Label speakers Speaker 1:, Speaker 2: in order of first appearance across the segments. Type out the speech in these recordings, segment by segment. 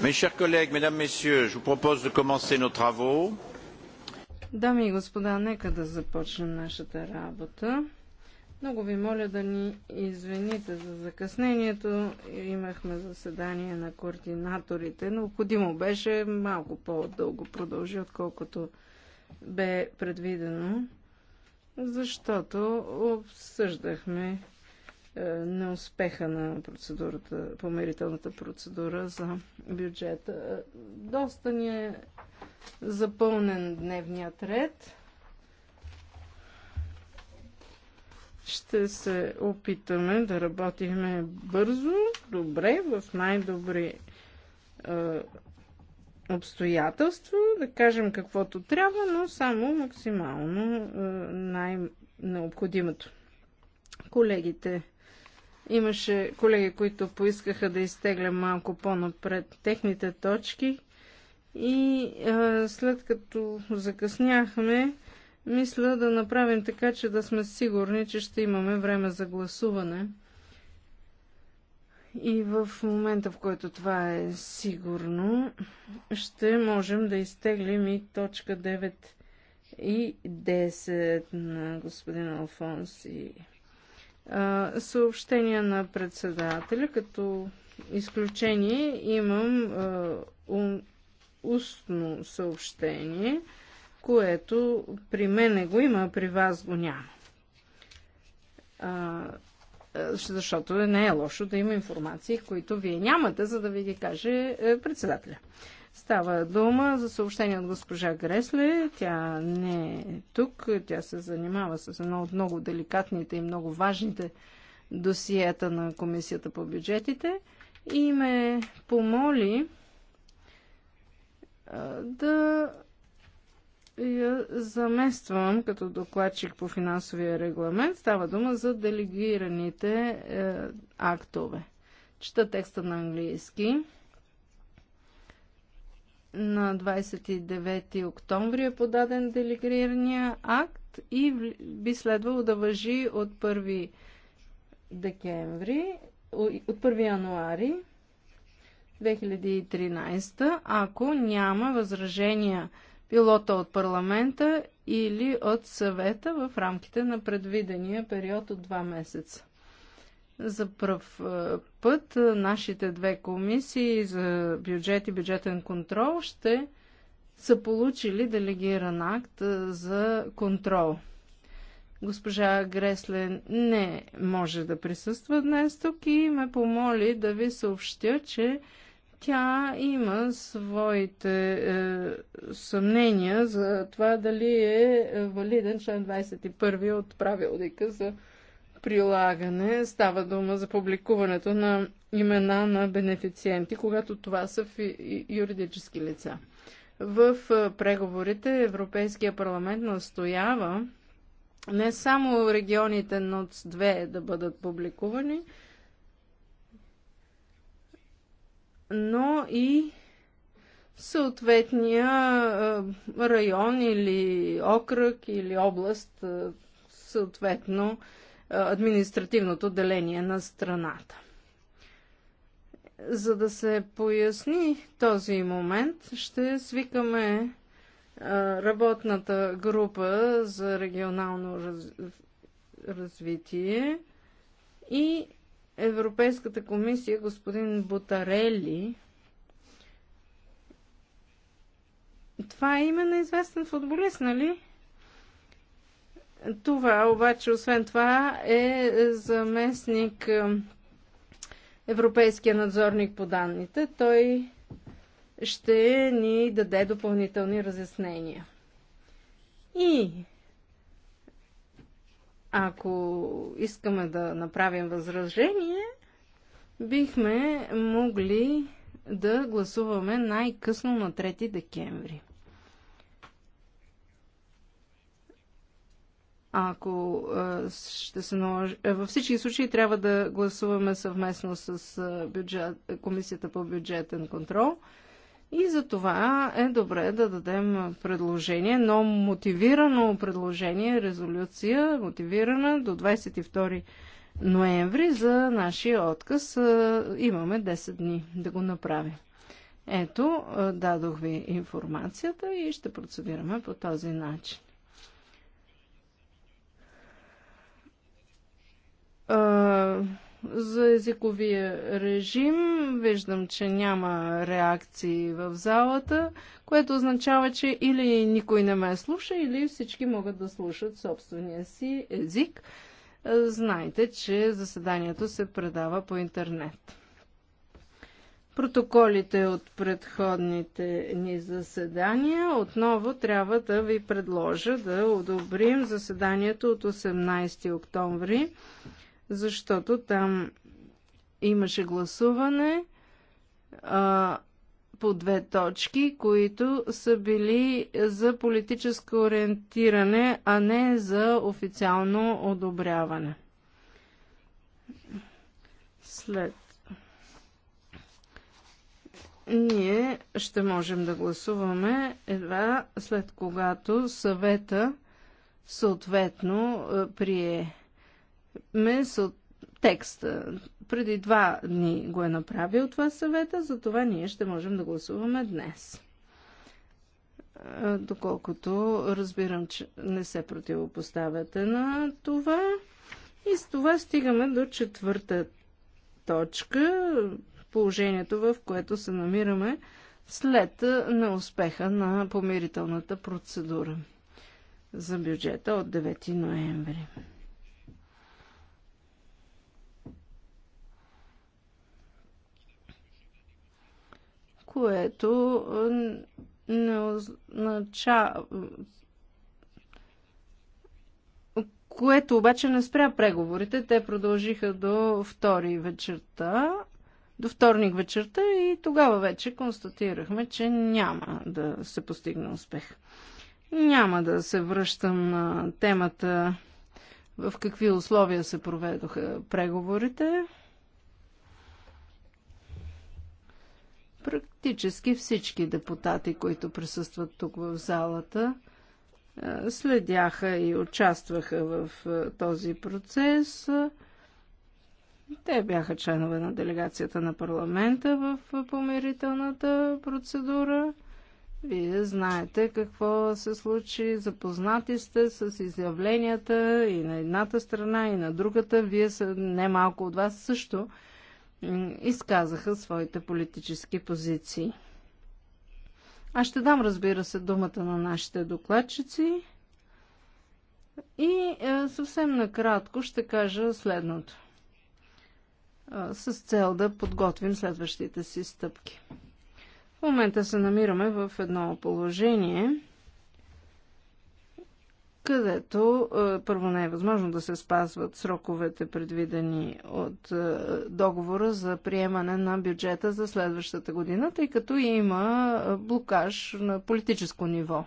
Speaker 1: Mes chers collègues, mesdames, messieurs, je vous propose de commencer nos travaux.
Speaker 2: Дами и господа, нека да започнем нашата работа. Много ви моля да ни извините за закъснението. Имахме заседание на координаторите. Необходимо беше малко по-дълго продължи, отколкото бе предвидено, защото обсъждахме е, на успеха на процедурата, померителната процедура за бюджета. Доста ни е запълнен дневният ред. Ще се опитаме да работихме бързо, добре, в най-добри е, обстоятелства, да кажем каквото трябва, но само максимално е, най-необходимото. Колегите Имаше колеги, които поискаха да изтегля малко по-напред техните точки. И а, след като закъсняхме, мисля да направим така, че да сме сигурни, че ще имаме време за гласуване. И в момента, в който това е сигурно, ще можем да изтеглим и точка 9 и 10 на господин Алфонс и съобщения на председателя. Като изключение имам устно съобщение, което при мене го има, а при вас го няма. А, защото не е лошо да има информации, които вие нямате, за да ви ги каже е, председателя. Става дума за съобщение от госпожа Гресле. Тя не е тук. Тя се занимава с едно от много деликатните и много важните досиета на Комисията по бюджетите и ме помоли да я замествам като докладчик по финансовия регламент. Става дума за делегираните е, актове. Чета текста на английски на 29 октомври е подаден делегирания акт и би следвало да въжи от 1 декември, от 1 януари 2013, ако няма възражения пилота от парламента или от съвета в рамките на предвидения период от 2 месеца. За пръв е, път е, нашите две комисии за бюджет и бюджетен контрол ще са получили делегиран акт е, за контрол. Госпожа Греслен не може да присъства днес тук и ме помоли да ви съобщя, че тя има своите е, съмнения за това дали е валиден член 21 от правилника за прилагане става дума за публикуването на имена на бенефициенти, когато това са юридически лица. В преговорите Европейския парламент настоява не само регионите НОЦ-2 да бъдат публикувани, но и съответния район или окръг или област съответно административното деление на страната. За да се поясни този момент, ще свикаме работната група за регионално раз... развитие и Европейската комисия господин Бутарели. Това е име на известен футболист, нали? Това обаче, освен това, е заместник е, Европейския надзорник по данните. Той ще ни даде допълнителни разяснения. И ако искаме да направим възражение, бихме могли да гласуваме най-късно на 3 декември. Ако ще се наложи... Е, във всички случаи трябва да гласуваме съвместно с бюджет, Комисията по бюджетен контрол. И за това е добре да дадем предложение, но мотивирано предложение, резолюция, мотивирана до 22 ноември за нашия отказ. Имаме 10 дни да го направим. Ето, дадох ви информацията и ще процедираме по този начин. за езиковия режим виждам, че няма реакции в залата, което означава, че или никой не ме слуша, или всички могат да слушат собствения си език. Знаете, че заседанието се предава по интернет. Протоколите от предходните ни заседания отново трябва да ви предложа да одобрим заседанието от 18 октомври защото там имаше гласуване а, по две точки, които са били за политическо ориентиране, а не за официално одобряване. След ние ще можем да гласуваме едва след когато съвета съответно прие месо текст. Преди два дни го е направил това съвета, затова ние ще можем да гласуваме днес. Доколкото разбирам, че не се противопоставяте на това. И с това стигаме до четвърта точка, положението в което се намираме след неуспеха на помирителната процедура за бюджета от 9 ноември. което е, не означава което обаче не спря преговорите. Те продължиха до втори вечерта, до вторник вечерта и тогава вече констатирахме, че няма да се постигне успех. Няма да се връщам на темата в какви условия се проведоха преговорите. практически всички депутати, които присъстват тук в залата, е, следяха и участваха в е, този процес. Те бяха членове на делегацията на парламента в е, помирителната процедура. Вие знаете какво се случи, запознати сте с изявленията и на едната страна, и на другата. Вие са, не малко от вас също изказаха своите политически позиции. Аз ще дам, разбира се, думата на нашите докладчици и е, съвсем накратко ще кажа следното е, с цел да подготвим следващите си стъпки. В момента се намираме в едно положение, където е, първо не е възможно да се спазват сроковете предвидени от е, договора за приемане на бюджета за следващата година, тъй като има е, блокаж на политическо ниво.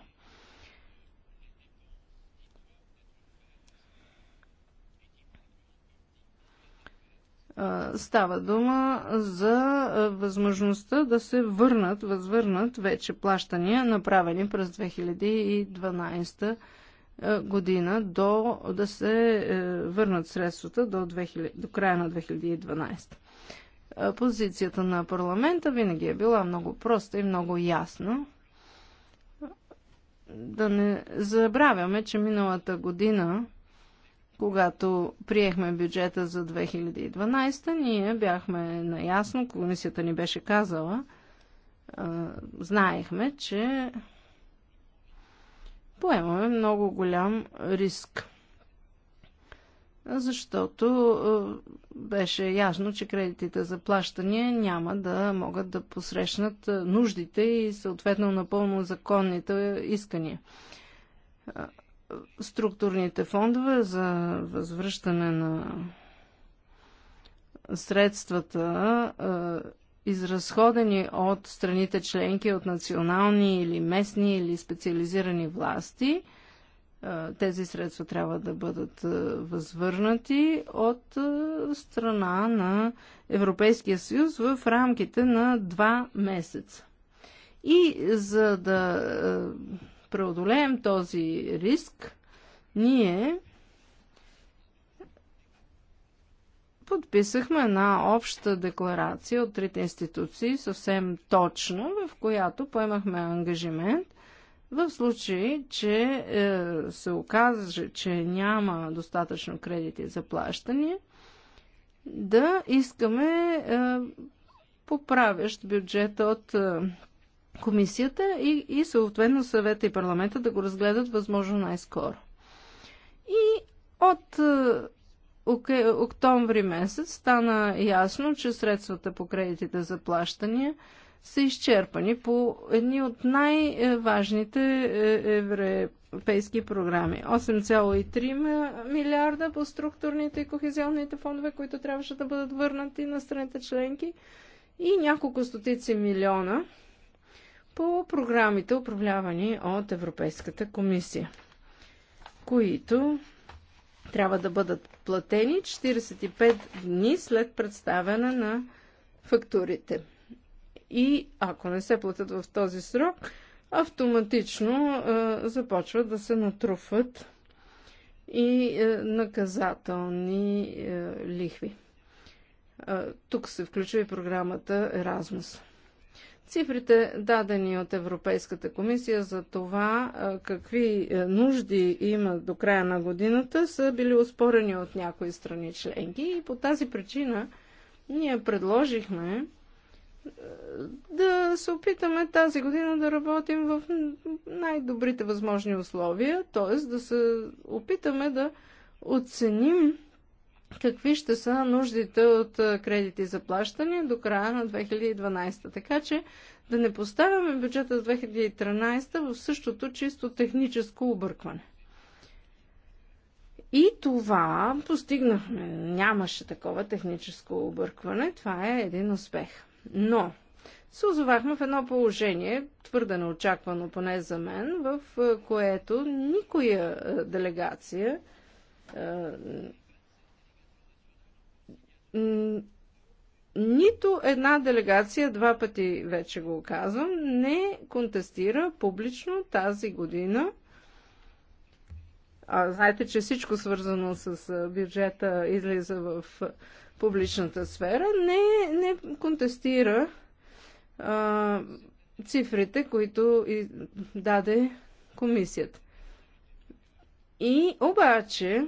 Speaker 2: Става дума за възможността да се върнат, възвърнат вече плащания, направени през 2012 година е, година до, да се е, върнат средствата до, 2000, до края на 2012. Е, позицията на парламента винаги е била много проста и много ясна. Да не забравяме, че миналата година, когато приехме бюджета за 2012, ние бяхме наясно, комисията ни беше казала, знаехме, че поемаме много голям риск. Защото е, беше ясно, че кредитите за плащания няма да могат да посрещнат е, нуждите и съответно напълно законните искания е, структурните фондове за възвръщане на средствата изразходени от страните членки, от национални или местни или специализирани власти, е, тези средства трябва да бъдат е, възвърнати от е, страна на Европейския съюз в рамките на два месеца. И за да преодолеем този риск, ние подписахме една обща декларация от трите институции, съвсем точно, в която поемахме ангажимент в случай, че е, се окаже, че няма достатъчно кредити за плащане, да искаме е, поправящ бюджет от е, комисията и, и съответно съвета и парламента да го разгледат възможно най-скоро. И от е, октомври месец стана ясно, че средствата по кредитите за плащания са изчерпани по едни от най-важните е, европейски програми. 8,3 милиарда по структурните и кохезионните фондове, които трябваше да бъдат върнати на страните членки и няколко стотици милиона по програмите, управлявани от Европейската комисия, които трябва да бъдат платени 45 дни след представяне на фактурите. И ако не се платят в този срок, автоматично е, започват да се натрупват и е, наказателни е, лихви. Е, тук се включва и програмата Erasmus. Цифрите, дадени от Европейската комисия за това какви нужди има до края на годината, са били успорени от някои страни членки и по тази причина ние предложихме да се опитаме тази година да работим в най-добрите възможни условия, т.е. да се опитаме да оценим какви ще са нуждите от кредити за плащане до края на 2012. Така че да не поставяме бюджета за 2013 в същото чисто техническо объркване. И това постигнахме. Нямаше такова техническо объркване. Това е един успех. Но се озовахме в едно положение, твърде неочаквано поне за мен, в което никоя делегация нито една делегация, два пъти вече го казвам, не контестира публично тази година. А, знаете, че всичко свързано с бюджета излиза в публичната сфера. Не, не контестира а, цифрите, които и, даде комисията. И обаче,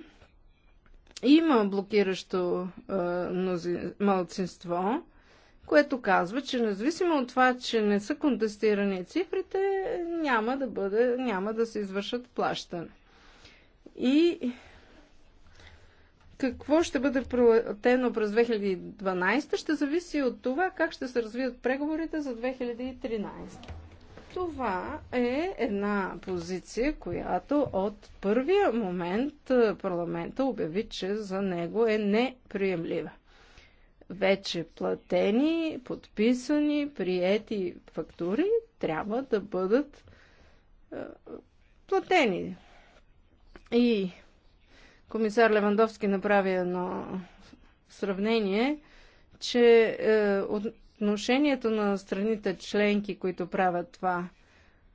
Speaker 2: има блокиращо е, мнози, малцинство, което казва, че независимо от това, че не са контестирани цифрите, няма да, бъде, няма да се извършат плащане. И какво ще бъде платено през 2012 ще зависи от това как ще се развият преговорите за 2013. Това е една позиция, която от първия момент е, парламента обяви, че за него е неприемлива. Вече платени, подписани, приети фактури трябва да бъдат е, платени. И комисар Левандовски направи едно сравнение, че е, отношението на страните членки, които правят това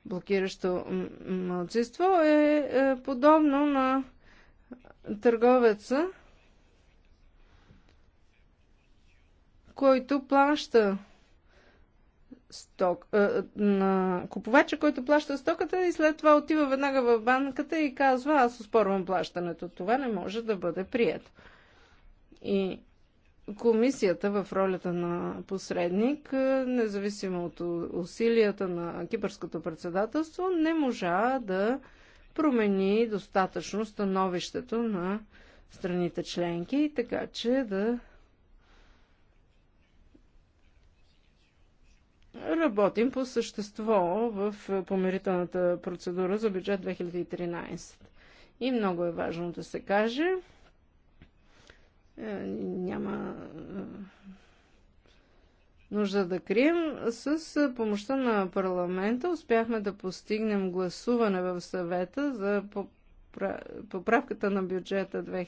Speaker 2: блокиращо мълчество, е, е подобно на търговеца, който плаща сток, е, на купувача, който плаща стоката и след това отива веднага в банката и казва, аз оспорвам плащането. Това не може да бъде прието. И Комисията в ролята на посредник, е, независимо от усилията на кипърското председателство, не можа да промени достатъчно становището на страните членки, така че да работим по същество в помирителната процедура за бюджет 2013. И много е важно да се каже, е, няма е, нужда да крием. С е, помощта на парламента успяхме да постигнем гласуване в съвета за поправката на бюджета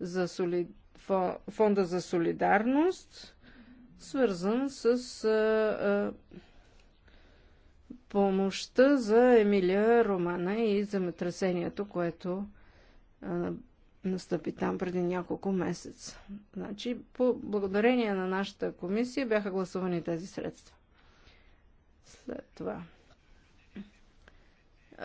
Speaker 2: за соли... фонда за солидарност, свързан с помощта за Емилия Романа и земетресението, което настъпи там преди няколко месеца. Значи, по благодарение на нашата комисия бяха гласувани тези средства. След това.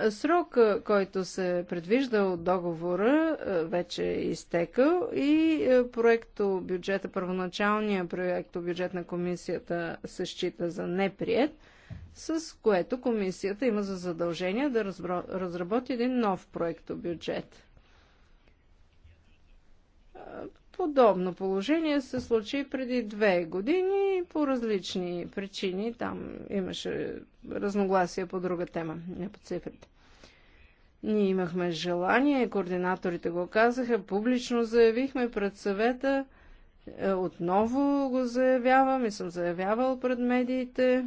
Speaker 2: Срок, който се предвижда от договора, вече е изтекал и проекто бюджета, първоначалния проекто бюджет на комисията се счита за неприят, с което комисията има за задължение да разработи един нов проекто бюджет. Подобно положение се случи преди две години по различни причини. Там имаше разногласия по друга тема, не по цифрите. Ние имахме желание, координаторите го казаха, публично заявихме пред съвета, е, отново го заявявам и съм заявявал пред медиите.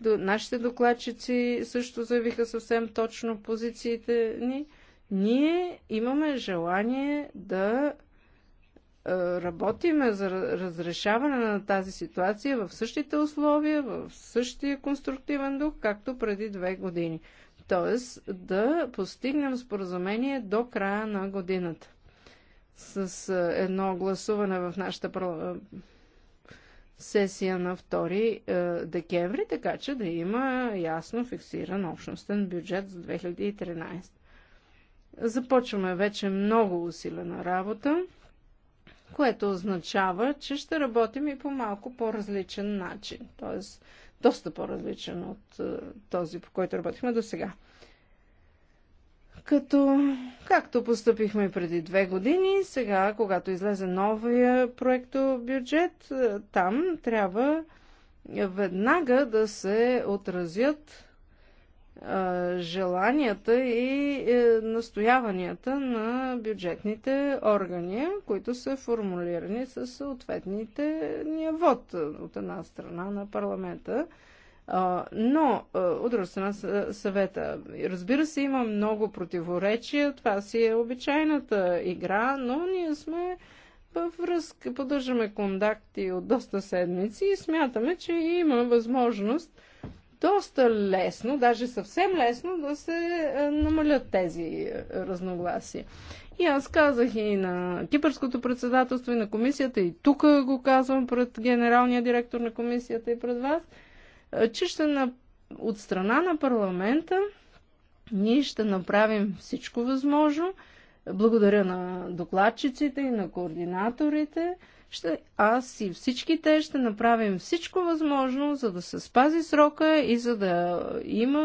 Speaker 2: нашите докладчици също заявиха съвсем точно позициите ни. Ние имаме желание да е, работиме за разрешаване на тази ситуация в същите условия, в същия конструктивен дух, както преди две години. Тоест да постигнем споразумение до края на годината. С е, едно гласуване в нашата е, сесия на 2 декември, така че да има ясно фиксиран общностен бюджет за 2013. Започваме вече много усилена работа което означава, че ще работим и по малко по-различен начин. Тоест, доста по-различен от е, този, по който работихме до сега. Като, както поступихме преди две години, сега, когато излезе новия проекто бюджет, е, там трябва веднага да се отразят желанията и е, настояванията на бюджетните органи, които са формулирани с съответните вод е, от една страна на парламента. Но, е, от друга страна, съвета. Разбира се, има много противоречия. Това си е обичайната игра, но ние сме във връзка, поддържаме контакти от доста седмици и смятаме, че има възможност доста лесно, даже съвсем лесно да се е, намалят тези е, разногласия. И аз казах и на Кипърското председателство, и на комисията, и тук го казвам пред генералния директор на комисията и пред вас, е, че ще на... от страна на парламента ние ще направим всичко възможно. Благодаря на докладчиците и на координаторите ще, аз и всички те ще направим всичко възможно, за да се спази срока и за да има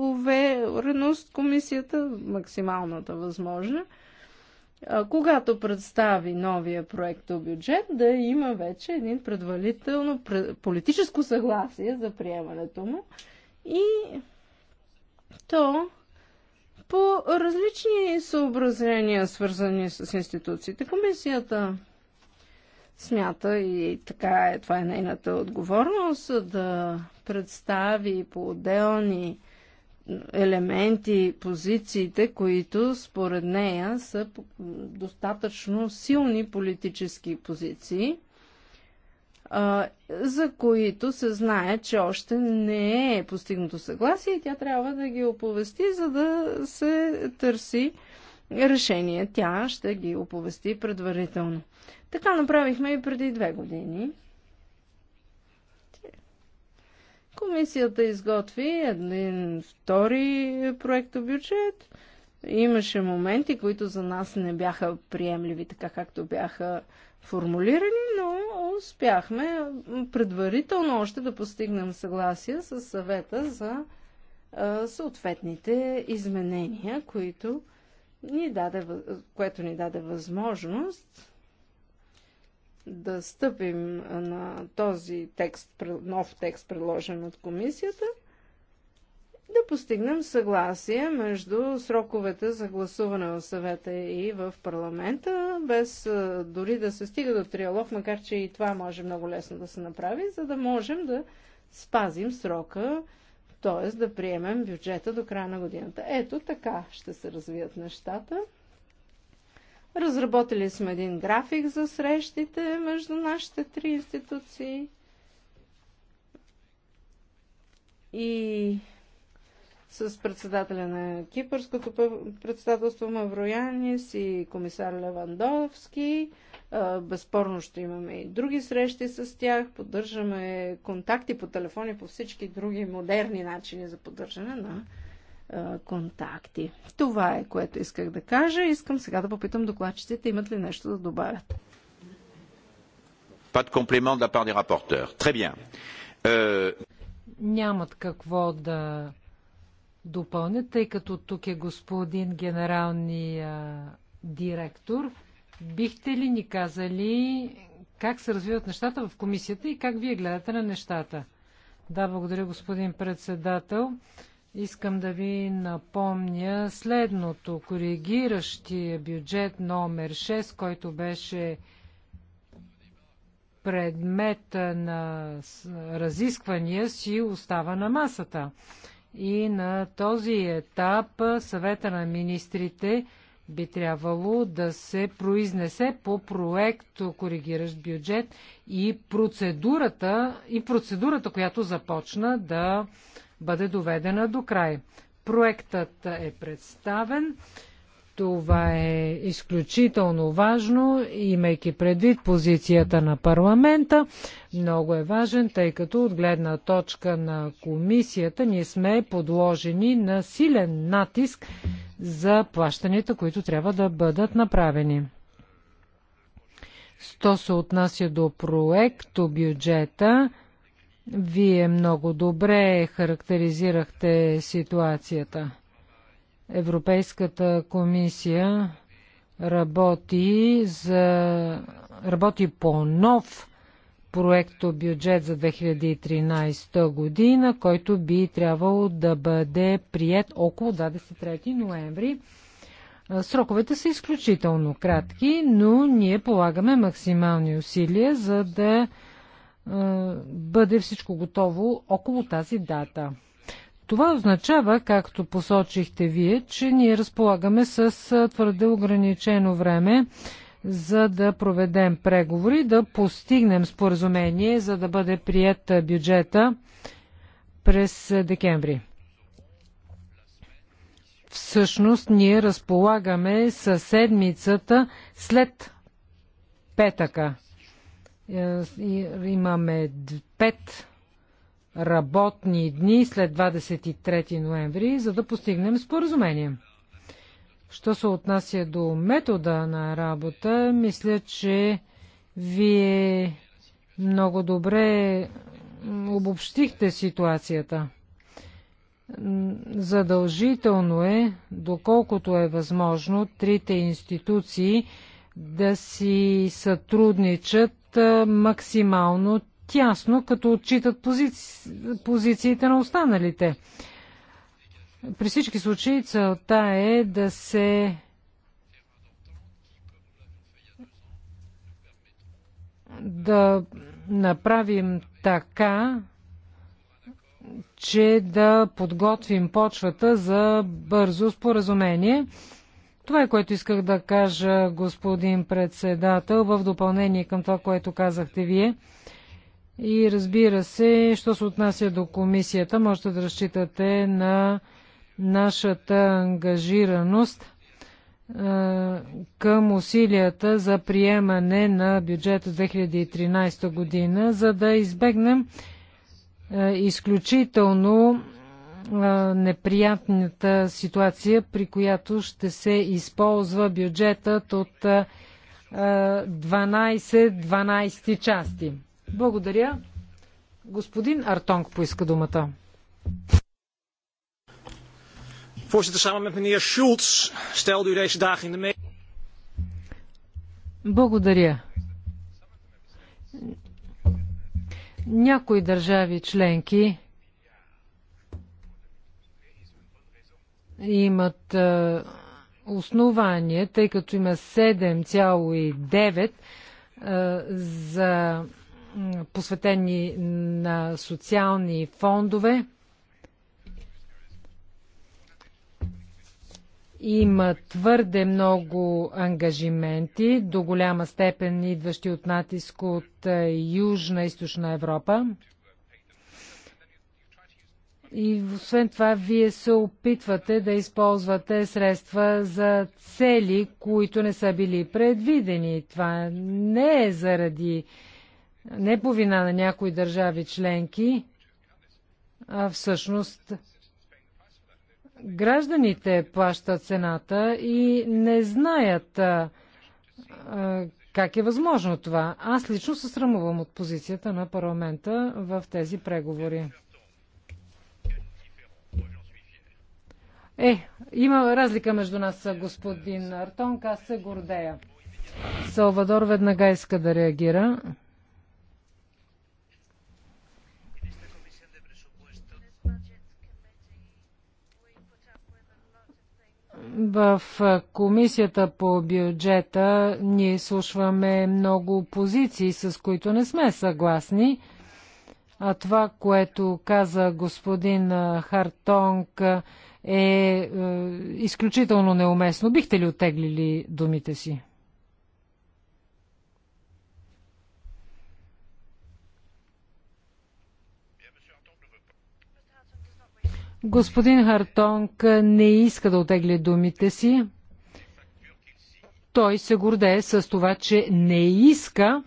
Speaker 2: увереност комисията, максималната възможна, когато представи новия проект бюджет, да има вече един предварително политическо съгласие за приемането му и то по различни съобразения, свързани с институциите. Комисията смята и така е, това е нейната отговорност, да представи по отделни елементи, позициите, които според нея са достатъчно силни политически позиции, за които се знае, че още не е постигнато съгласие и тя трябва да ги оповести, за да се търси решения. Тя ще ги оповести предварително. Така направихме и преди две години. Комисията изготви един втори бюджет. Имаше моменти, които за нас не бяха приемливи, така както бяха формулирани, но успяхме предварително още да постигнем съгласие с съвета за съответните изменения, които ни даде, което ни даде възможност да стъпим на този текст, нов текст, предложен от комисията, да постигнем съгласие между сроковете за гласуване в съвета и в парламента, без дори да се стига до триалог, макар че и това може много лесно да се направи, за да можем да спазим срока, т.е. да приемем бюджета до края на годината. Ето така ще се развият нещата. Разработили сме един график за срещите между нашите три институции. И с председателя на Кипърското председателство Мавроянис и комисар Левандовски – Безспорно ще имаме и други срещи с тях, поддържаме контакти по телефони, по всички други модерни начини за поддържане на контакти. Това е което исках да кажа. Искам сега да попитам докладчиците имат ли нещо да добавят.
Speaker 1: Pas de compliment de la part des rapporteurs. Très bien. Euh,
Speaker 2: Нямат
Speaker 3: какво да допълнят, тъй като тук е господин генералния директор. Бихте ли ни казали как се развиват нещата в комисията и как вие гледате на нещата? Да, благодаря, господин председател. Искам да ви напомня следното. Коригиращия бюджет номер 6, който беше предмет на разисквания си остава на масата. И на този етап съвета на министрите би трябвало да се произнесе по проект коригиращ бюджет и процедурата, и процедурата, която започна да бъде доведена до край. Проектът е представен. Това е изключително важно, имайки предвид позицията на парламента. Много е важен, тъй като от гледна точка на комисията ние сме подложени на силен натиск за плащанията, които трябва да бъдат направени. Що се отнася до проекто бюджета, вие много добре характеризирахте ситуацията. Европейската комисия работи, за, работи по нов проекто бюджет за 2013 година, който би трябвало да бъде прият около 23 ноември. Сроковете са изключително кратки, но ние полагаме максимални усилия, за да бъде всичко готово около тази дата. Това означава, както посочихте вие, че ние разполагаме с твърде ограничено време за да проведем преговори, да постигнем споразумение, за да бъде прият бюджета през декември. Всъщност ние разполагаме със седмицата след петъка. Е, имаме пет работни дни след 23 ноември, за да постигнем споразумение. Що се отнася до метода на работа, мисля, че вие много добре обобщихте ситуацията. Задължително е, доколкото е възможно, трите институции да си сътрудничат максимално тясно, като отчитат позициите на останалите. При всички случаи целта е да се да направим така, че да подготвим почвата за бързо споразумение. Това е което исках да кажа, господин председател, в допълнение към това, което казахте вие. И разбира се, що се отнася до комисията, можете да разчитате на нашата ангажираност към усилията за приемане на бюджет 2013 година, за да избегнем изключително неприятната ситуация, при която ще се използва бюджетът от 12-12 части. Благодаря. Господин Артонг поиска думата.
Speaker 4: Voorzitter, samen met meneer Schulz stelde u deze dagen in de mee.
Speaker 3: Благодаря. Някои държави членки имат е, основание, тъй като има 7,9 е, за посветени на социални фондове. има твърде много ангажименти, до голяма степен идващи от натиск от е, Южна и Източна Европа. И освен това, вие се опитвате да използвате средства за цели, които не са били предвидени. Това не е заради не е на някои държави членки, а всъщност гражданите плащат цената и не знаят а, как е възможно това. Аз лично се срамувам от позицията на парламента в тези преговори. Е, има разлика между нас, господин Артон, аз се гордея. Салвадор веднага иска да реагира. В комисията по бюджета ние слушваме много позиции, с които не сме съгласни. А това, което каза господин Хартонг, е, е изключително неуместно. Бихте ли отеглили думите си? Господин Хартонг не иска да отегли думите си. Той се гордее с това, че не иска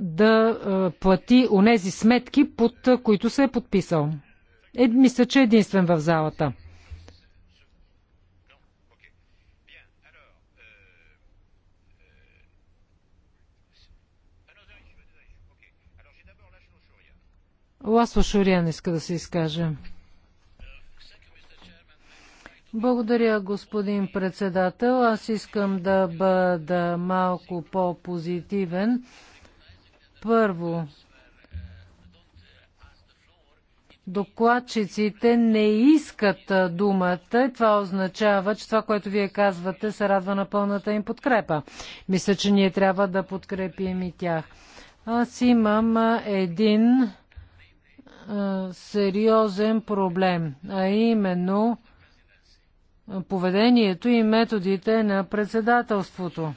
Speaker 3: да плати онези сметки, под които се е подписал. Е, мисля, че е единствен в залата. Ласло Шуриан иска да се изкаже. Благодаря, господин председател. Аз искам да бъда малко по-позитивен. Първо, докладчиците не искат думата. Това означава, че това, което вие казвате, се радва на пълната им подкрепа. Мисля, че ние трябва да подкрепим и тях. Аз имам един а, сериозен проблем, а именно – поведението и методите на председателството.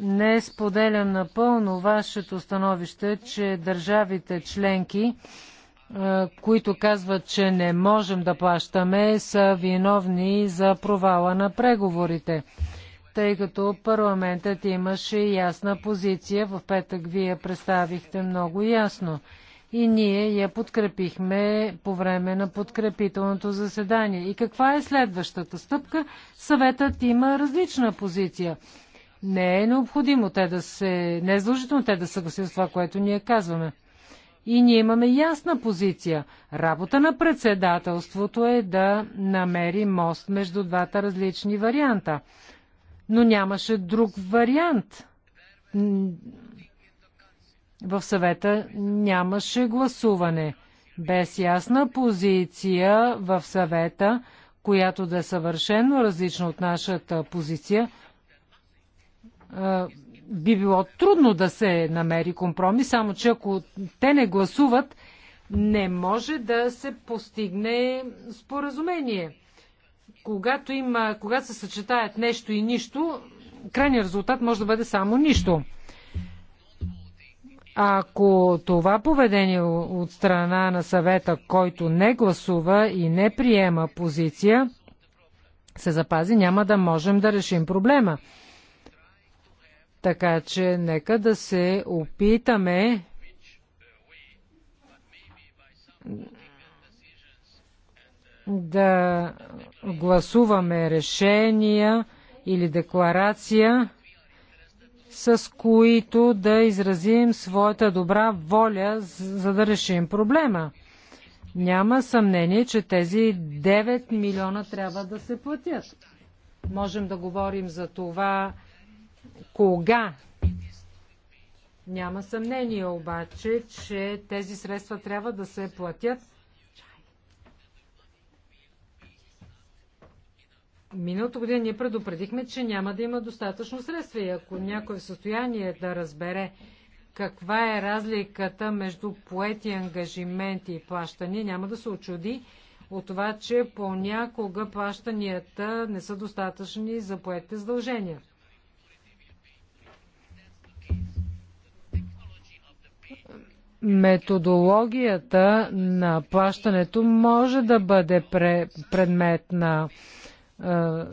Speaker 3: Не споделям напълно вашето становище, че държавите членки, е, които казват, че не можем да плащаме, са виновни за провала на преговорите. Тъй като парламентът имаше ясна позиция, в петък вие представихте много ясно и ние я подкрепихме по време на подкрепителното заседание. И каква е следващата стъпка? Съветът има различна позиция. Не е необходимо те да се... Не е задължително те да съгласят с това, което ние казваме. И ние имаме ясна позиция. Работа на председателството е да намери мост между двата различни варианта. Но нямаше друг вариант в съвета нямаше гласуване. Без ясна позиция в съвета, която да е съвършено различна от нашата позиция, би било трудно да се намери компромис, само че ако те не гласуват, не може да се постигне споразумение. Когато, има, когато се съчетаят нещо и нищо, крайният резултат може да бъде само нищо. Ако това поведение от страна на съвета, който не гласува и не приема позиция, се запази, няма да можем да решим проблема. Така че нека да се опитаме да гласуваме решения или декларация, с които да изразим своята добра воля, за да решим проблема. Няма съмнение, че тези 9 милиона трябва да се платят. Можем да говорим за това кога. Няма съмнение обаче, че тези средства трябва да се платят Миналото година ние предупредихме, че няма да има достатъчно средства и ако някой е в състояние да разбере каква е разликата между поети ангажименти и плащания, няма да се очуди от това, че понякога плащанията не са достатъчни за поетите задължения. Методологията на плащането може да бъде предмет на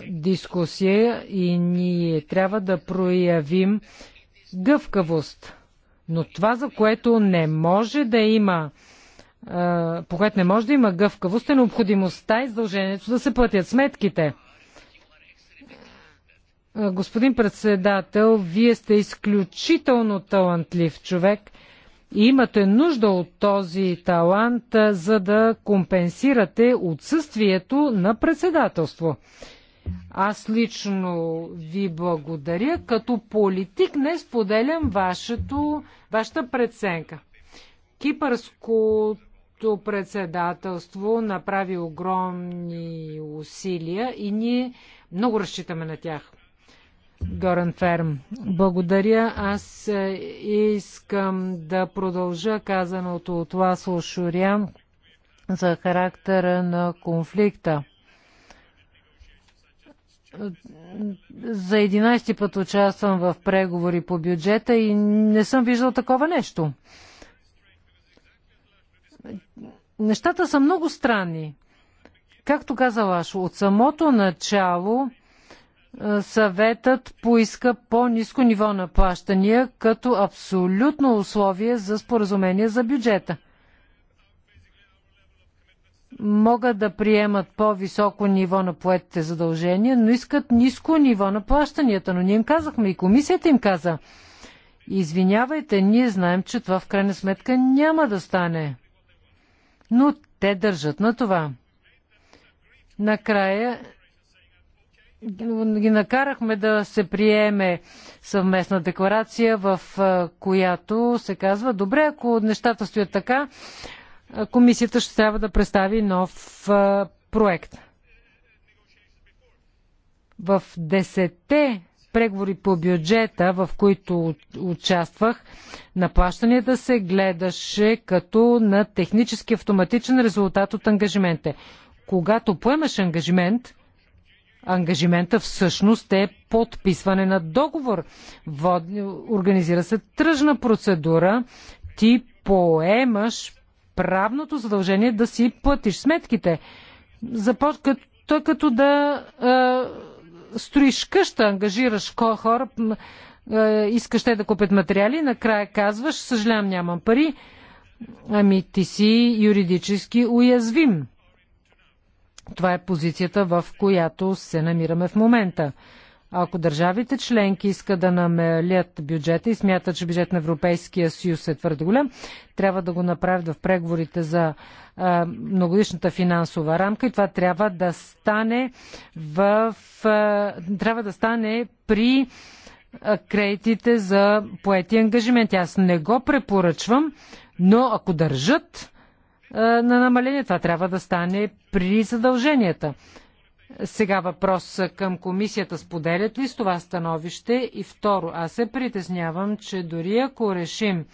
Speaker 3: дискусия и ние трябва да проявим гъвкавост. Но това, за което не може да има по което не може да има гъвкавост, е необходимостта и задължението да се платят сметките. Господин председател, вие сте изключително талантлив човек и имате нужда от този талант, за да компенсирате отсъствието на председателство. Аз лично ви благодаря. Като политик не споделям вашето, вашата преценка. Кипърското председателство направи огромни усилия и ние много разчитаме на тях. Горан Ферм. Благодаря. Аз е, искам да продължа казаното от вас, Шурян за характера на конфликта. За 11-ти път участвам в преговори по бюджета и не съм виждал такова нещо. Нещата са много странни. Както каза Лашо, от самото начало е, съветът поиска по-низко ниво на плащания като абсолютно условие за споразумение за бюджета. Могат да приемат по-високо ниво на поетите задължения, но искат ниско ниво на плащанията. Но ние им казахме и комисията им каза, извинявайте, ние знаем, че това в крайна сметка няма да стане. Но те държат на това. Накрая ги накарахме да се приеме съвместна декларация, в която се казва, добре, ако нещата стоят така, комисията ще трябва да представи нов проект. В десете преговори по бюджета, в които участвах, на се гледаше като на технически автоматичен резултат от ангажимента. Когато поемаш ангажимент, ангажимента всъщност е подписване на договор. Вод... Организира се тръжна процедура. Ти поемаш правното задължение да си платиш сметките. Започ... Той като да е, строиш къща, ангажираш хора, е, искаш те да купят материали, накрая казваш, съжалявам, нямам пари. Ами ти си юридически уязвим. Това е позицията, в която се намираме в момента. Ако държавите членки искат да намалят бюджета и смятат, че бюджет на Европейския съюз е твърде голям, трябва да го направят в преговорите за многодишната финансова рамка и това трябва да стане в, трябва да стане при кредитите за поети ангажименти. Аз не го препоръчвам, но ако държат, е, на намаление. Това трябва да стане при задълженията. Сега въпрос към комисията. Споделят ли с това становище? И второ, аз се притеснявам, че дори ако решим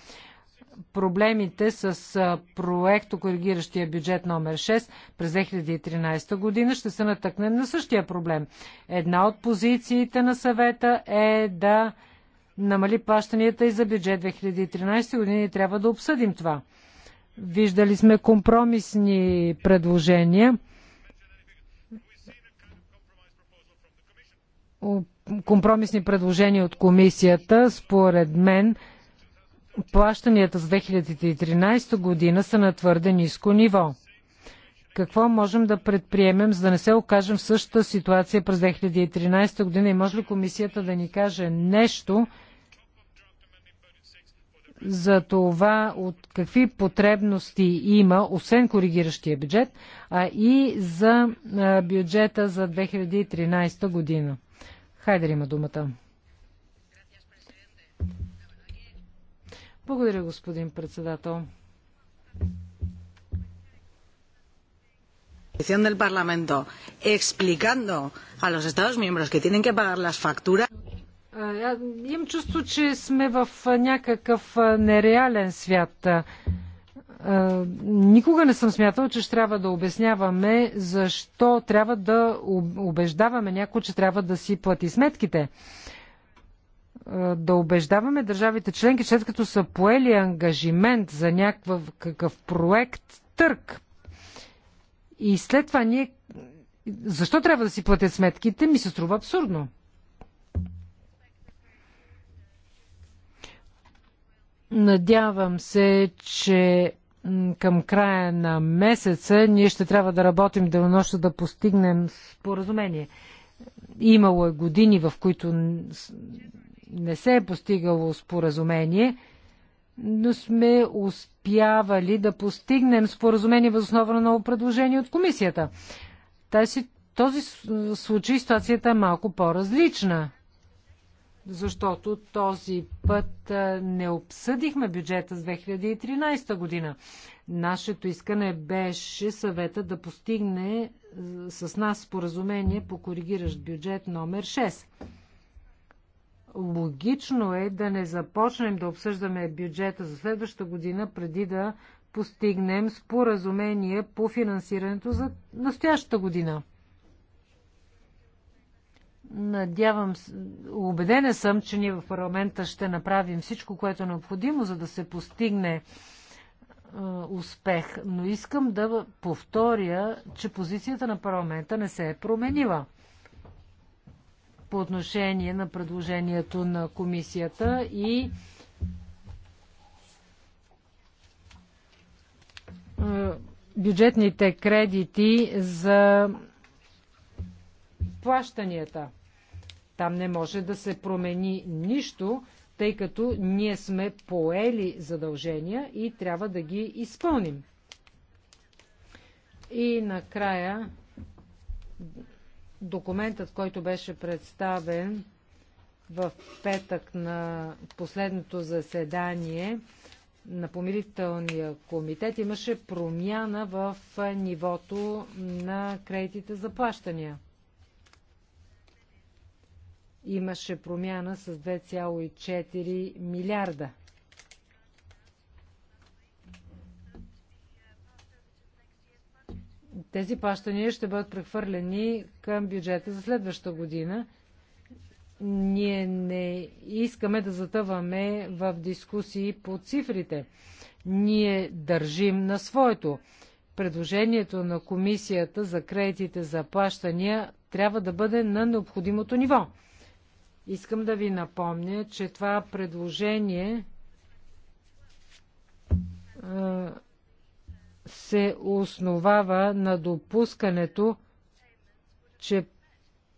Speaker 3: проблемите с е, проекто коригиращия бюджет номер 6 през 2013 година ще се натъкнем на същия проблем. Една от позициите на съвета е да намали плащанията и за бюджет 2013 година и трябва да обсъдим това. Виждали сме компромисни предложения. Компромисни предложения от комисията, според мен, плащанията с 2013 година са на твърде ниско ниво. Какво можем да предприемем, за да не се окажем в същата ситуация през 2013 година и може ли комисията да ни каже нещо, за това от какви потребности има, освен коригиращия бюджет, а и за бюджета за 2013 година. Хайде има думата. Благодаря, господин председател. del Parlamento explicando a los Estados miembros que tienen que pagar las facturas. А, имам чувство, че сме в някакъв нереален свят. А, никога не съм смятал, че ще трябва да обясняваме защо трябва да убеждаваме някой, че трябва да си плати сметките. да убеждаваме държавите членки, след като са поели ангажимент за някакъв проект, търк. И след това ние. Защо трябва да си платят сметките, ми се струва абсурдно. Надявам се, че към края на месеца ние ще трябва да работим денонощно да постигнем споразумение. Имало е години, в които не се е постигало споразумение, но сме успявали да постигнем споразумение въз основа на ново предложение от комисията. Тази, този случай ситуацията е малко по-различна защото този път не обсъдихме бюджета с 2013 година. Нашето искане беше съвета да постигне с нас споразумение по коригиращ бюджет номер 6. Логично е да не започнем да обсъждаме бюджета за следващата година, преди да постигнем споразумение по финансирането за настоящата година. Надявам, убедена съм, че ние в парламента ще направим всичко, което е необходимо, за да се постигне успех, но искам да повторя, че позицията на парламента не се е променила по отношение на предложението на комисията и бюджетните кредити за плащанията. Там не може да се промени нищо, тъй като ние сме поели задължения и трябва да ги изпълним. И накрая документът, който беше представен в петък на последното заседание на помирителния комитет, имаше промяна в нивото на кредитите за плащания имаше промяна с 2,4 милиарда. Тези плащания ще бъдат прехвърлени към бюджета за следваща година. Ние не искаме да затъваме в дискусии по цифрите. Ние държим на своето. Предложението на комисията за кредитите за плащания трябва да бъде на необходимото ниво. Искам да ви напомня, че това предложение се основава на допускането, че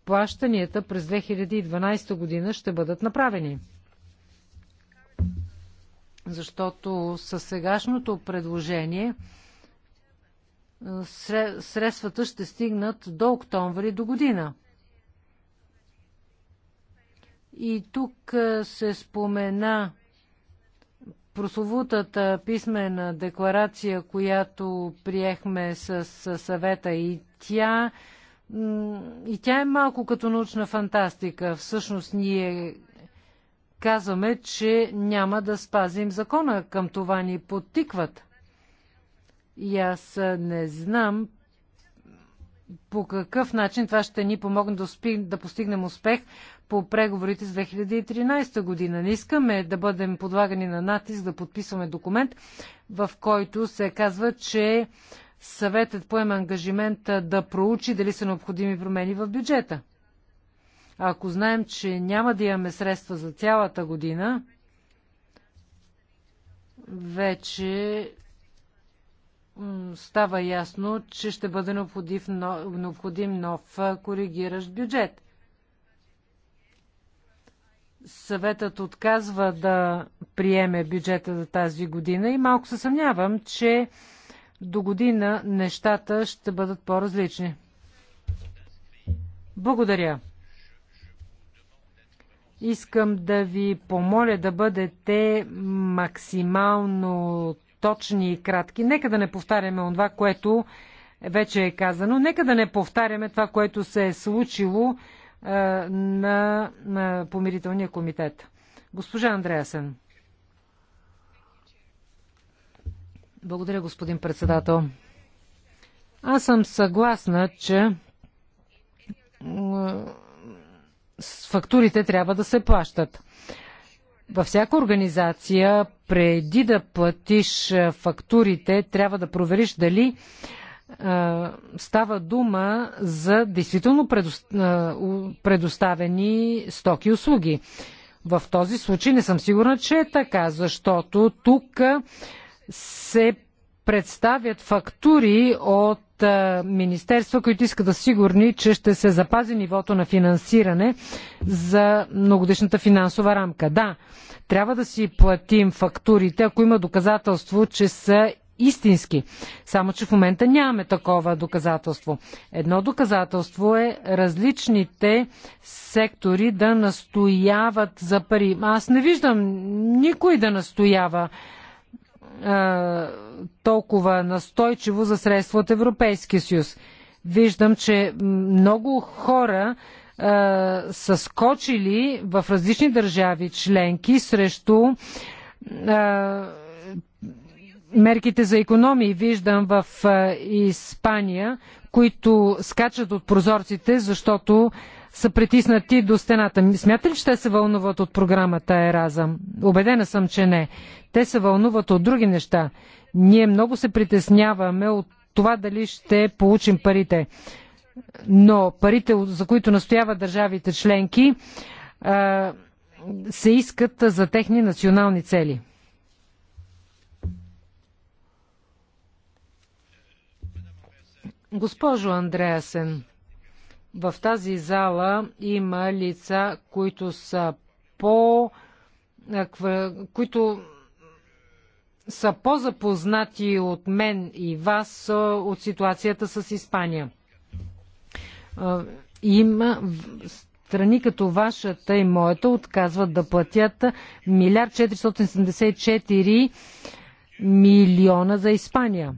Speaker 3: плащанията през 2012 година ще бъдат направени. Защото със сегашното предложение средствата ще стигнат до октомври до година. И тук се спомена прословутата писмена декларация, която приехме с съвета и тя и тя е малко като научна фантастика. Всъщност ние казваме, че няма да спазим закона. Към това ни подтикват. И аз не знам по какъв начин това ще ни помогне да, да постигнем успех по преговорите с 2013 година. Не искаме да бъдем подлагани на натиск да подписваме документ, в който се казва, че съветът поема ангажимент да проучи дали са необходими промени в бюджета. А ако знаем, че няма да имаме средства за цялата година, вече става ясно, че ще бъде необходим, необходим нов коригиращ бюджет съветът отказва да приеме бюджета за тази година и малко се съмнявам, че до година нещата ще бъдат по-различни. Благодаря. Искам да ви помоля да бъдете максимално точни и кратки. Нека да не повтаряме това, което вече е казано. Нека да не повтаряме това, което се е случило на, на помирителния комитет. Госпожа Андреасен. Благодаря, господин председател. Аз съм съгласна, че фактурите трябва да се плащат. Във всяка организация, преди да платиш фактурите, трябва да провериш дали става дума за действително предоставени стоки и услуги. В този случай не съм сигурна, че е така, защото тук се представят фактури от министерства, които искат да сигурни, че ще се запази нивото на финансиране за многодишната финансова рамка. Да, трябва да си платим фактурите, ако има доказателство, че са истински. Само, че в момента нямаме такова доказателство. Едно доказателство е различните сектори да настояват за пари. Аз не виждам никой да настоява е, толкова настойчиво за средства от Европейския съюз. Виждам, че много хора е, са скочили в различни държави членки срещу е, мерките за економии виждам в е, Испания, които скачат от прозорците, защото са притиснати до стената. Смята ли, че те се вълнуват от програмата Еразъм? Обедена съм, че не. Те се вълнуват от други неща. Ние много се притесняваме от това дали ще получим парите. Но парите, за които настояват държавите членки, е, се искат за техни национални цели. Госпожо Андреасен, в тази зала има лица, които са по които са по-запознати от мен и вас от ситуацията с Испания. Има страни като вашата и моята отказват да платят милиард 474 милиона за Испания.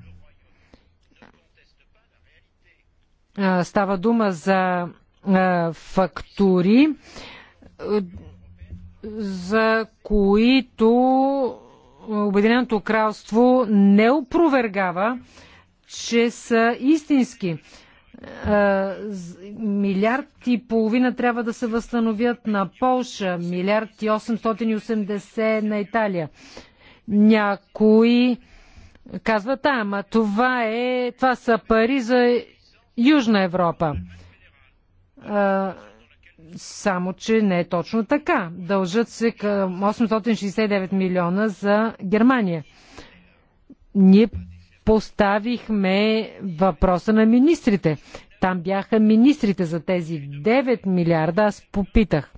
Speaker 3: Става дума за фактури, за които Обединеното кралство не опровергава, че са истински. Милиард и половина трябва да се възстановят на Полша, милиард и 880 на Италия. Някои казват, а, ама това, е, това са пари за Южна Европа. Само, че не е точно така. Дължат се към 869 милиона за Германия. Ние поставихме въпроса на министрите. Там бяха министрите за тези 9 милиарда. Аз попитах.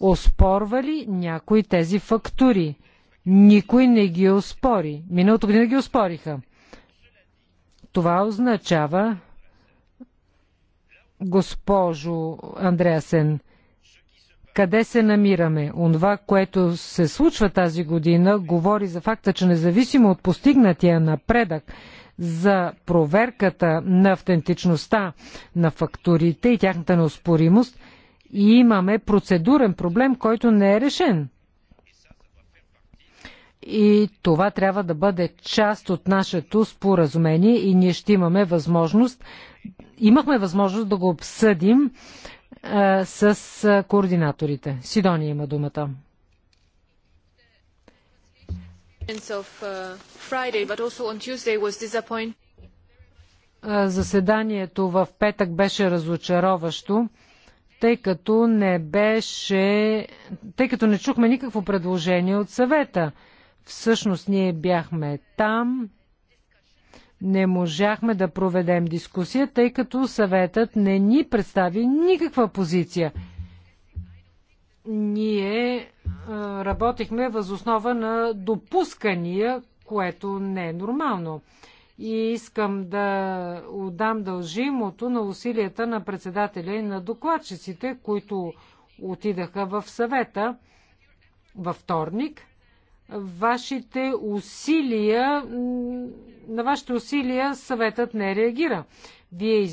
Speaker 3: Оспорва ли някой тези фактури? Никой не ги оспори. Миналото година ги оспориха. Това означава, госпожо Андреасен, къде се намираме? Онова, което се случва тази година, говори за факта, че независимо от постигнатия напредък за проверката на автентичността на фактурите и тяхната неоспоримост, имаме процедурен проблем, който не е решен и това трябва да бъде част от нашето споразумение и ние ще имаме възможност, имахме възможност да го обсъдим а, е, с е, координаторите. Сидония има думата. Е, заседанието в петък беше разочароващо, тъй като не беше, тъй като не чухме никакво предложение от съвета. Всъщност ние бяхме там, не можахме да проведем дискусия, тъй като съветът не ни представи никаква позиция. Ние работихме възоснова на допускания, което не е нормално. И искам да отдам дължимото на усилията на председателя и на докладчиците, които отидаха в съвета във вторник – вашите усилия, на вашите усилия съветът не реагира. Вие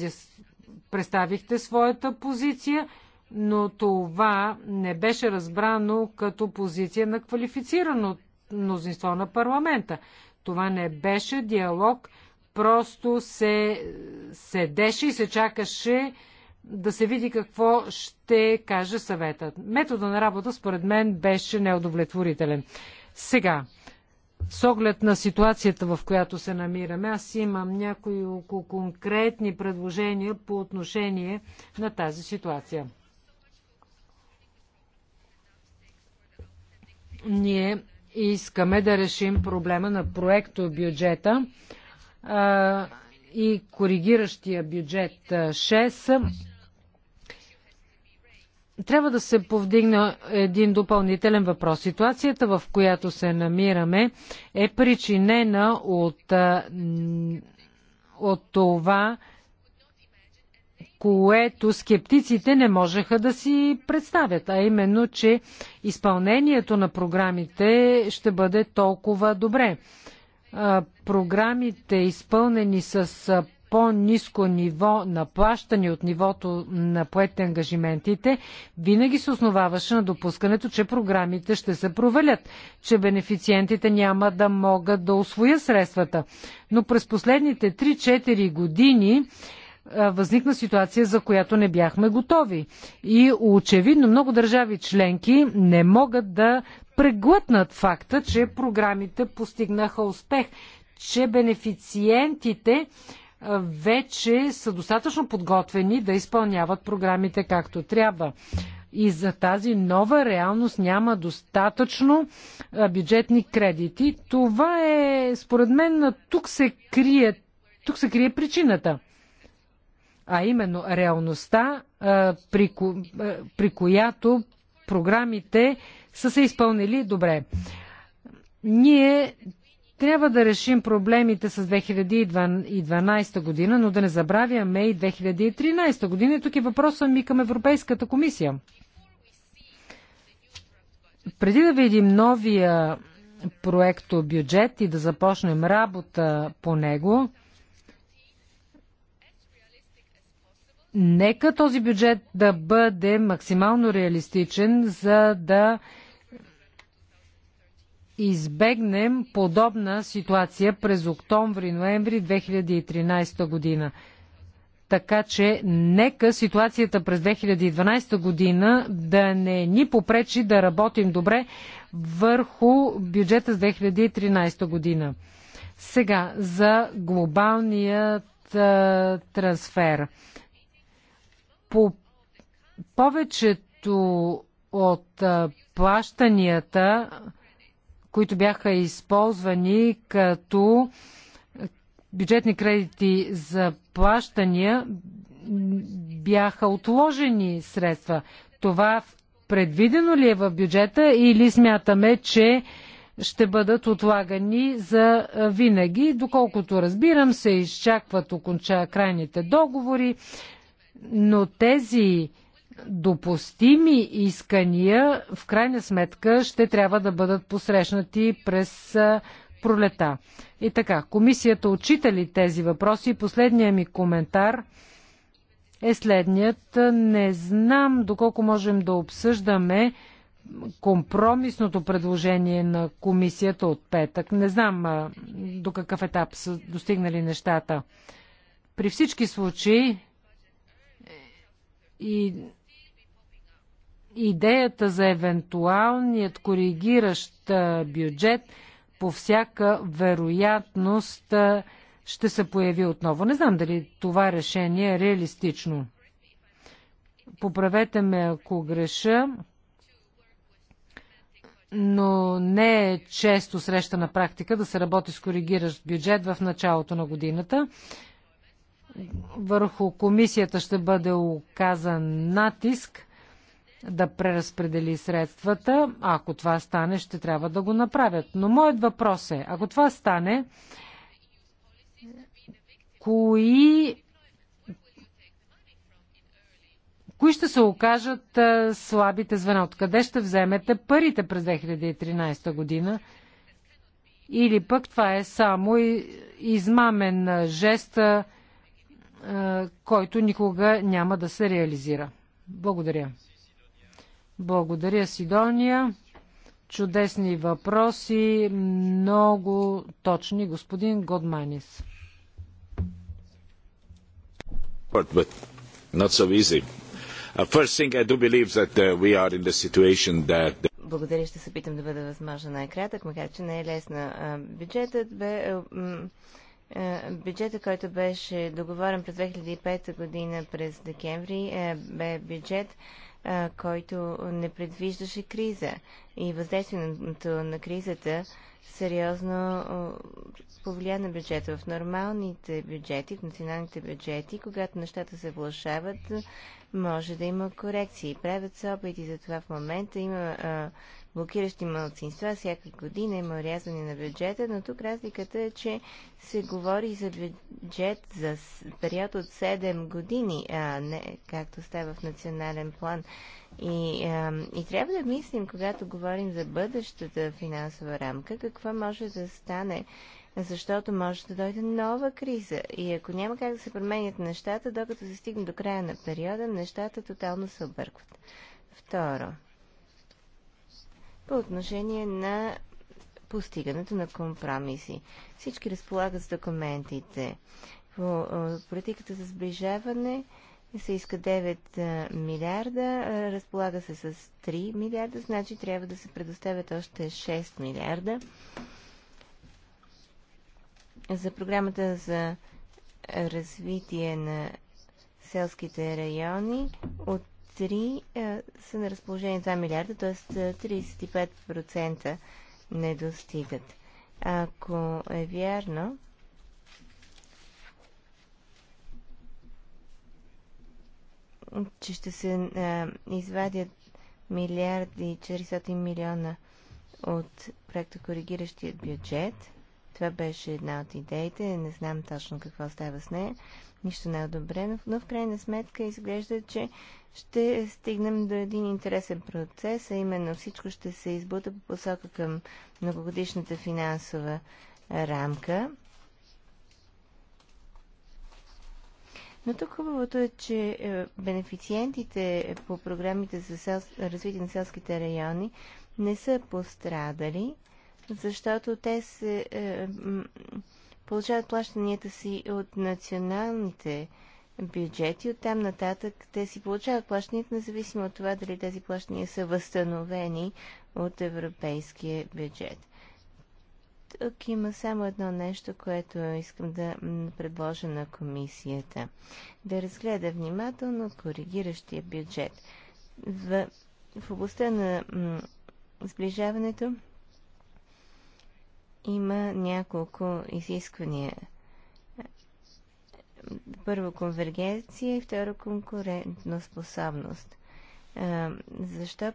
Speaker 3: представихте своята позиция, но това не беше разбрано като позиция на квалифицирано мнозинство на парламента. Това не беше диалог, просто се седеше и се чакаше да се види какво ще каже съветът. Метода на работа, според мен, беше неудовлетворителен. Сега, с оглед на ситуацията, в която се намираме, аз имам някои конкретни предложения по отношение на тази ситуация. Ние искаме да решим проблема на проекто бюджета а, и коригиращия бюджет 6 трябва да се повдигна един допълнителен въпрос. Ситуацията, в която се намираме, е причинена от, от това, което скептиците не можеха да си представят, а именно, че изпълнението на програмите ще бъде толкова добре. Програмите, изпълнени с по-низко ниво на плащане от нивото на поетите ангажиментите, винаги се основаваше на допускането, че програмите ще се провалят, че бенефициентите няма да могат да освоят средствата. Но през последните 3-4 години възникна ситуация, за която не бяхме готови. И очевидно много държави членки не могат да преглътнат факта, че програмите постигнаха успех, че бенефициентите вече са достатъчно подготвени да изпълняват програмите както трябва. И за тази нова реалност няма достатъчно бюджетни кредити. Това е, според мен, тук се крие, тук се крие причината. А именно реалността, при, ко, при която програмите са се изпълнили добре. Ние трябва да решим проблемите с 2012 година, но да не забравяме и 2013 година. И тук е въпросът ми към Европейската комисия. Преди да видим новия проекто бюджет и да започнем работа по него, нека този бюджет да бъде максимално реалистичен, за да избегнем подобна ситуация през октомври-ноември 2013 година. Така че нека ситуацията през 2012 година да не ни попречи да работим добре върху бюджета с 2013 година. Сега за глобалният а, трансфер. По повечето от а, плащанията които бяха използвани като бюджетни кредити за плащания, бяха отложени средства. Това предвидено ли е в бюджета или смятаме, че ще бъдат отлагани за винаги. Доколкото разбирам, се изчакват оконча крайните договори, но тези допустими искания в крайна сметка ще трябва да бъдат посрещнати през пролета. И така, комисията отчита ли тези въпроси? Последният ми коментар е следният. Не знам доколко можем да обсъждаме компромисното предложение на комисията от петък. Не знам до какъв етап са достигнали нещата. При всички случаи и идеята за евентуалният коригиращ бюджет по всяка вероятност ще се появи отново. Не знам дали това решение е реалистично. Поправете ме, ако греша, но не е често срещана практика да се работи с коригиращ бюджет в началото на годината. Върху комисията ще бъде оказан натиск да преразпредели средствата. Ако това стане, ще трябва да го направят. Но моят въпрос е, ако това стане, кои кои ще се окажат слабите звена? Откъде ще вземете парите през 2013 година? Или пък това е само измамен жест, който никога няма да се реализира. Благодаря. Благодаря, Сидония. Чудесни въпроси, много точни, господин Годманис.
Speaker 1: Uh, uh,
Speaker 4: Благодаря, ще се питам да бъда възможно най-кратък, макар че не е лесна. Бюджетът бе е, е, Бюджета, който беше договорен през 2005 година през декември, е, бе бюджет, който не предвиждаше криза. И въздействието на кризата сериозно повлия на бюджета. В нормалните бюджети, в националните бюджети, когато нещата се влашават, може да има корекции. Правят се опити за това в момента. Има а, блокиращи малцинства. Всяка година има рязане на бюджета, но тук разликата е, че се говори за бюджет за период от 7 години, а не както става в национален план. И, а, и трябва да мислим, когато говорим за бъдещата финансова рамка, какво може да стане защото може да дойде нова криза. И ако няма как да се променят нещата, докато се стигне до края на периода, нещата тотално се объркват. Второ, по отношение на постигането на компромиси. Всички разполагат с документите. По политиката за сближаване се иска 9 милиарда, разполага се с 3 милиарда, значи трябва да се предоставят още 6 милиарда. За програмата за развитие на селските райони от 3 е, са на разположение 2 милиарда, т.е. 35% не достигат. Ако е вярно, че ще се а, е, извадят милиарди и 400 милиона от проекта коригиращият бюджет. Това беше една от идеите. Не знам точно какво става с нея нищо не е одобрено, но в крайна сметка изглежда, че ще стигнем до един интересен процес, а именно всичко ще се избута по посока към многогодишната финансова рамка. Но тук хубавото е, че е, бенефициентите по програмите за сел... развитие на селските райони не са пострадали, защото те се е, получават плащанията си от националните бюджети. Оттам нататък те си получават плащанията, независимо от това дали тези плащания са възстановени от европейския бюджет. Тук има само едно нещо, което искам да предложа на комисията. Да разгледа внимателно коригиращия бюджет. В, в областта на сближаването има няколко изисквания. Първо конвергенция и второ конкурентна способност. Защо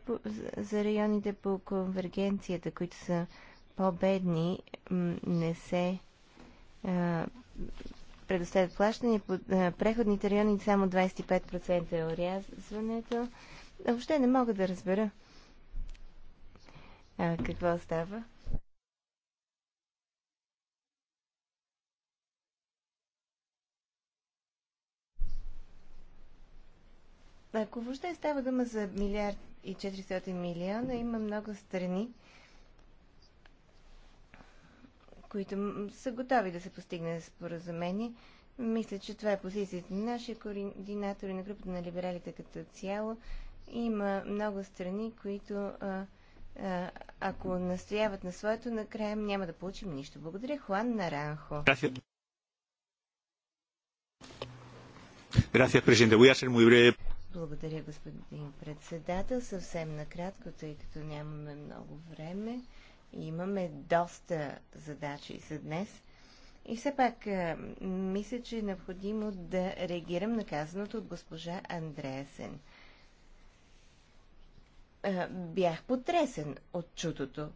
Speaker 4: за районите по конвергенцията, които са по-бедни, не се предоставят плащания по преходните райони само 25% е орязването. Въобще не мога да разбера а, какво става. Ако въобще става дума за милиард и 400 милиона, има много страни, които са готови да се постигне споразумение. Мисля, че това е позицията на нашия координатор и на групата на либералите като цяло. Има много страни, които ако настояват на своето, накрая няма да получим нищо. Благодаря, Хуан Наранхо.
Speaker 1: Gracias, presidente. Voy a ser muy breve.
Speaker 4: Благодаря, господин председател. Съвсем накратко, тъй като нямаме много време. и Имаме доста задачи за днес. И все пак, е, мисля, че е необходимо да реагирам на казаното от госпожа Андреасен. Е, бях потресен от чутото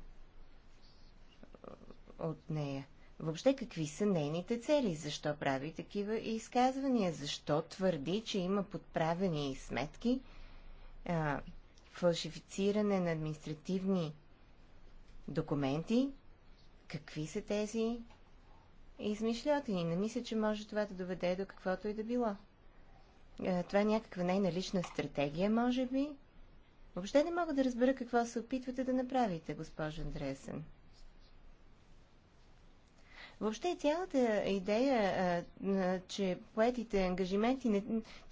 Speaker 4: от нея въобще какви са нейните цели, защо прави такива изказвания, защо твърди, че има подправени сметки, а, фалшифициране на административни документи, какви са тези измишлятини. Не мисля, че може това да доведе до каквото и да било. А, това е някаква нейна лична стратегия, може би. Въобще не мога да разбера какво се опитвате да направите, госпожа Андресен. Въобще цялата идея, че поетите ангажименти не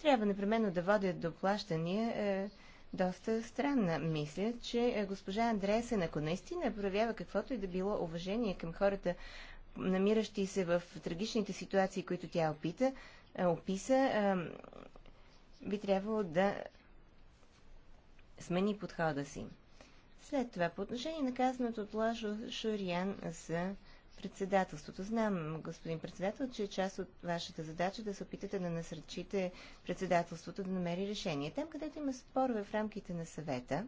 Speaker 4: трябва непременно да водят до плащания, е доста странна. Мисля, че е, госпожа Андресен, ако наистина проявява каквото и да било уважение към хората, намиращи се в трагичните ситуации, които тя опита, е, описа, е, би трябвало да смени подхода си. След това, по отношение на казаното от Лашо Шориан за председателството. Знам, господин председател, че е част от вашата задача да се опитате да насръчите председателството да намери решение. Там, където има спорове в рамките на съвета,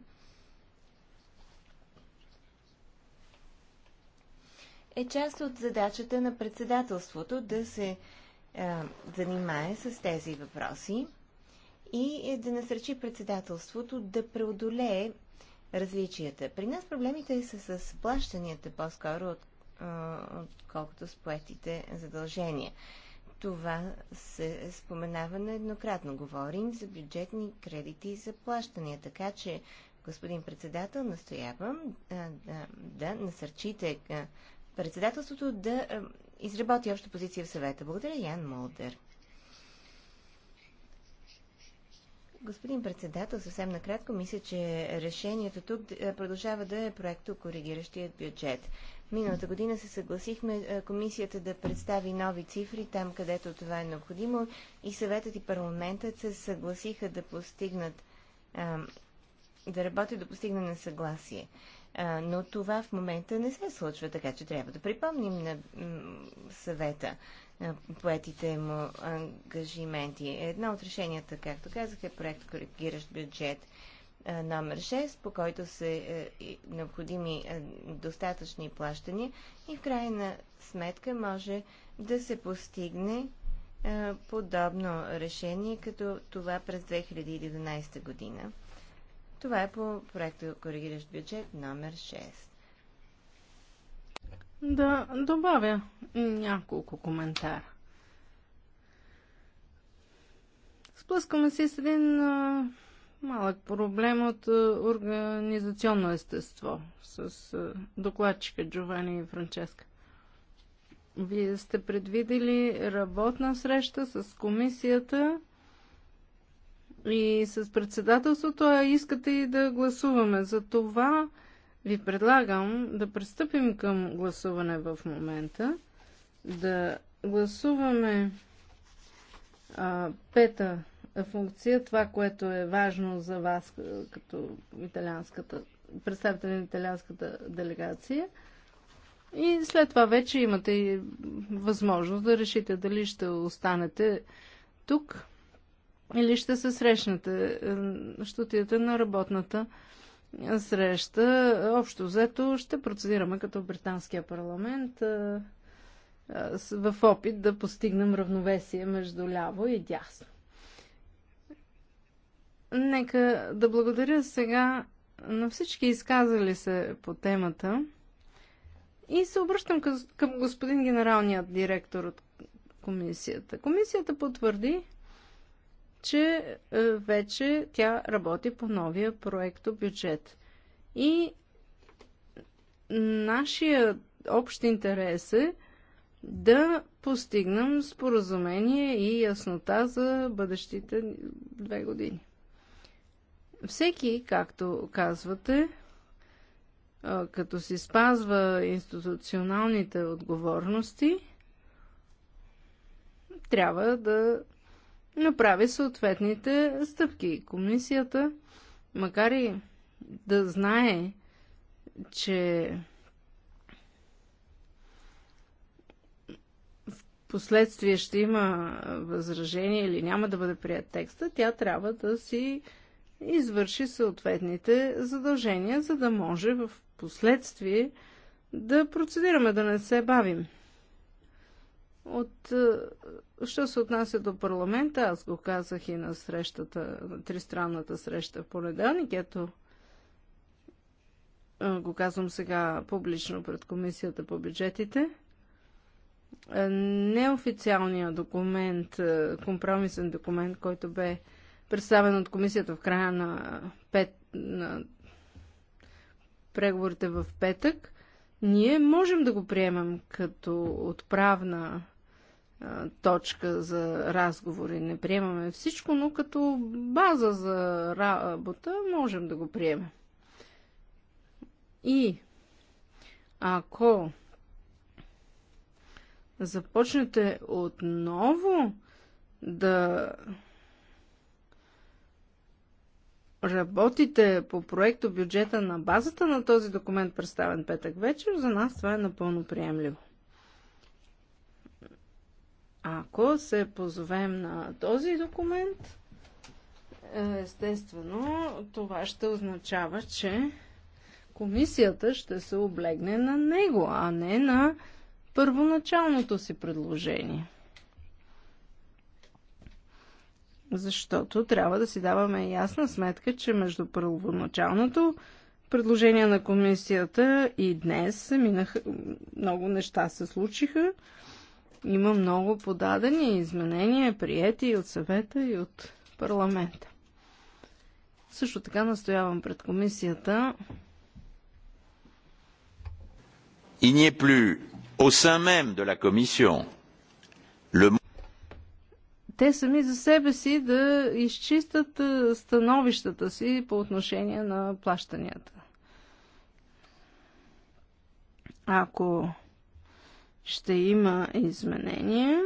Speaker 4: е част от задачата на председателството да се е, занимае с тези въпроси и е да насръчи председателството да преодолее различията. При нас проблемите са с плащанията по-скоро, отколкото с поетите задължения. Това се споменава нееднократно. Говорим за бюджетни кредити и заплащания, така че господин председател, настоявам да, да, да насърчите председателството да изработи обща позиция в съвета. Благодаря, Ян Молдер. Господин председател, съвсем накратко мисля, че решението тук е, продължава да е проекто коригиращият бюджет. Миналата година се съгласихме е, комисията да представи нови цифри там, където това е необходимо и съветът и парламентът се съгласиха да постигнат е, да работят до постигане на съгласие. но това в момента не се случва, така че трябва да припомним на съвета. Е, поетите му ангажименти. Едно от решенията, както казах, е проект коригиращ бюджет е, номер 6, по който са е, необходими достатъчни плащания и в крайна сметка може да се постигне подобно решение като това през 2011 година. Това е по проекта коригиращ бюджет номер 6
Speaker 2: да добавя няколко коментара. Сплъскаме се с един а, малък проблем от а, организационно естество с а, докладчика Джовани и Франческа. Вие сте предвидели работна среща с комисията и с председателството, а искате и да гласуваме. За това ви предлагам да пристъпим към гласуване в момента, да гласуваме а, пета функция, това, което е важно за вас като италианската, представител на италианската делегация. И след това вече имате и възможност да решите дали ще останете тук или ще се срещнете, ще отидете на работната среща. Общо взето ще процедираме като британския парламент в опит да постигнем равновесие между ляво и дясно. Нека да благодаря сега на всички изказали се по темата и се обръщам към господин генералният директор от комисията. Комисията потвърди, че е, вече тя работи по новия проекто бюджет. И нашия общ интерес е да постигнем споразумение и яснота за бъдещите две години. Всеки, както казвате, е, като си спазва институционалните отговорности, трябва да направи съответните стъпки. Комисията, макар и да знае, че в последствие ще има възражение или няма да бъде прият текста, тя трябва да си извърши съответните задължения, за да може в последствие да процедираме, да не се бавим. От Що се отнася до парламента, аз го казах и на срещата, на тристранната среща в понеделник, ето го казвам сега публично пред комисията по бюджетите. Неофициалният документ, компромисен документ, който бе представен от комисията в края на, пет, на преговорите в петък, ние можем да го приемем като отправна точка за разговори. Не приемаме всичко, но като база за работа можем да го приемем. И ако започнете отново да работите по проекто бюджета на базата на този документ, представен петък вечер, за нас това е напълно приемливо. Ако се позовем на този документ, естествено, това ще означава, че комисията ще се облегне на него, а не на първоначалното си предложение. Защото трябва да си даваме ясна сметка, че между първоначалното предложение на комисията и днес минаха, много неща се случиха. Има много подадени изменения, приети от съвета и от парламента. Също така настоявам пред комисията
Speaker 1: И не ait plus au sein même de la le
Speaker 2: те сами за себе си да изчистят е, становищата си по отношение на плащанията. Ако ще има изменения.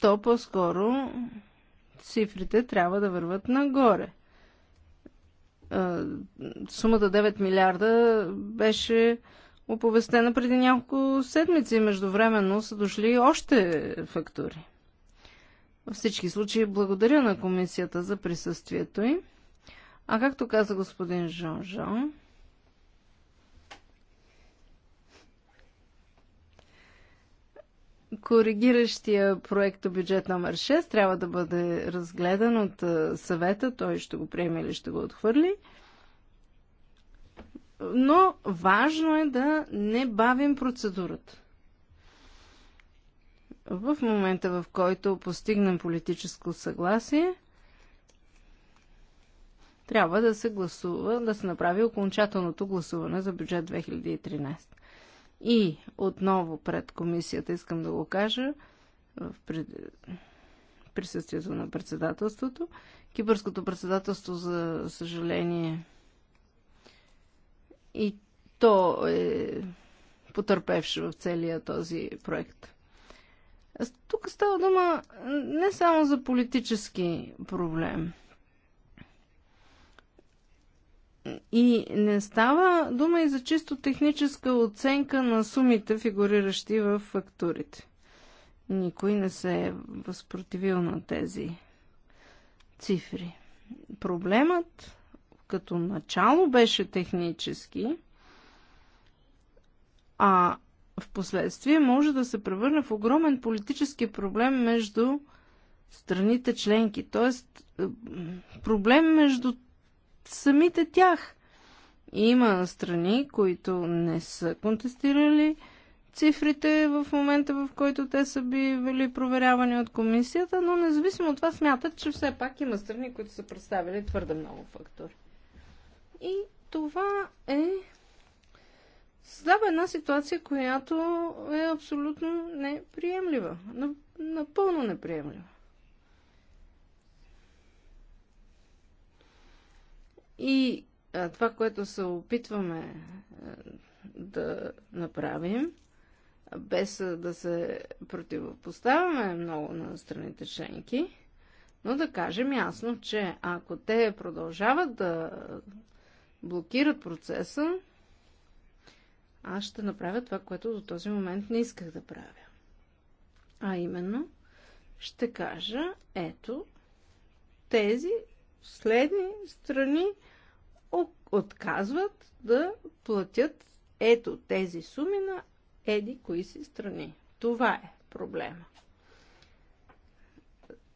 Speaker 2: То по-скоро цифрите трябва да върват нагоре. Сумата 9 милиарда беше оповестена преди няколко седмици. Междувременно са дошли още фактури. Във всички случаи благодаря на комисията за присъствието им. А както каза господин Жон-Жон, коригиращия проекто бюджет номер 6 трябва да бъде разгледан от съвета, той ще го приеме или ще го отхвърли. Но важно е да не бавим процедурата. В момента, в който постигнем политическо съгласие, трябва да се гласува, да се направи окончателното гласуване за бюджет 2013. И отново пред комисията искам да го кажа в присъствието на председателството. Кипърското председателство, за съжаление, и то е потърпевше в целия този проект. Тук става дума не само за политически проблем – и не става дума и за чисто техническа оценка на сумите, фигуриращи в фактурите. Никой не се е възпротивил на тези цифри. Проблемът като начало беше технически, а в последствие може да се превърне в огромен политически проблем между страните членки. Тоест, е, проблем между самите тях. Има страни, които не са контестирали цифрите в момента, в който те са били проверявани от комисията, но независимо от това смятат, че все пак има страни, които са представили твърде много фактори. И това е създава една ситуация, която е абсолютно неприемлива. Напълно неприемлива. И а, това, което се опитваме а, е, да направим, без а, да се противопоставяме много на страните членки, но да кажем ясно, че ако те продължават да блокират процеса, аз ще направя това, което до този момент не исках да правя. А именно, ще кажа, ето, тези следни страни отказват да платят ето тези суми на еди кои си страни. Това е проблема.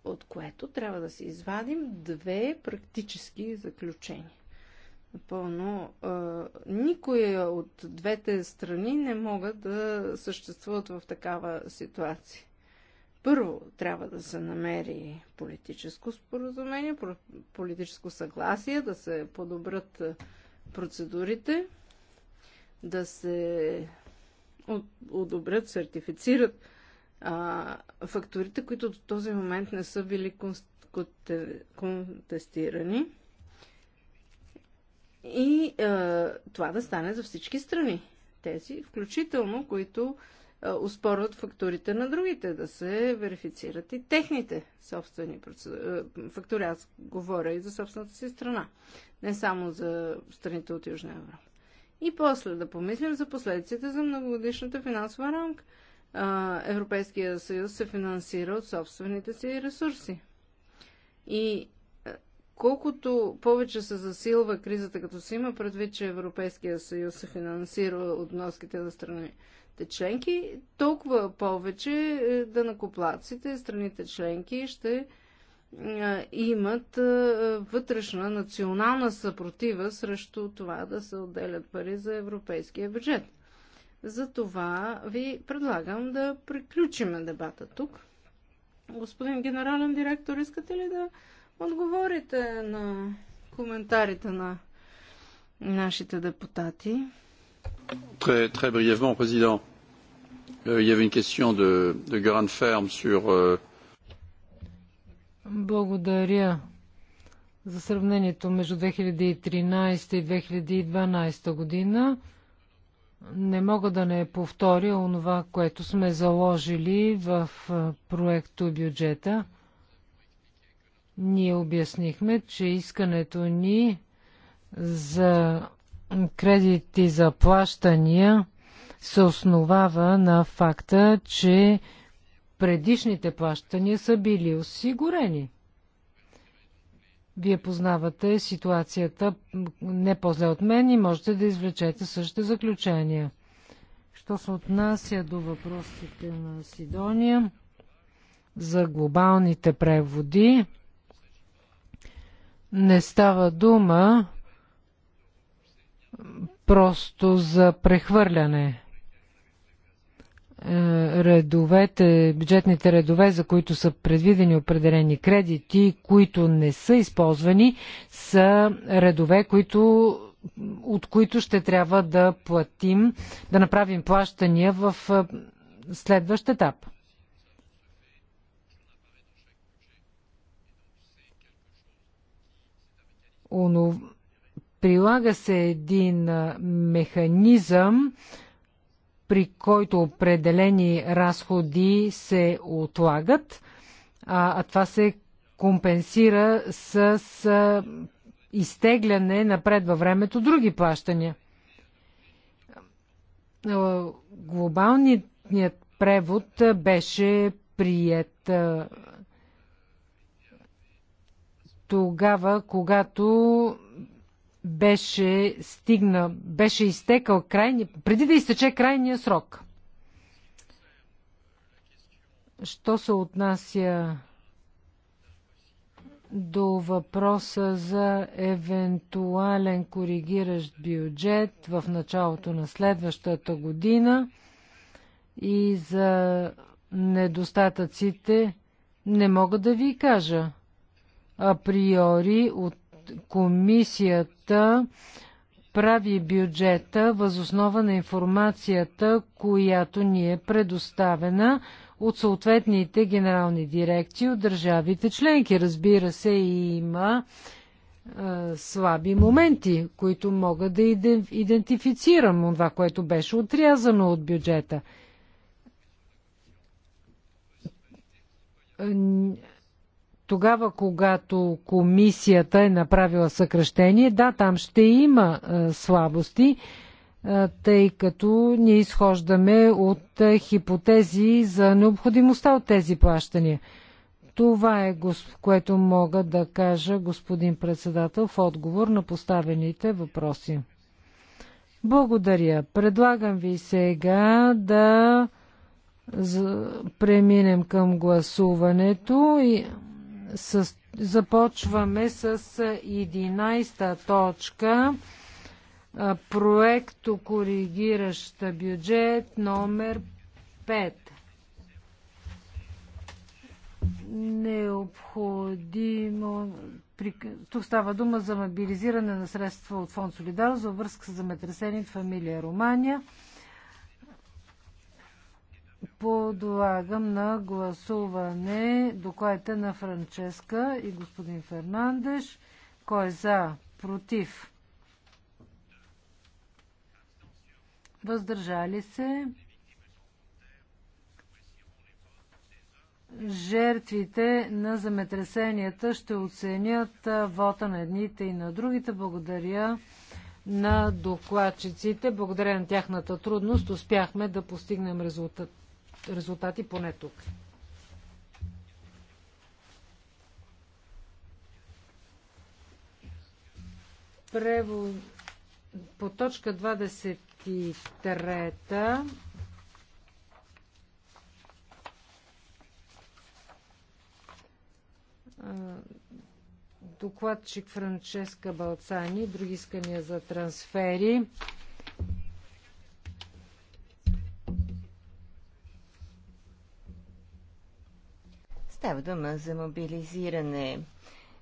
Speaker 2: От което трябва да се извадим две практически заключения. Напълно е, никоя от двете страни не могат да съществуват в такава ситуация. Първо трябва да се намери политическо споразумение, политическо съгласие, да се подобрат процедурите, да се одобрят, сертифицират а, факторите, които до този момент не са били контестирани. И а, това да стане за всички страни. Тези, включително, които успорват фактурите на другите, да се верифицират и техните собствени процеду... фактури. Аз говоря и за собствената си страна, не само за страните от Южна Европа. И после да помислим за последиците за многогодишната финансова рамка. Европейския съюз се финансира от собствените си ресурси. И колкото повече се засилва кризата, като се има предвид, че Европейския съюз се финансира от вноските на страни, страните членки, толкова повече е, да накоплаците, страните членки ще е, имат е, вътрешна национална съпротива срещу това да се отделят пари за европейския бюджет. Затова ви предлагам да приключим дебата тук. Господин генерален директор, искате ли да отговорите на коментарите на нашите депутати?
Speaker 1: Très, brièvement, Président. Euh, il y avait une question de, de Göran Ferm sur. Euh,
Speaker 3: Благодаря за сравнението между 2013 и 2012 година. Не мога да не повторя онова, което сме заложили в проекто бюджета. Ние обяснихме, че искането ни за кредити за плащания се основава на факта, че предишните плащания са били осигурени. Вие познавате ситуацията не по-зле от мен и можете да извлечете същите заключения. Що се отнася до въпросите на Сидония за глобалните преводи, не става дума просто за прехвърляне. Е, редовете, бюджетните редове, за които са предвидени определени кредити, които не са използвани, са редове, които, от които ще трябва да платим, да направим плащания в е, следващ етап. Оно, Прилага се един механизъм, при който определени разходи се отлагат, а, а това се компенсира с а, изтегляне напред във времето други плащания. Глобалният превод беше прият тогава, когато беше стигна, беше изтекал крайни, преди да изтече крайния срок. Що се отнася до въпроса за евентуален коригиращ бюджет в началото на следващата година и за недостатъците, не мога да ви кажа. Априори от комисията прави бюджета възоснова на информацията, която ни е предоставена от съответните генерални дирекции от държавите членки. Разбира се, има е, слаби моменти, които мога да идентифицирам това, което беше отрязано от бюджета тогава, когато комисията е направила съкръщение, да, там ще има е, слабости, е, тъй като ние изхождаме от е, хипотези за необходимостта от тези плащания. Това е, което мога да кажа, господин председател, в отговор на поставените въпроси. Благодаря. Предлагам ви сега да преминем към гласуването и с, започваме с 11-та точка. Проекто коригиращ бюджет номер 5. Необходимо. Тук става дума за мобилизиране на средства от фонд Солидар за връзка с земетресени в фамилия Романия. Подлагам на гласуване докладите на Франческа и господин Фернандеш. Кой е за? Против? Въздържали се? Жертвите на земетресенията ще оценят вота на едните и на другите. Благодаря на докладчиците. Благодаря на тяхната трудност успяхме да постигнем резултат резултати поне тук. Прево... По точка 23 докладчик Франческа Балцани, други искания за трансфери.
Speaker 4: Става дума за мобилизиране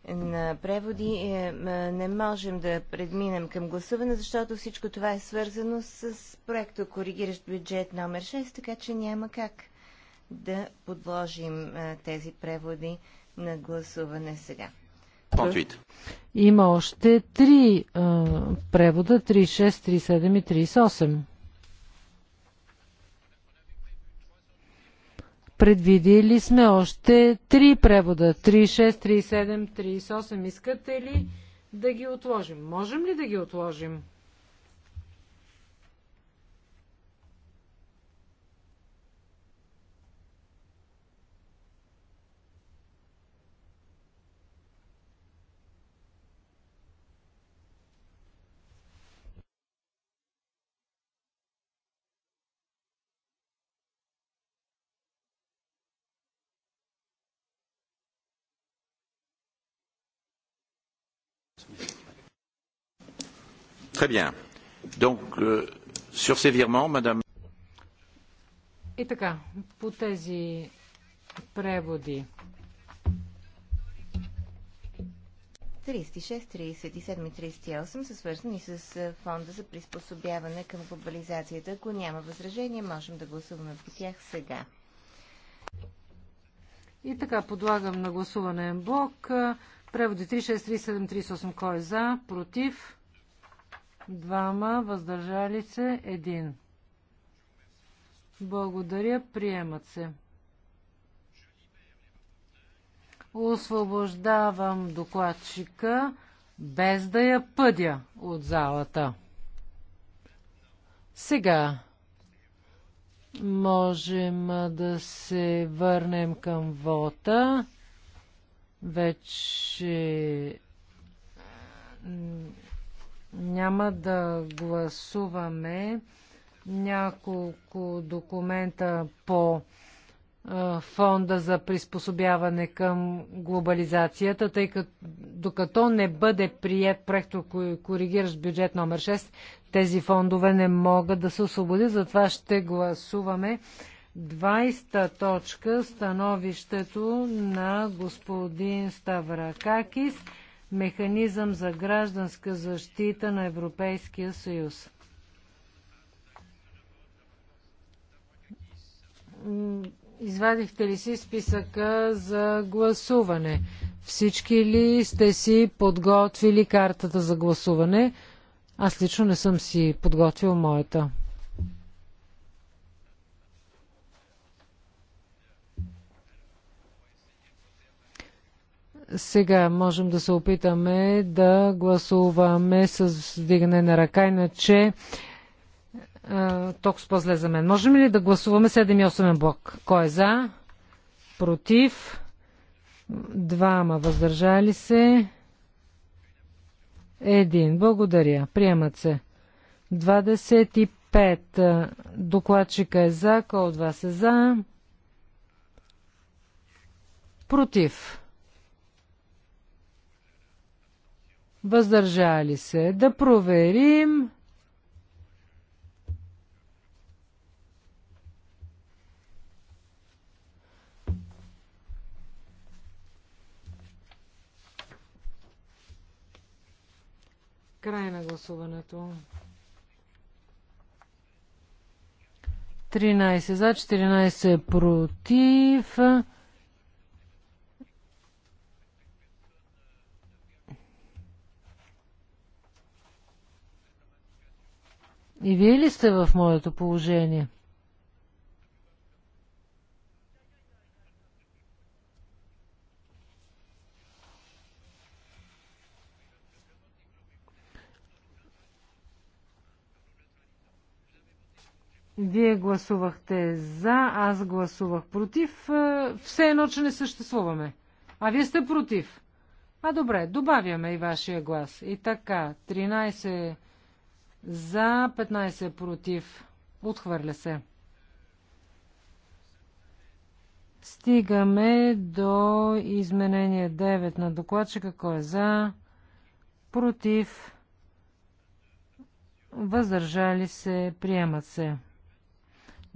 Speaker 4: на преводи. Е, не можем да предминем към гласуване, защото всичко това е свързано с проекта, коригиращ бюджет номер 6, така че няма как да подложим е, тези преводи на гласуване сега.
Speaker 3: Има още три а, е, превода 36, 37 и 38. Предвидили сме още три превода. 36, 37, 38. Искате ли да ги отложим? Можем ли да ги отложим?
Speaker 1: Très bien. Donc, euh, sur ces virements, madame.
Speaker 4: И така, по тези преводи. 36, 37 и 38 са свързани с фонда за приспособяване към глобализацията. Ако няма възражение, можем да гласуваме по тях сега. И така,
Speaker 3: подлагам на гласуване блок. Преводи 36, 37, 38. Кой е за? Против? Двама. Въздържали се. Един. Благодаря. Приемат се. Освобождавам докладчика, без да я пъдя от залата. Сега можем да се върнем към вота. Вече няма да гласуваме няколко документа по фонда за приспособяване към глобализацията, тъй като докато не бъде прият проекто коригиращ бюджет номер 6, тези фондове не могат да се освободят. Затова ще гласуваме 20-та точка становището на господин Ставракакис механизъм за гражданска защита на Европейския съюз. Извадихте ли си списъка за гласуване? Всички ли сте си подготвили картата за гласуване? Аз лично не съм си подготвил моята. Сега можем да се опитаме да гласуваме с вдигане на ръка, иначе ток по-зле за мен. Можем ли да гласуваме 7 и 8 блок? Кой е за? Против? Двама въздържали се. Един. Благодаря. Приемат се. 25. Докладчика е за. Кой от вас е за? Против. въздържали се. Да проверим. Край на гласуването. 13 за, 14 против. И вие ли сте в моето положение? Вие гласувахте за, аз гласувах против. Е, все едно, че не съществуваме. А вие сте против. А добре, добавяме и вашия глас. И така, 13 за 15 против. Отхвърля се. Стигаме до изменение 9 на докладчика. Кой е за? Против. Въздържали се. Приемат се.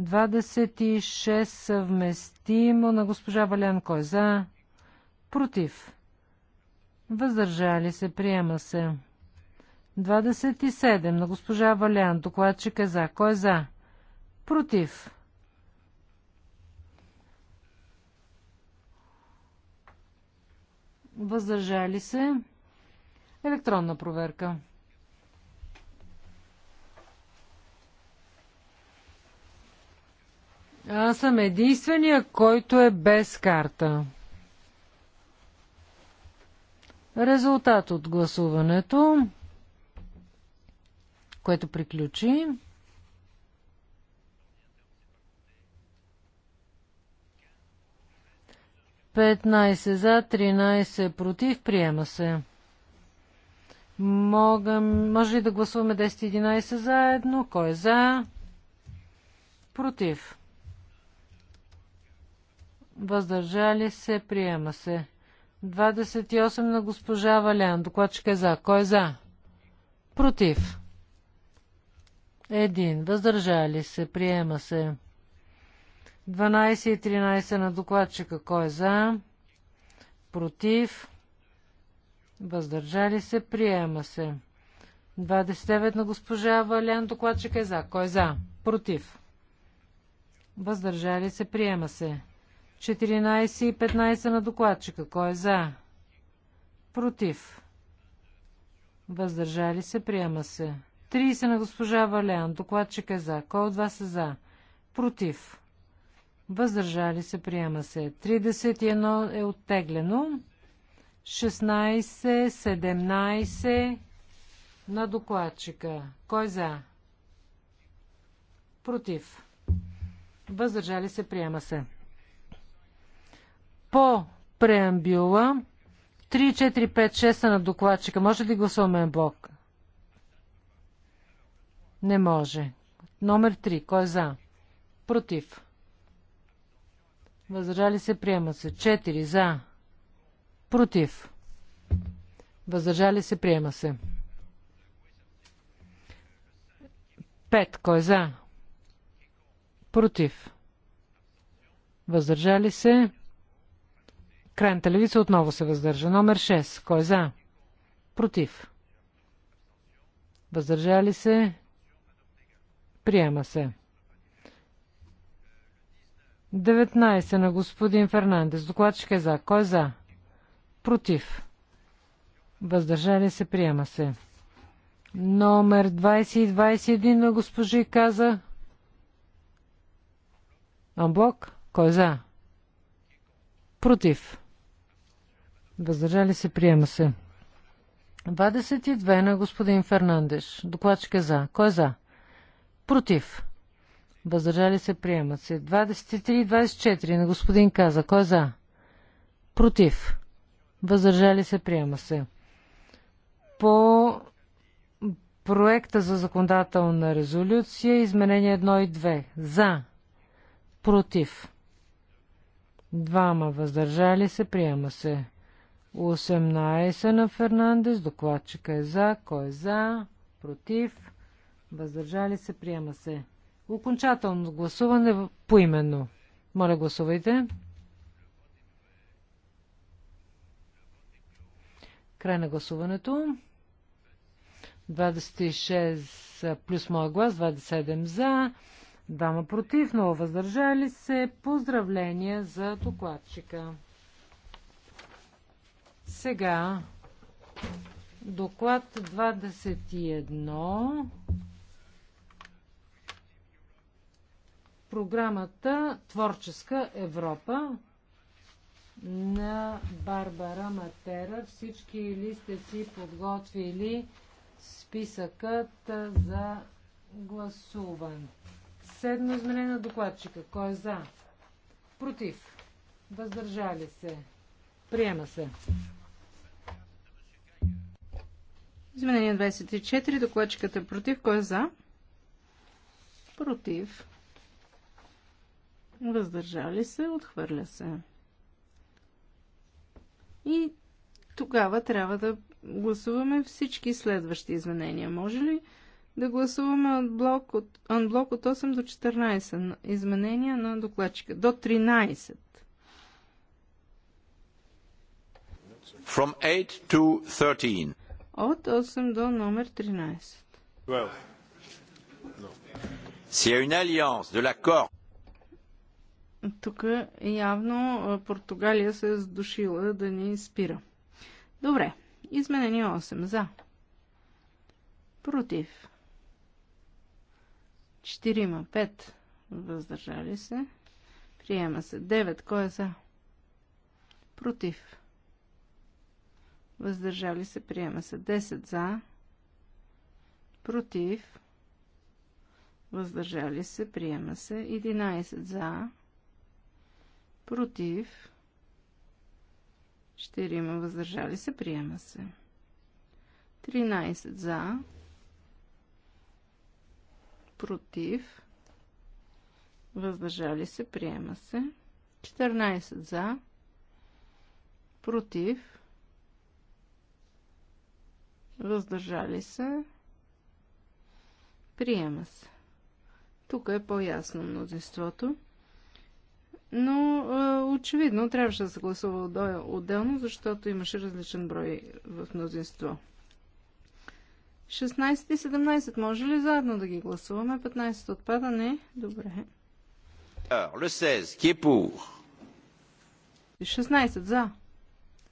Speaker 3: 26 съвместимо на госпожа Валян. Кой е за? Против. Въздържали се. Приема се. 27 на госпожа Валян. Докладчик е за. Кой е за? Против. Въздържали се. Електронна проверка. Аз съм единствения, който е без карта. Резултат от гласуването което приключи. Петнайсе за, 13 против, приема се. Могам, може ли да гласуваме 10-11 заедно? Кой е за? Против. Въздържали се, приема се. 28 на госпожа Валян. Докладчик е за. Кой е за? Против. Един. Въздържали се. Приема се. 12 и 13 на докладчика. Кой е за? Против. Въздържали се. Приема се. 29 на госпожа Валян. Докладчик е за. Кой е за? Против. Въздържали се. Приема се. 14 и 15 на докладчика. Кой е за? Против. Въздържали се. Приема се. 30 на госпожа Валян. Докладчик е за. Кой от вас е за? Против. Въздържали се. Приема се. 31 е оттеглено. 16, 17 на докладчика. Кой е за? Против. Въздържали се. Приема се. По преамбюла 3, 4, 5, 6 на докладчика. Може ли гласуваме блок? Не може. Номер 3. Кой е за? Против. Въздържали се, приема се. 4. За. Против. Въздържали се, приема се. 5. Кой е за? Против. Въздържали се. Крайната левица отново се въздържа. Номер 6. Кой е за? Против. Въздържали се. Приема се. 19 на господин Фернандес. Докладчик е за. Кой е за? Против. Въздържали се. Приема се. Номер 20 и 21 на госпожи каза. Амблок. Кой е за? Против. Въздържали се. Приема се. 22 на господин Фернандеш. Докладчик е за. Кой е за? Против. Въздържали се, приемат се. 23 и 24 на господин Каза. Кой е за? Против. Въздържали се, приема се. По проекта за законодателна резолюция, изменение 1 и 2. За. Против. Двама въздържали се, приема се. 18 на Фернандес, докладчика е за, кой е за, против. Въздържали се, приема се. Окончателно гласуване поименно. Моля, гласувайте. Край на гласуването. 26 плюс моя глас, 27 за, дама против, но въздържали се. Поздравления за докладчика. Сега доклад 21. програмата Творческа Европа на Барбара Матера. Всички ли сте си подготвили списъкът за гласуван? Седмо изменение на докладчика. Кой е за? Против. Въздържали се.
Speaker 2: Приема се. Изменение 24. Докладчиката е против. Кой е за? Против въздържали се, отхвърля се. И тогава трябва да гласуваме всички следващи изменения. Може ли да гласуваме анблок от, анблок от 8 до 14 изменения на докладчика? До 13.
Speaker 1: From 8 to 13.
Speaker 2: От 8 до номер 13.
Speaker 1: Well. No. C'est une alliance de l'accord
Speaker 2: тук явно Португалия се е задушила да ни спира. Добре. изменени 8. За. Против. 4. 5. Въздържали се. Приема се. 9. Кой е за? Против. Въздържали се. Приема се. 10 за. Против. Въздържали се. Приема се. 11 за против, 4 въздържали се, приема се. 13 за, против, въздържали се, приема се. 14 за, против, въздържали се, приема се. Тук е по-ясно мнозинството но очевидно трябваше да се гласува отделно, защото имаше различен брой в мнозинство. 16 и 17 може ли заедно да ги гласуваме? 15 отпада, не? Добре. 16 за.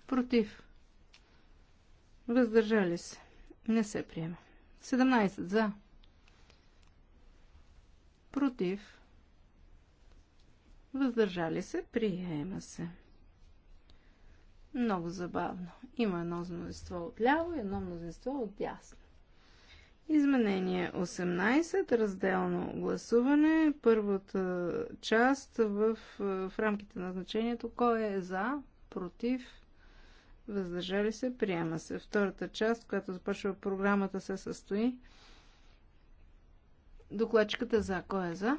Speaker 2: Против. Въздържали се. Не се приема. 17 за. Против. Въздържали се, приема се. Много забавно. Има едно мнозинство от ляво и едно мнозинство от дясно. Изменение 18, разделно гласуване. Първата част в, е, в рамките на значението. Кой е за, против, въздържали се, приема се. Втората част, която започва програмата, се състои. Докладчиката е за. Кой е за?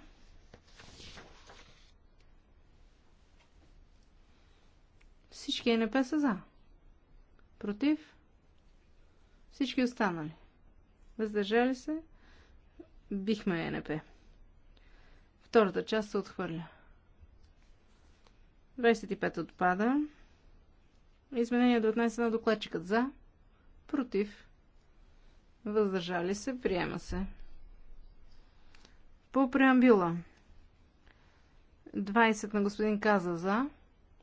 Speaker 2: Всички НП са за. Против? Всички останали. Въздържали се? Бихме НП. Втората част се отхвърля. 25 отпада. Изменение до отнесе на докладчикът за. Против. Въздържали се. Приема се. По преамбюла. 20 на господин Каза за.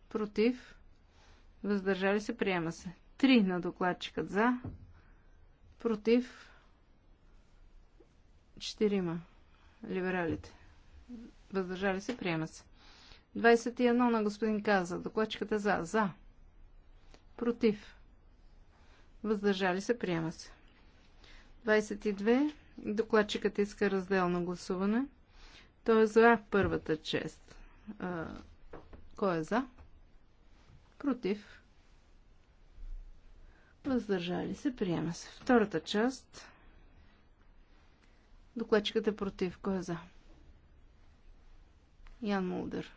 Speaker 2: Против. Въздържали се, приема се. Три на докладчикът за. Против. Четирима Либералите. Въздържали се, приема се. 21 на господин Каза. Докладчикът е за. За. Против. Въздържали се, приема се. 22. Докладчикът иска разделно гласуване. Той е за първата чест. Кой е за? против, въздържали се, приема се. Втората част, докладчикът е против, кой е за? Ян Мулдър.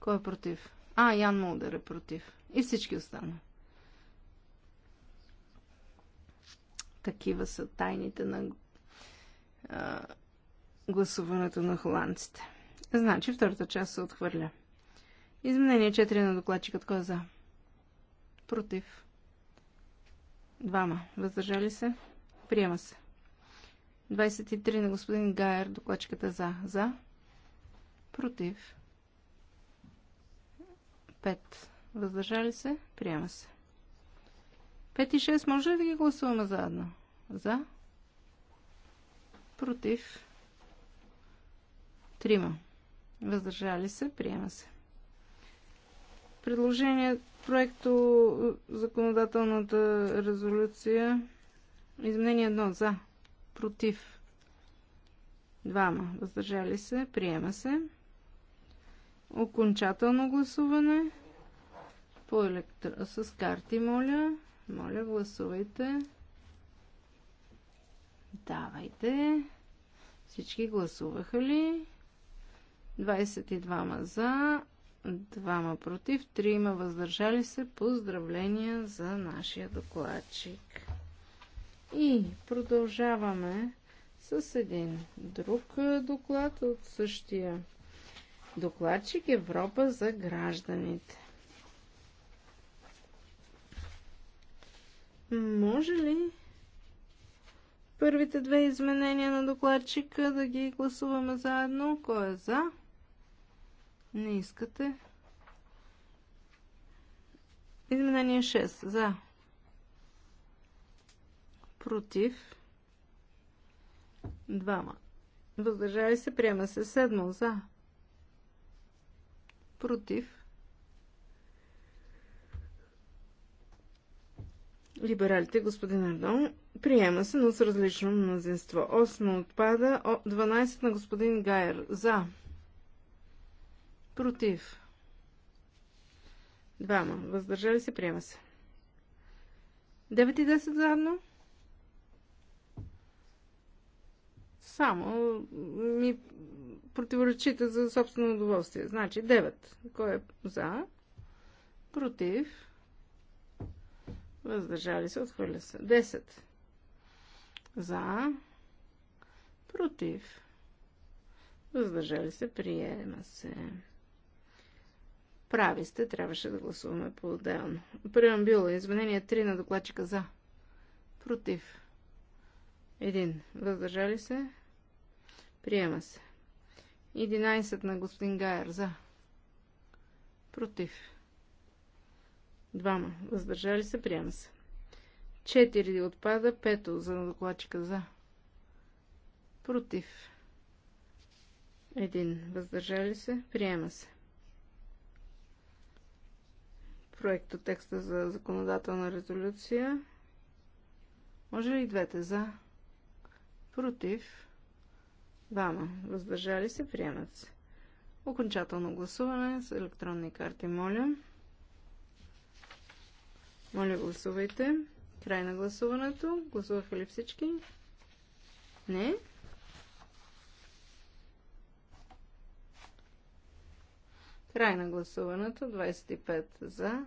Speaker 2: Кой е против? А, Ян Мулдър е против. И всички останали. Такива са тайните на а, гласуването на холандците. Значи, втората част се отхвърля. Изменение 4 на докладчикът. Кой е за? Против. Двама. Въздържали се? Приема се. 23 на господин Гайер. Докладчиката е за. За. Против. 5. Въздържали се? Приема се. 5 и 6 може ли да ги гласуваме заедно? За. Против. Трима. Въздържали се? Приема се. Предложение проекто законодателната резолюция изменение едно за, против, двама, въздържали се, приема се. Окончателно гласуване по електро... с карти, моля. Моля, гласувайте. Давайте. Всички гласуваха ли? 22 за, двама против, трима въздържали се. Поздравления за нашия докладчик. И продължаваме с един друг е, доклад от същия докладчик Европа за гражданите. Може ли първите две изменения на докладчика да ги гласуваме заедно? Кой е за? Не искате. Изменение 6. За. Против. Двама. Въздържали се. Приема се. Седмо. За. Против. Либералите, господин Ардон, приема се, но с различно мнозинство. 8 отпада. 12 на господин Гайер. За. Против. Двама. Въздържали се, приема се. 9 и 10 заедно. Само ми противоречите за собствено удоволствие. Значи 9. Кой е за? Против. Въздържали се, отхвърля се. 10. За. Против. Въздържали се, приема се. Прави сте, трябваше да гласуваме по-отделно. било извинение 3 на докладчика за. Против. Един. Въздържали се? Приема се. 11 на господин Гайер за. Против. Двама. Въздържали се? Приема се. 4 отпада, 5 за докладчика за. Против. Един. Въздържали се? Приема се проекта текста за законодателна резолюция. Може ли двете за? Против? Двама. Въздържали се? Приемат се. Окончателно гласуване с електронни карти, моля. Моля, гласувайте. Край на гласуването. Гласуваха ли всички? Не. Край на гласуването. 25 за.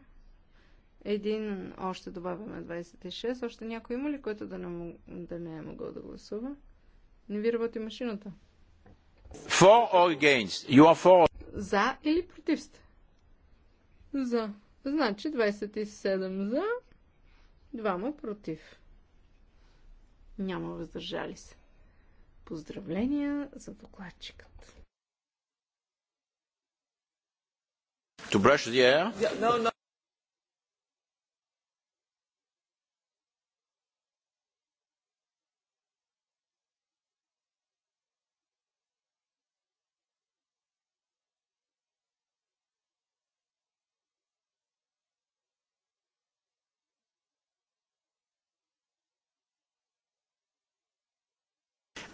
Speaker 2: Един още добавяме 26. Още някой има ли, който да не, мог... да не е могъл да гласува? Не ви работи машината.
Speaker 1: For or against? You are for...
Speaker 2: За или против сте? За. Значи 27 за, двама против. Няма въздържали се. Поздравления за докладчикът.
Speaker 1: To brush the air? Yeah, no, no.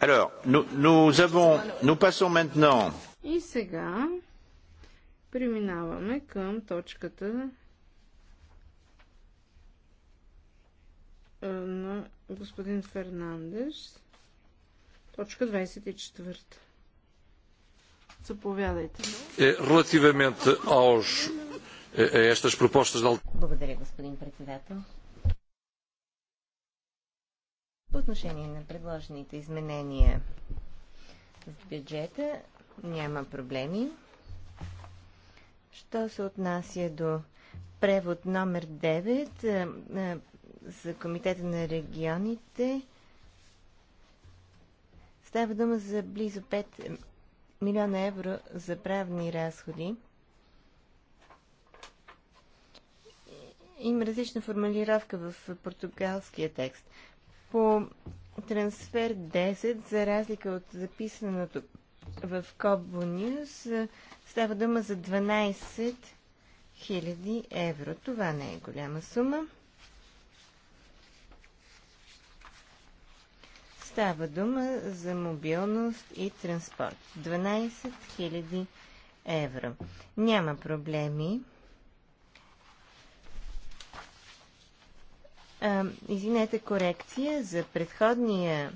Speaker 1: Alors, nous, nous, avons, nous passons maintenant.
Speaker 2: И сега Преминаваме към точката на господин Фернандес. Точка 24.
Speaker 4: Заповядайте.
Speaker 1: Relativamente aos, е, estas пропоща за...
Speaker 4: Благодаря, господин председател. По отношение на предложените изменения в бюджета няма проблеми. Що се отнася до превод номер 9 е, е, за Комитета на регионите, става дума за близо 5 милиона евро за правни разходи. Има различна формулировка в португалския текст. По трансфер 10, за разлика от записаното в Кобо Ньюс, Става дума за 12 000 евро. Това не е голяма сума. Става дума за мобилност и транспорт. 12 000 евро. Няма проблеми. А, извинете, корекция за предходния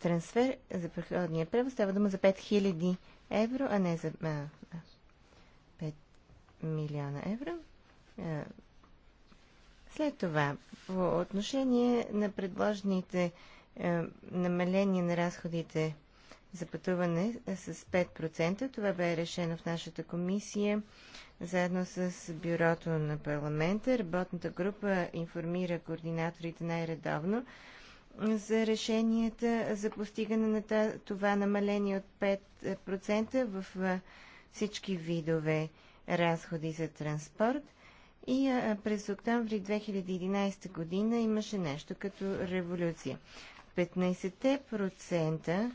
Speaker 4: трансфер, за предходния превод става дума за 5000 евро евро, а не за а, 5 милиона евро. след това, по отношение на предложените а, намаления на разходите за пътуване с 5%, това бе решено в нашата комисия заедно с бюрото на парламента. Работната група информира координаторите най-редовно за решенията за постигане на това намаление от 5% в всички видове разходи за транспорт. И през октомври 2011 година имаше нещо като революция. 15%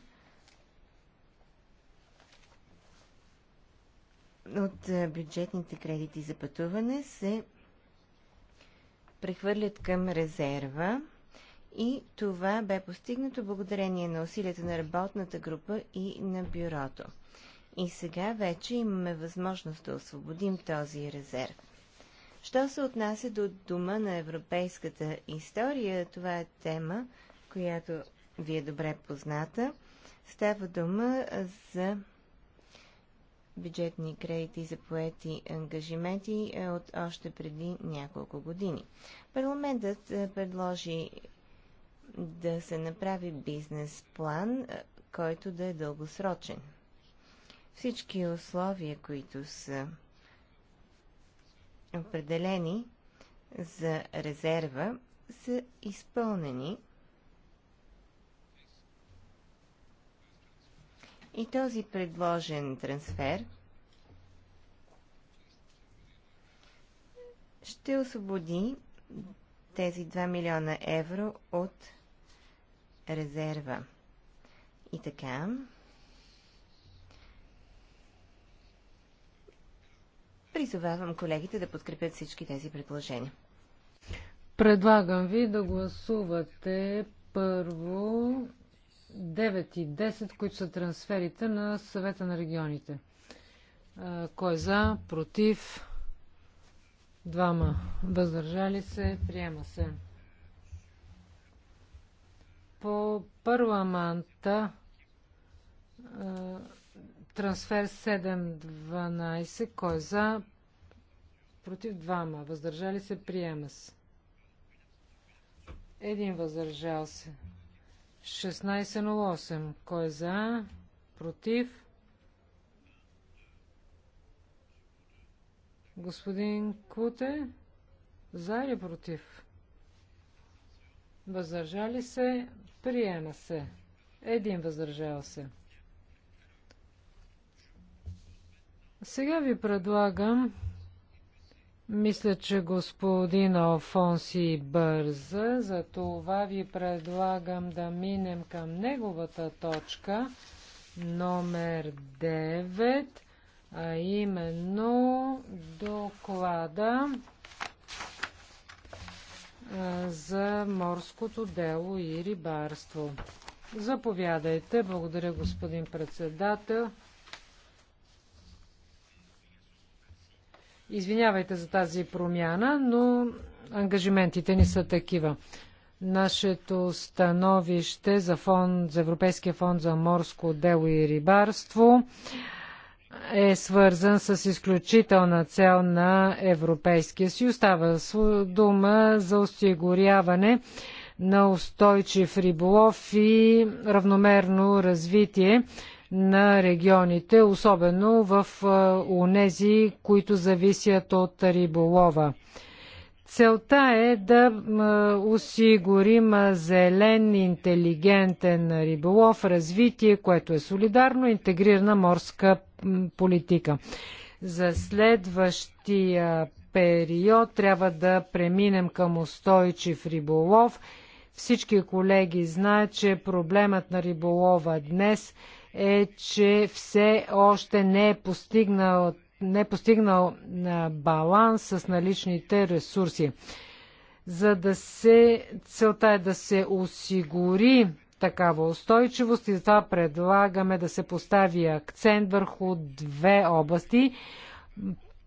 Speaker 4: от бюджетните кредити за пътуване се прехвърлят към резерва. И това бе постигнато благодарение на усилията на работната група и на бюрото. И сега вече имаме възможност да освободим този резерв. Що се отнася до дума на европейската история, това е тема, която ви е добре позната. Става дума за бюджетни кредити за поети ангажименти е, от още преди няколко години. Парламентът е, предложи да се направи бизнес план, е, който да е дългосрочен. Всички условия, които са определени за резерва, са изпълнени и този предложен трансфер ще освободи тези 2 милиона евро от резерва. И така. Призовавам колегите да подкрепят всички тези предложения. Предлагам ви да гласувате
Speaker 3: първо 9 и 10, които са трансферите на съвета на регионите. Кой е за? Против? Двама. Въздържали се? Приема се по парламента трансфер 7-12, кой е за, против двама, въздържали се, приема се. Един въздържал се. 16.08. Кой е за? Против? Господин Куте? За или против? Въздържали се? Приема се. Един въздържал се. Сега ви предлагам, мисля, че господин Алфонси бърза, за това ви предлагам да минем към неговата точка номер 9, а именно доклада за морското дело и рибарство. Заповядайте. Благодаря, господин председател. Извинявайте за тази промяна, но ангажиментите ни са такива. Нашето становище за, фонд, за Европейския фонд за морско дело и рибарство е свързан с изключителна цел на Европейския съюз. Става дума за осигуряване на устойчив риболов и равномерно развитие на регионите, особено в унези, които зависят от риболова. Целта е да осигурим зелен, интелигентен риболов, развитие, което е солидарно, интегрирана морска политика. За следващия период трябва да преминем към устойчив риболов. Всички колеги знаят, че проблемът на риболова днес е, че все още не е постигнал не е постигнал баланс с наличните ресурси. За да се, целта е да се осигури такава устойчивост и затова предлагаме да се постави акцент върху две области.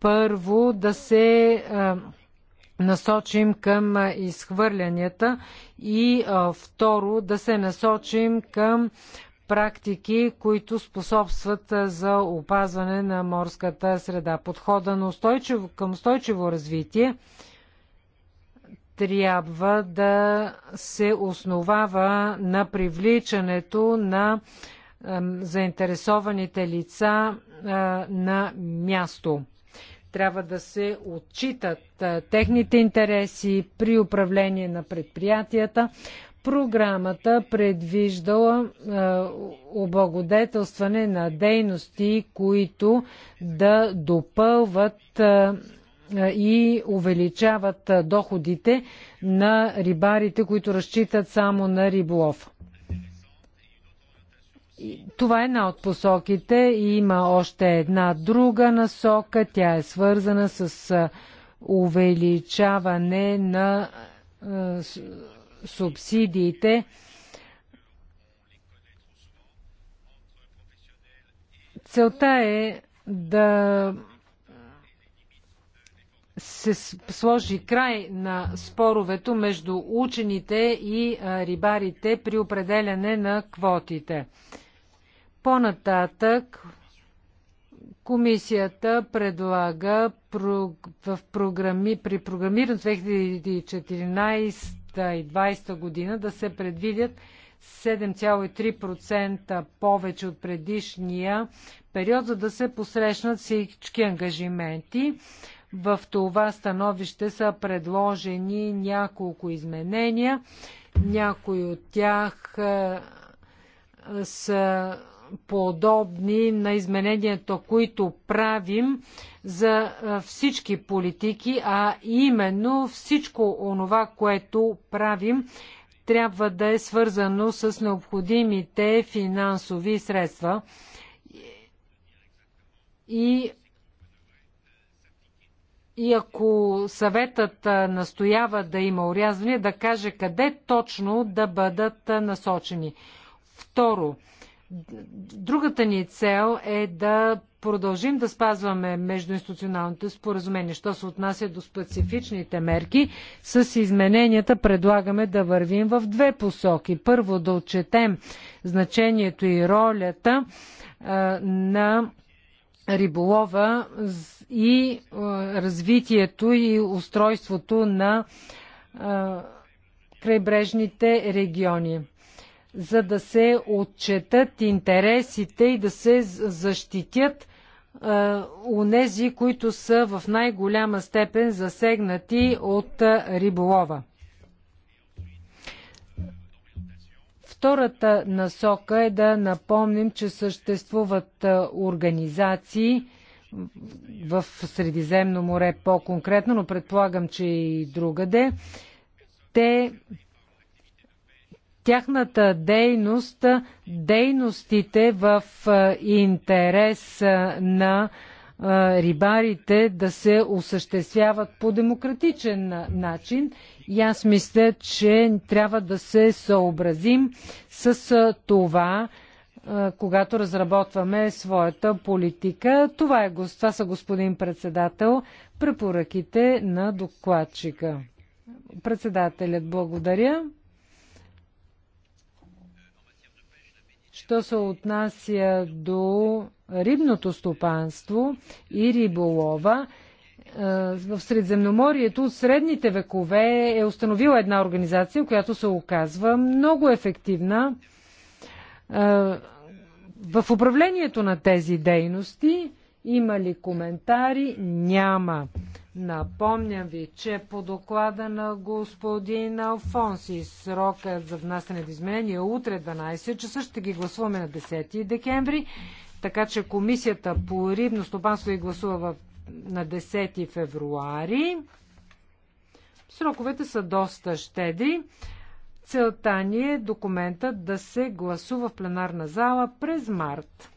Speaker 3: Първо да се насочим към изхвърлянията и а, второ да се насочим към практики, които способстват за опазване на морската среда. Подхода на устойчиво, към устойчиво развитие трябва да се основава на привличането на е, заинтересованите лица е, на място. Трябва да се отчитат е, техните интереси при управление на предприятията, Програмата предвиждала е, облагодетелстване на дейности, които да допълват е, и увеличават доходите на рибарите, които разчитат само на риболов. Това е една от посоките и има още една друга насока. Тя е свързана с увеличаване на субсидиите. Целта е да се сложи край на споровето между учените и рибарите при определяне на квотите. По-нататък комисията предлага в програми, при програмирането 2014 2020 година да се предвидят 7,3% повече от предишния период, за да се посрещнат всички ангажименти. В това становище са предложени няколко изменения. Някои от тях са подобни на измененията, които правим за всички политики, а именно всичко онова, което правим, трябва да е свързано с необходимите финансови средства. И, и ако съветът настоява да има урязване, да каже къде точно да бъдат насочени. Второ, Другата ни цел е да продължим да спазваме междуинституционалните споразумения, Що се отнася до специфичните мерки, с измененията предлагаме да вървим в две посоки. Първо да отчетем значението и ролята а, на риболова и а, развитието и устройството на а, крайбрежните региони за да се отчетат интересите и да се защитят е, у нези, които са в най-голяма степен засегнати от е, риболова. Втората насока е да напомним, че съществуват е, организации в Средиземно море по-конкретно, но предполагам, че и другаде. Те тяхната дейност, дейностите в интерес на рибарите да се осъществяват по демократичен начин. И аз мисля, че трябва да се съобразим с това, когато разработваме своята политика. Това, е, това са, господин председател, препоръките на докладчика. Председателят благодаря. Що се отнася до рибното стопанство и риболова, е, в Средземноморието от средните векове е установила една организация, която се оказва много ефективна е, в управлението на тези дейности. Има ли коментари? Няма. Напомням ви, че по доклада на господин Алфонси срокът за внасяне на изменения е утре 12 часа. Ще ги гласуваме на 10 декември. Така че комисията по рибно стопанство и гласува в, на 10 февруари. Сроковете са доста щедри. Целта ни е документът да се гласува в пленарна зала през март.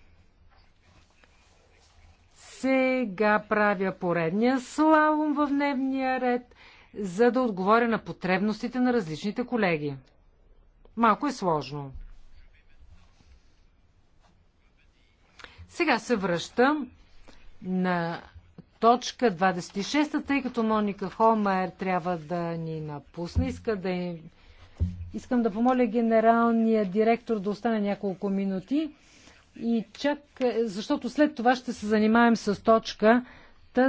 Speaker 3: Сега правя поредния слалом в дневния ред, за да отговоря на потребностите на различните колеги. Малко е сложно. Сега се връщам на точка 26, тъй като Моника Холмайер трябва да ни напусне. Иска да им... Искам да помоля генералния директор да остане няколко минути. И чак, е, защото след това ще се занимаем с точката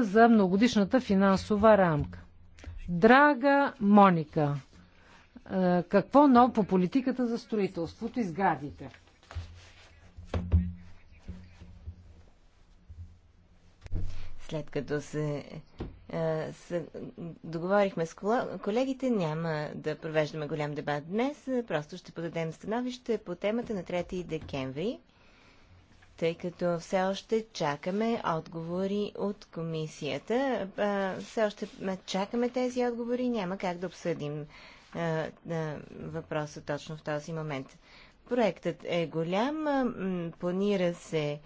Speaker 3: за многодишната финансова рамка. Драга Моника, е, какво ново по политиката за строителството и сградите?
Speaker 4: След като се, е, се договорихме с колегите, няма да провеждаме голям дебат днес, просто ще подадем становище по темата на 3 декември тъй като все още чакаме отговори от комисията. Все още чакаме тези отговори, няма как да обсъдим въпроса точно в този момент. Проектът е голям, планира се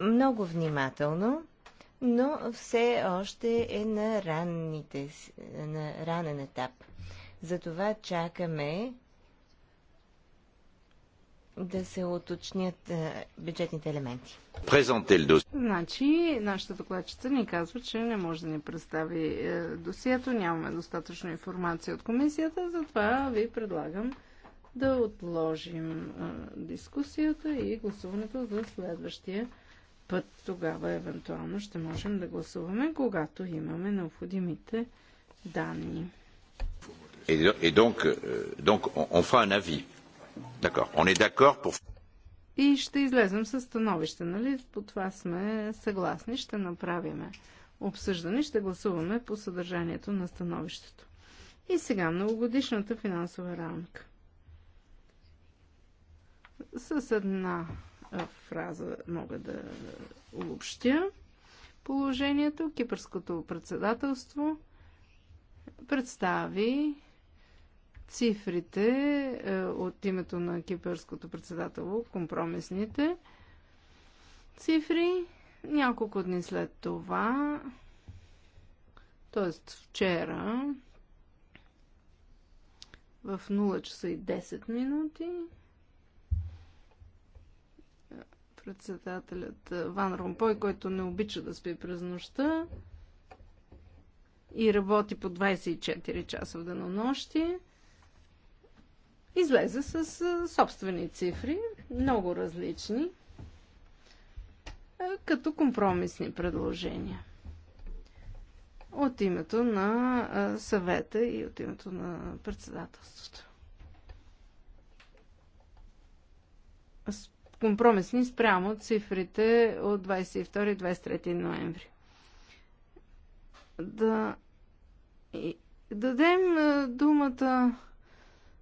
Speaker 4: много внимателно, но все още е на, ранните, на ранен етап. Затова чакаме да се оточнят е, бюджетните
Speaker 2: елементи. Значи, нашата докладчица ни казва, че не може да ни представи е, досието, нямаме достатъчно информация от комисията, затова ви предлагам да отложим е, дискусията и гласуването за следващия път. Тогава евентуално ще можем да гласуваме, когато имаме необходимите данни.
Speaker 1: Et donc, euh, donc on fera un avis. D'accord. On est d'accord pour...
Speaker 2: И ще излезем с становище, нали? По това сме съгласни. Ще направиме обсъждане, ще гласуваме по съдържанието на становището. И сега многогодишната финансова рамка. С една фраза мога да обобщя положението. Кипърското председателство представи цифрите е, от името на кипърското председателство, компромисните цифри. Няколко дни след това, т.е. вчера, в 0 часа и 10 минути, председателят Ван Ромпой, който не обича да спи през нощта и работи по 24 часа в денонощие, излезе с собствени цифри, много различни, като компромисни предложения. От името на съвета и от името на председателството. Компромисни спрямо цифрите от 22 и 23 ноември. Да и дадем думата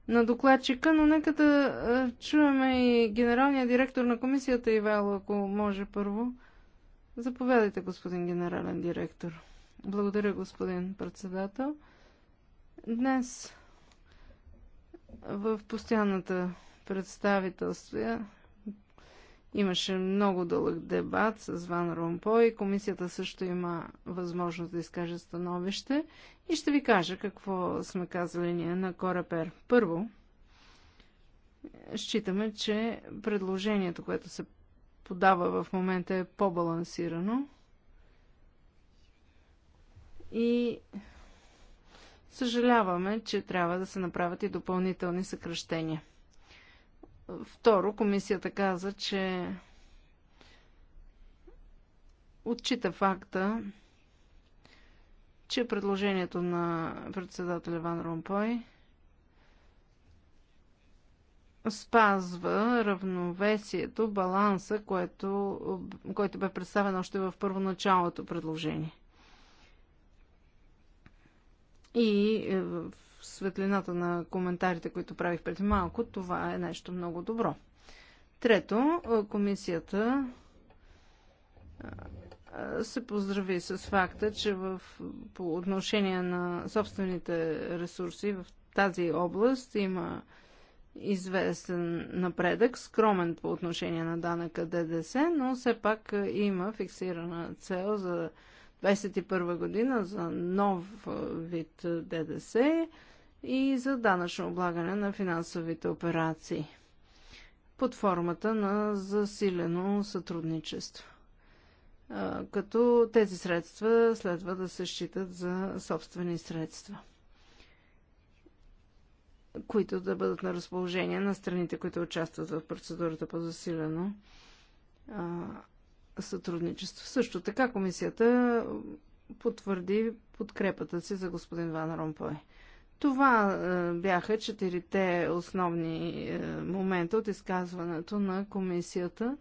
Speaker 2: на докладчика, но нека да чуваме и генералния директор на комисията Ивайло, ако може първо. Заповядайте, господин генерален директор. Благодаря, господин председател. Днес в постоянната представителство Имаше много дълъг дебат с Ван Ромпой. Комисията също има възможност да изкаже становище. И ще ви кажа какво сме казали ние на Корапер. Първо, считаме, че предложението, което се подава в момента е по-балансирано. И съжаляваме, че трябва да се направят и допълнителни съкръщения. Второ, комисията каза, че отчита факта, че предложението на председателя Ван Ромпой спазва равновесието, баланса, което, който бе представен още в първоначалното предложение. И в светлината на коментарите, които правих преди малко, това е нещо много добро. Трето, комисията се поздрави с факта, че в, по отношение на собствените ресурси в тази област има известен напредък, скромен по отношение на данъка ДДС, но все пак има фиксирана цел за 2021 година за нов вид ДДС и за данъчно облагане на финансовите операции под формата на засилено сътрудничество. Като тези средства следва да се считат за собствени средства, които да бъдат на разположение на страните, които участват в процедурата по засилено сътрудничество. Също така комисията потвърди подкрепата си за господин Ван Ромпой. Това е, бяха четирите основни е, момента от изказването на комисията.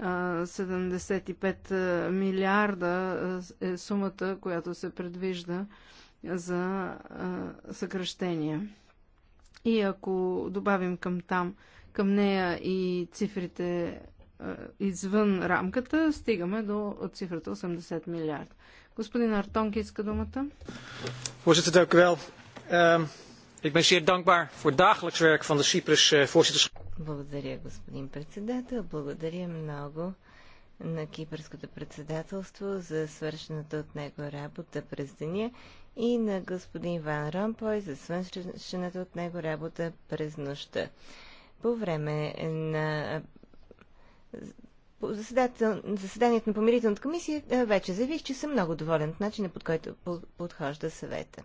Speaker 2: 75 е, милиарда е сумата, която се предвижда за съкръщение. И ако добавим към там, към нея и цифрите извън рамката, стигаме до цифрата 80 милиарда. Господин Артонки иска думата.
Speaker 3: Voorzitter, dank Ehm, ik ben zeer dankbaar voor dagelijks werk van de Cyprus eh, voorzitterschap.
Speaker 4: Благодаря, господин председател. Благодаря много на Кипърското председателство за свършената от него работа през деня и на господин Ван Ромпой за свършената от него работа през нощта. По време на заседанието на помирителната комисия вече заявих, че съм много доволен от начина, под който подхожда съвета.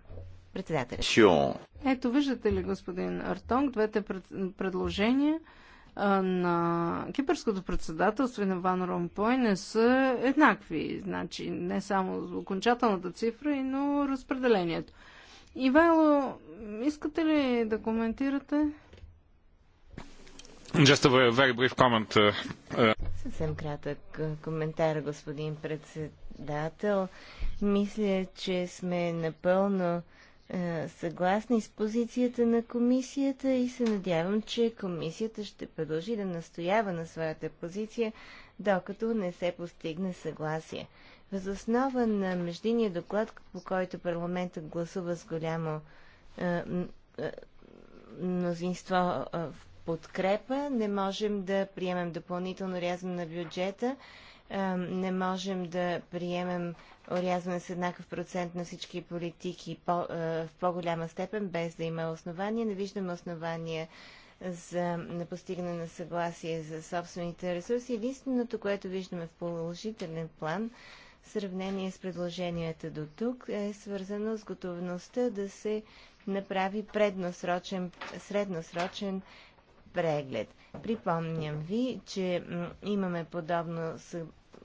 Speaker 4: Председателя. Ето, виждате ли, господин Артонг, двете
Speaker 2: пред... предложения на кипърското председателство и на Ван Ромпой не са еднакви. Значи не само окончателната цифра, но разпределението. Ивайло, искате ли да коментирате?
Speaker 1: Just a very brief comment. Uh, uh,
Speaker 4: Съвсем кратък коментар, господин председател. Мисля, че сме напълно е, съгласни с позицията на комисията и се надявам, че комисията ще продължи да настоява на своята позиция, докато не се постигне съгласие. Възоснова на междиния доклад, по който парламентът гласува с голямо е, е, мнозинство в подкрепа, не можем да приемем допълнително рязване на бюджета, не можем да приемем орязване с еднакъв процент на всички политики по, в по-голяма степен, без да има основания. Не виждаме основания за непостигане на съгласие за собствените ресурси. Единственото, което виждаме в положителен план, в сравнение с предложенията до тук, е свързано с готовността да се направи предносрочен, средносрочен преглед. Припомням ви, че имаме подобно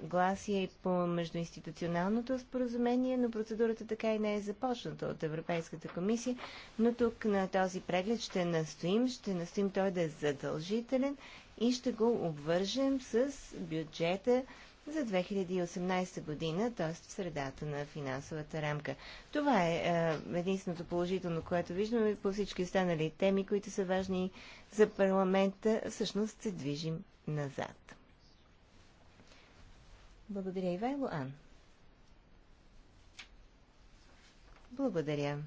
Speaker 4: съгласие и по междуинституционалното споразумение, но процедурата така и не е започната от Европейската комисия. Но тук на този преглед ще настоим, ще настоим той да е задължителен и ще го обвържем с бюджета за 2018 година, т.е. в средата на финансовата рамка. Това е, е единственото положително, което виждаме по всички останали теми, които са важни за парламента. Всъщност се движим назад. Благодаря, Ивайло Ан. Благодаря.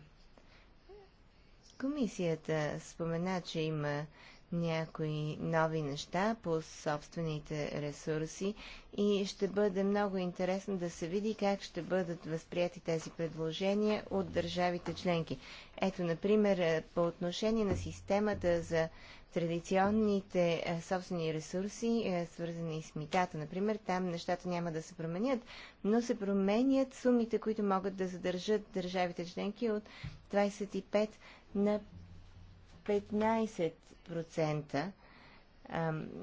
Speaker 4: Комисията спомена, че има някои нови неща по собствените ресурси и ще бъде много интересно да се види как ще бъдат възприяти тези предложения от държавите членки. Ето, например, по отношение на системата за традиционните е, собствени ресурси, е, свързани с митата. Например, там нещата няма да се променят, но се променят сумите, които могат да задържат държавите членки от 25 на 15%.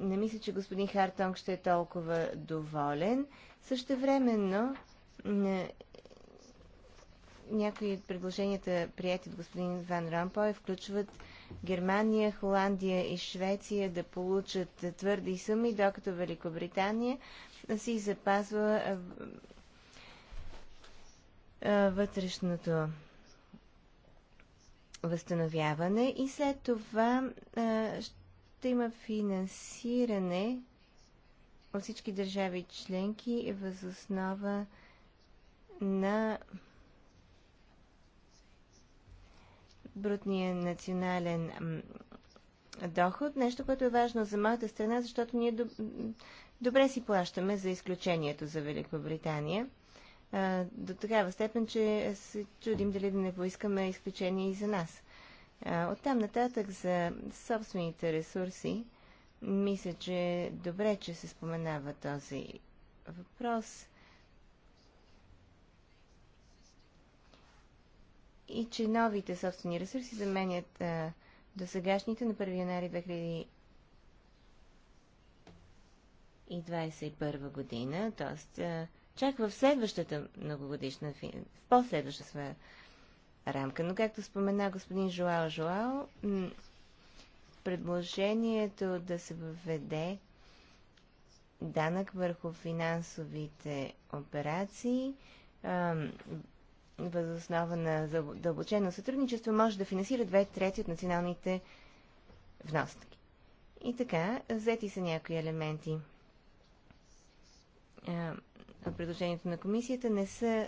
Speaker 4: не мисля, че господин Хартонг ще е толкова доволен. Също времено е, някои от предложенията, прияти от господин Ван Рампой, включват Германия, Холандия и Швеция да получат твърди суми, докато Великобритания си запазва вътрешното възстановяване и след това ще има финансиране от всички държави членки възоснова на брутния национален доход. Нещо, което е важно за моята страна, защото ние добре си плащаме за изключението за Великобритания. До такава степен, че се чудим дали да не поискаме изключение и за нас. От там нататък за собствените ресурси, мисля, че е добре, че се споменава този въпрос. и че новите собствени ресурси заменят а, досегашните на 1 януари 2021 година, т.е. чак в следващата многогодишна, в последваща своя рамка. Но както спомена господин Жоал Жоао, предложението да се въведе данък върху финансовите операции възоснова на дълбочено сътрудничество, може да финансира две трети от националните вноски. И така, взети са някои елементи от предложението на комисията. Не са,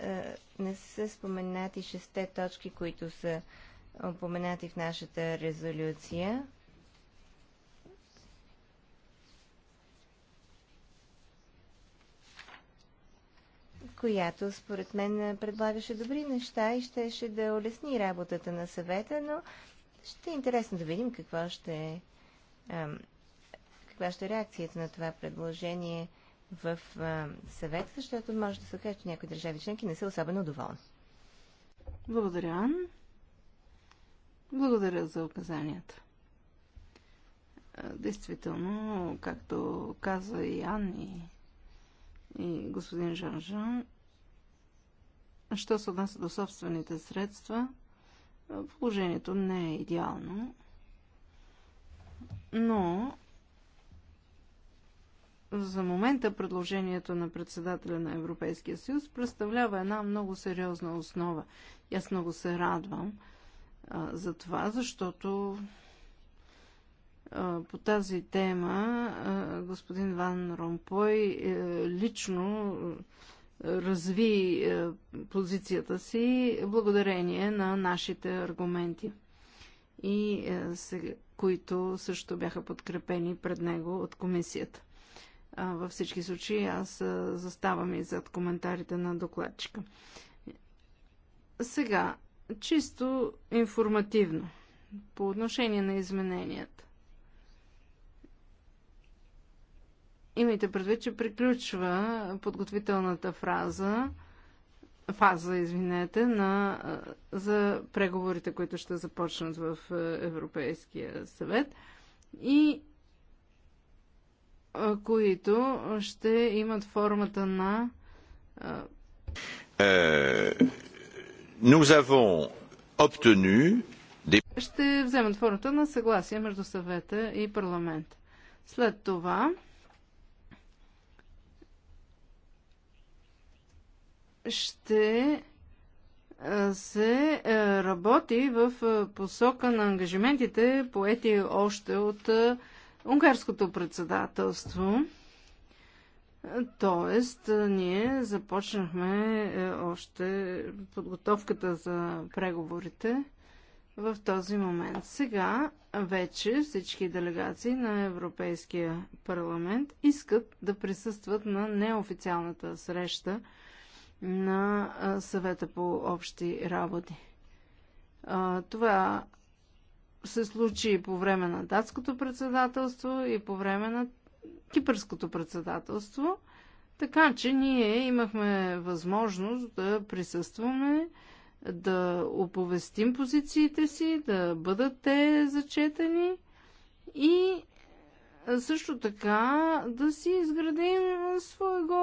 Speaker 4: не са споменати шесте точки, които са упоменати в нашата резолюция. която според мен предлагаше добри неща и щеше да улесни работата на съвета, но ще е интересно да видим какво ще а, каква ще е реакцията на това предложение в а, съвет, защото може да се окаже, че някои държави членки не са особено доволни. Благодаря. Благодаря за указанията.
Speaker 2: Действително, както каза и Анни, и господин Жан-Жан. Що се отнася до собствените средства, положението не е идеално, но за момента предложението на председателя на Европейския съюз представлява една много сериозна основа. И аз много се радвам а, за това, защото по тази тема господин Ван Ромпой е, лично е, разви е, позицията си благодарение на нашите аргументи, и които също бяха подкрепени пред него от комисията. Във всички случаи аз заставам и зад коментарите на докладчика. Сега, чисто информативно, по отношение на измененията. имайте предвид, че приключва подготвителната фраза, фаза, извинете, на, за преговорите, които ще започнат в Европейския съвет и които ще имат формата на
Speaker 1: е, nous avons obtenu des...
Speaker 2: Ще вземат формата на съгласие между съвета и парламент. След това ще се работи в посока на ангажиментите, поети още от унгарското председателство. Тоест, ние започнахме още подготовката за преговорите в този момент. Сега вече всички делегации на Европейския парламент искат да присъстват на неофициалната среща – на съвета по общи работи. Това се случи и по време на датското председателство и по време на кипърското председателство, така че ние имахме възможност да присъстваме, да оповестим позициите си, да бъдат те зачетени и също така да си изградим своего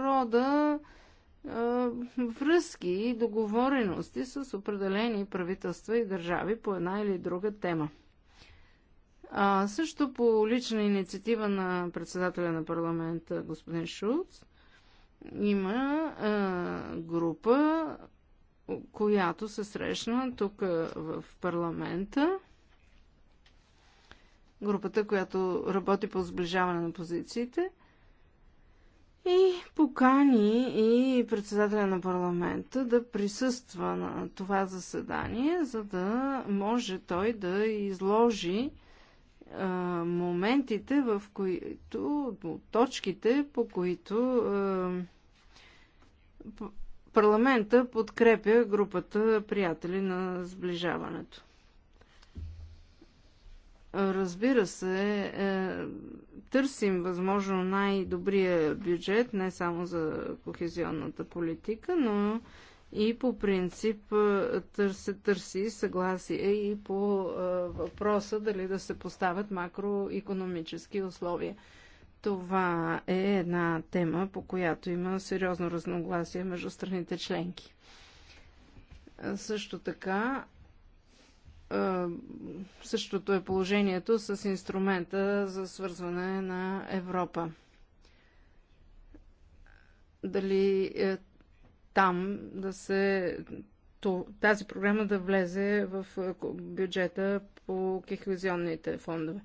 Speaker 2: рода връзки и договорености с определени правителства и държави по една или друга тема. А, също по лична инициатива на председателя на парламента господин Шулц има а, група, която се срещна тук в парламента. Групата, която работи по сближаване на позициите – и покани и председателя на парламента да присъства на това заседание, за да може той да изложи а, моментите, в които, точките, по които а, парламента подкрепя групата приятели на сближаването. Разбира се, е, търсим възможно най-добрия бюджет, не само за кохезионната политика, но и по принцип е, се търси съгласие и по е, въпроса дали да се поставят макроекономически условия. Това е една тема, по която има сериозно разногласие между страните членки. Също така, е, същото е положението с инструмента за свързване на Европа. Дали е там да се тази програма да влезе в е, бюджета по кехвизионните фондове.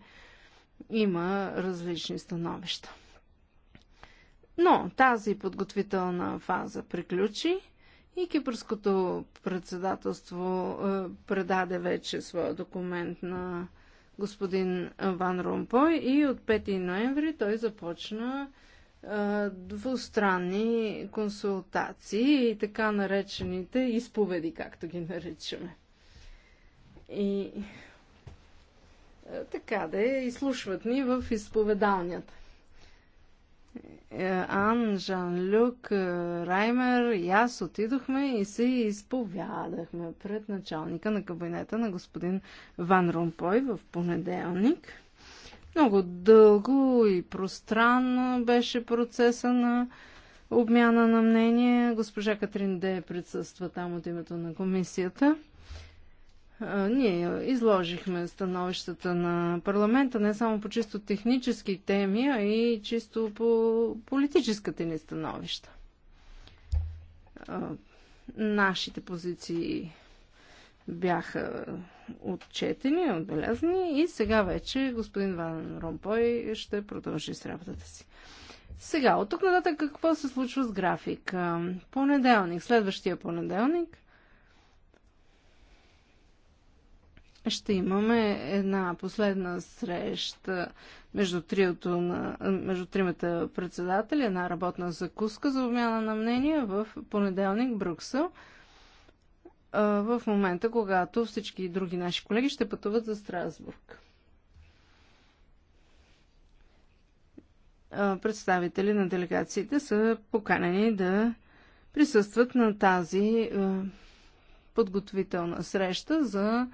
Speaker 2: Има различни становища. Но тази подготвителна фаза приключи и кипърското председателство е, предаде вече своя документ на господин Ван Ромпой и от 5 ноември той започна е, двустранни консултации и така наречените изповеди, както ги наричаме. И е, така да е, изслушват ни в изповедалнията. Е, Ан, Жан-Люк, е, Раймер и аз отидохме и се изповядахме пред началника на кабинета на господин Ван Ромпой в понеделник. Много дълго и пространно беше процеса на обмяна на мнение. Госпожа Катрин Де присъства там от името на комисията. Ние изложихме становищата на парламента не само по чисто технически теми, а и чисто по политическата ни становища. Нашите позиции бяха отчетени, отбелязани и сега вече господин Ван Ромпой ще продължи с работата си. Сега, от тук нататък какво се случва с график? Понеделник, следващия понеделник, ще имаме една последна среща между, триото на, между тримата председатели, една работна закуска за обмяна на мнения в понеделник Брюксел, в момента, когато всички други наши колеги ще пътуват за Страсбург. Представители на делегациите са поканени да присъстват на тази подготовителна среща за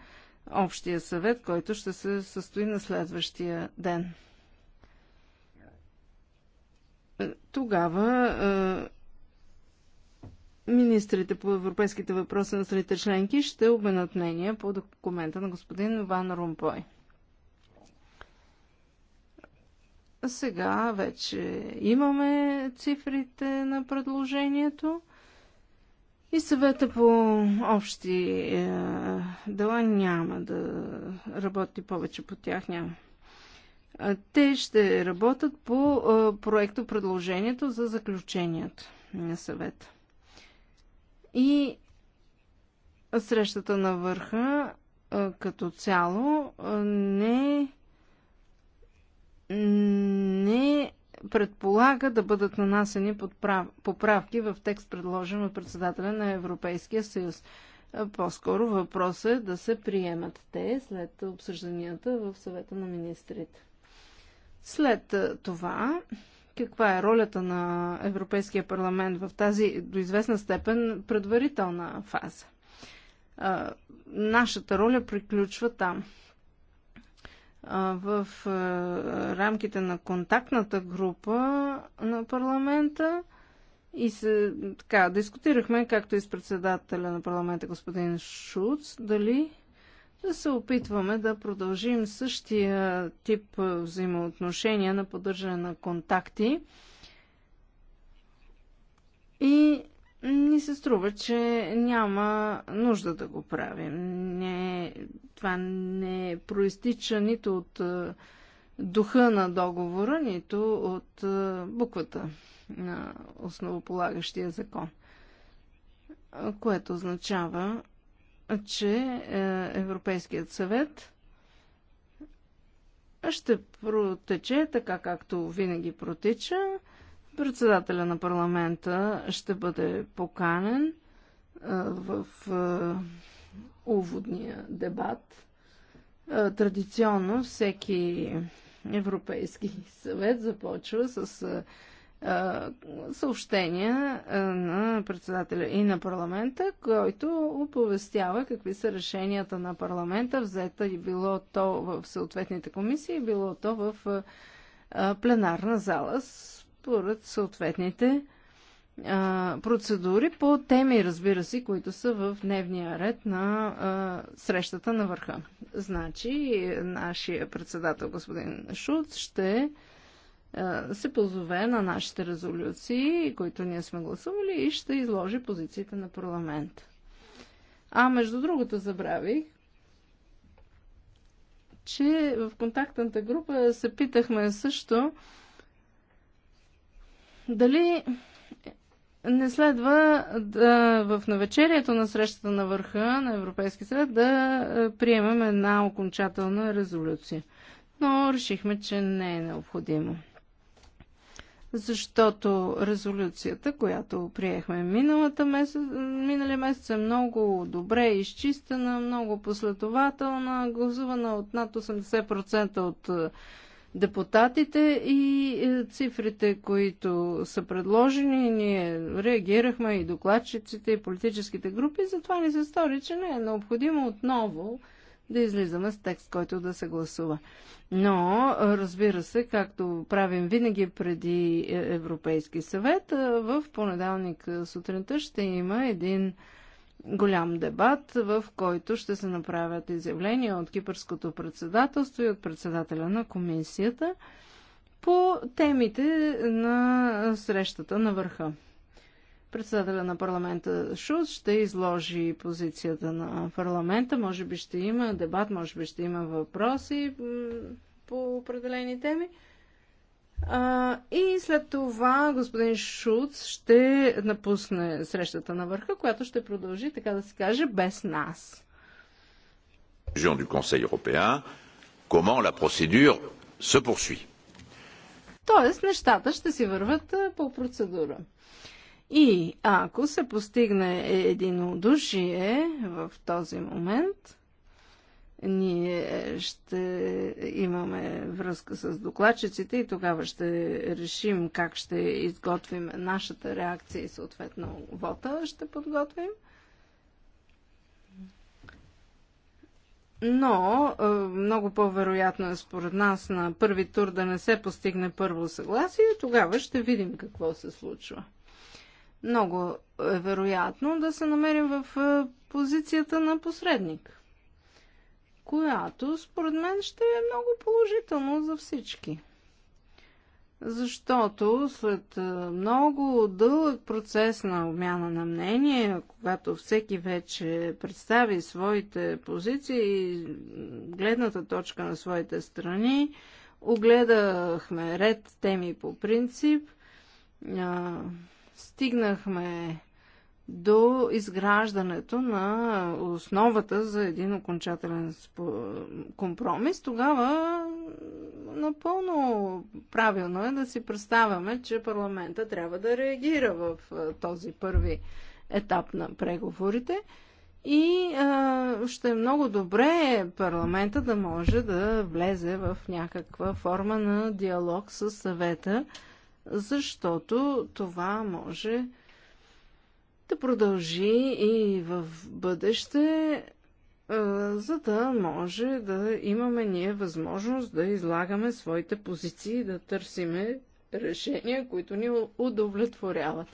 Speaker 2: общия съвет, който ще се състои на следващия ден. Е, тогава е, министрите по европейските въпроси на страните членки ще обменят мнение по документа на господин Ван Румпой. Сега вече имаме цифрите на предложението. И съвета по общи е, дела няма да работи повече по тях, няма. Те ще работят по е, проекто предложението за заключението на съвета. И срещата на върха е, като цяло е, не не предполага да бъдат нанасени поправки в текст, предложен от председателя на Европейския съюз. По-скоро въпрос е да се приемат те след обсъжданията в съвета на министрите. След това, каква е ролята на Европейския парламент в тази до известна степен предварителна фаза? Нашата роля приключва там в рамките на контактната група на парламента и се, така, дискутирахме, както и с председателя на парламента господин Шуц, дали да се опитваме да продължим същия тип взаимоотношения на поддържане на контакти. И ни се струва, че няма нужда да го правим. Не това не проистича нито от е, духа на договора, нито от е, буквата на основополагащия закон. Което означава, че е, Европейският съвет ще протече така, както винаги протича. Председателя на парламента ще бъде поканен в уводния дебат. Е, традиционно всеки Европейски съвет започва с е, е, съобщения на председателя и на парламента, който оповестява какви са решенията на парламента, взета и било то в съответните комисии, било то в пленарна зала според съответните процедури по теми, разбира се, които са в дневния ред на а, срещата на върха. Значи, нашия председател господин Шуц ще а, се позове на нашите резолюции, които ние сме гласували и ще изложи позициите на парламент. А между другото забравих, че в контактната група се питахме също дали не следва да, в навечерието на срещата на върха на Европейски съвет да е, приемем една окончателна резолюция. Но решихме, че не е необходимо. Защото резолюцията, която приехме миналата месец, миналия месец е много добре изчистена, много последователна, гласувана от над 80% от е, депутатите и е, цифрите, които са предложени. Ние реагирахме и докладчиците, и политическите групи, затова ни се стори, че не е необходимо отново да излизаме с текст, който да се гласува. Но, разбира се, както правим винаги преди е, Европейски съвет, е, в понеделник сутринта ще има един голям дебат, в който ще се направят изявления от Кипърското председателство и от председателя на комисията по темите на срещата на върха. Председателя на парламента ШУС ще изложи позицията на парламента. Може би ще има дебат, може би ще има въпроси по определени теми. А, и след това господин Шуц ще напусне срещата на върха, която ще продължи, така да се каже, без нас.
Speaker 1: Du Conseil européen, comment la procédure
Speaker 2: се poursuit. Тоест, нещата ще си върват по процедура. И ако се постигне единодушие в този момент, ние ще имаме връзка с докладчиците и тогава ще решим как ще изготвим нашата реакция и съответно вота ще подготвим. Но е, много по-вероятно е според нас на първи тур да не се постигне първо съгласие, тогава ще видим какво се случва. Много е вероятно да се намерим в е, позицията на посредник която според мен ще е много положително за всички. Защото след много дълъг процес на обмяна на мнение, когато всеки вече представи своите позиции, и гледната точка на своите страни, огледахме ред теми по принцип, стигнахме до изграждането на основата за един окончателен компромис, тогава напълно правилно е да си представяме, че парламента трябва да реагира в този първи етап на преговорите и а, ще е много добре парламента да може да влезе в някаква форма на диалог с съвета, защото това може да продължи и в бъдеще, за да може да имаме ние възможност да излагаме своите позиции, да търсиме решения, които ни удовлетворяват.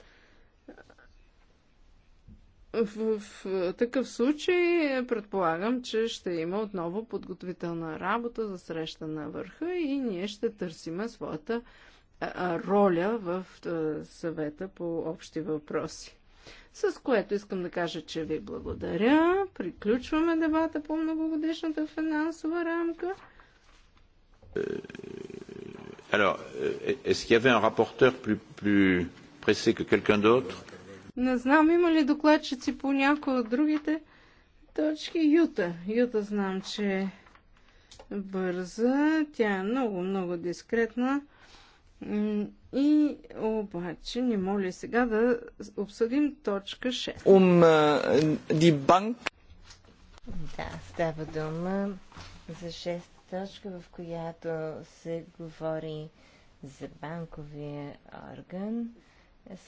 Speaker 2: В, в такъв случай предполагам, че ще има отново подготвителна работа за среща на върха и ние ще търсиме своята роля в съвета по общи въпроси. С което искам да кажа, че ви благодаря. Приключваме дебата по многогодишната финансова рамка.
Speaker 1: Alors, est-ce qu'il y avait un rapporteur plus, plus pressé que quelqu'un d'autre
Speaker 2: Не знам, има ли докладчици по някои от другите точки. Юта. Юта знам, че е бърза. Тя е много, много дискретна. И обаче не моля
Speaker 4: сега да обсъдим точка 6. Ум ди банк. Да, става дума за 6 точка, в която се говори за банковия орган,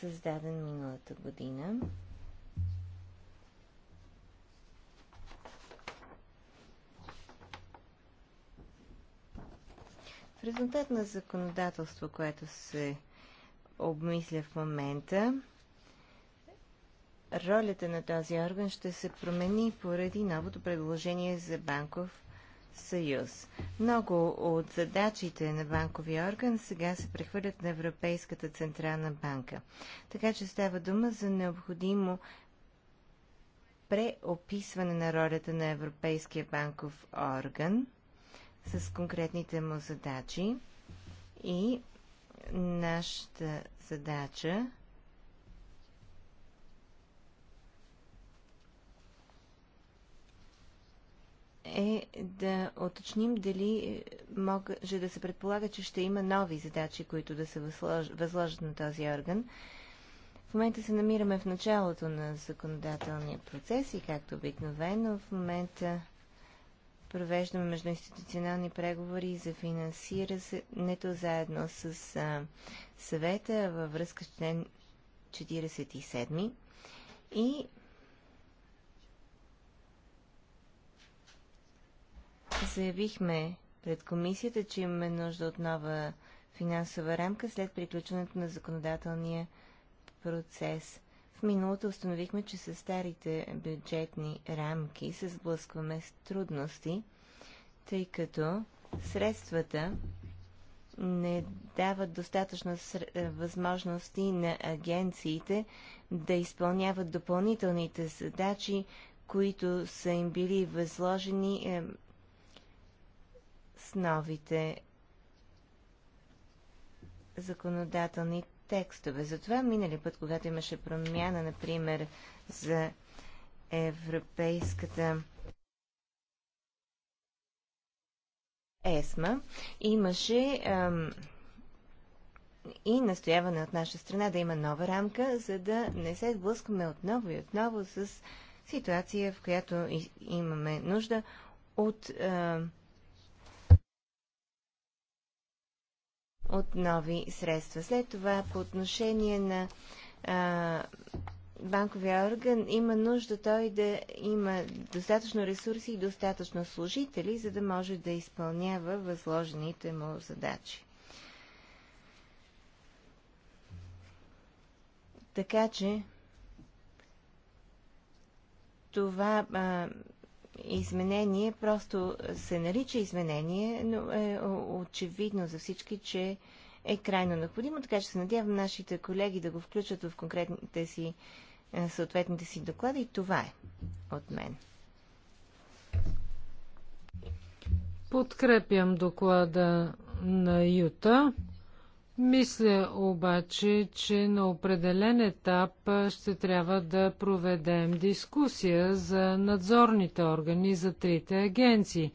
Speaker 4: създаден миналата година. резултат на законодателство, което се обмисля в момента, ролята на този орган ще се промени поради новото предложение за банков съюз. Много от задачите на банковия орган сега се прехвърлят на Европейската централна банка. Така че става дума за необходимо преописване на ролята на Европейския банков орган – с конкретните му задачи и нашата задача е да оточним дали може да се предполага, че ще има нови задачи, които да се възложат на този орган. В момента се намираме в началото на законодателния процес и както обикновено в момента провеждаме междуинституционални преговори за финансирането заедно с а, съвета във връзка с член 47 и заявихме пред комисията, че имаме нужда от нова финансова рамка след приключването на законодателния процес. В миналото установихме, че с старите бюджетни рамки се сблъскваме с трудности, тъй като средствата не дават достатъчно е, възможности на агенциите да изпълняват допълнителните задачи, които са им били възложени е, с новите законодателни текстове. Затова минали път, когато имаше промяна, например, за европейската ЕСМА, имаше ам, и настояване от наша страна да има нова рамка, за да не се сблъскаме отново и отново с ситуация, в която имаме нужда от ам, от нови средства. След това, по отношение на а, банковия орган, има нужда той да има достатъчно ресурси и достатъчно служители, за да може да изпълнява възложените му задачи. Така че това а, изменение просто се нарича изменение, но е очевидно за всички, че е крайно необходимо, така че се надявам нашите колеги да го включат в конкретните си, е, съответните си доклади и това е от мен.
Speaker 3: Подкрепям доклада на Юта. Мисля обаче, че на определен етап ще трябва да проведем дискусия за надзорните органи, за трите агенции.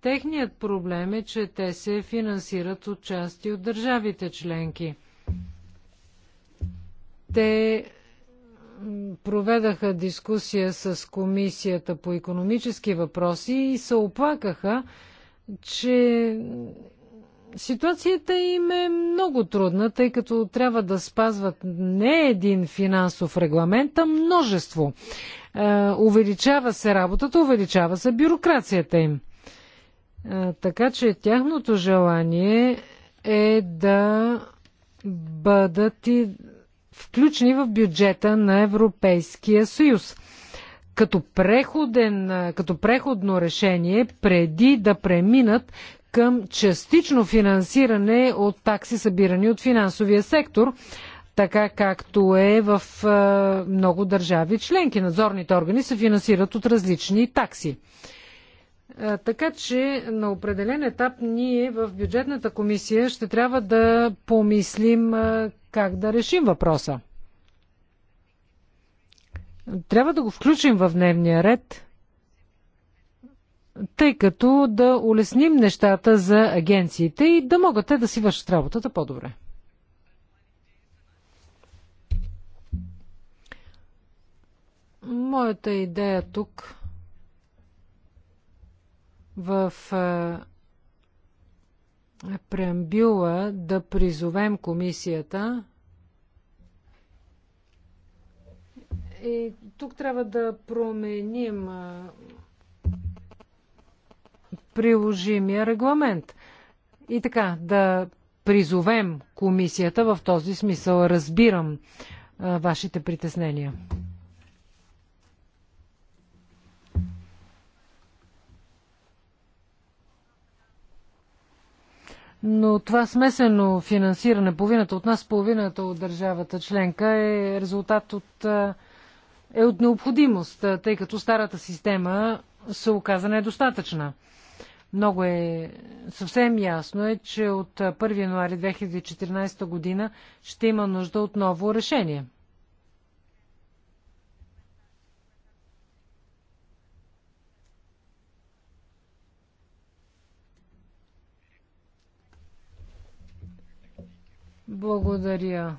Speaker 3: Техният проблем е, че те се финансират от части от държавите членки. Те проведаха дискусия с Комисията по економически въпроси и се оплакаха, че Ситуацията им е много трудна, тъй като трябва да спазват не един финансов регламент, а множество. Е, увеличава се работата, увеличава се бюрокрацията им. Е, така че тяхното желание е да бъдат и включени в бюджета на Европейския съюз като, преходен, е, като преходно решение преди да преминат към частично финансиране от такси събирани от финансовия сектор, така както е в е, много държави членки. Надзорните органи се финансират от различни такси. Е, така че на определен етап ние в бюджетната комисия ще трябва да помислим е, как да решим въпроса. Трябва да го включим в дневния ред тъй като да улесним нещата за агенциите и да могат те да си вършат работата по-добре. Моята идея тук в преамбюла да призовем комисията и тук трябва да променим приложимия регламент. И така, да призовем комисията в този смисъл. Разбирам а, вашите притеснения. Но това смесено финансиране, половината от нас, половината от държавата членка, е резултат от, е от необходимост, тъй като старата система се оказа недостатъчна. Много е съвсем ясно е, че от 1 януари 2014 година ще има нужда от ново решение. Благодаря.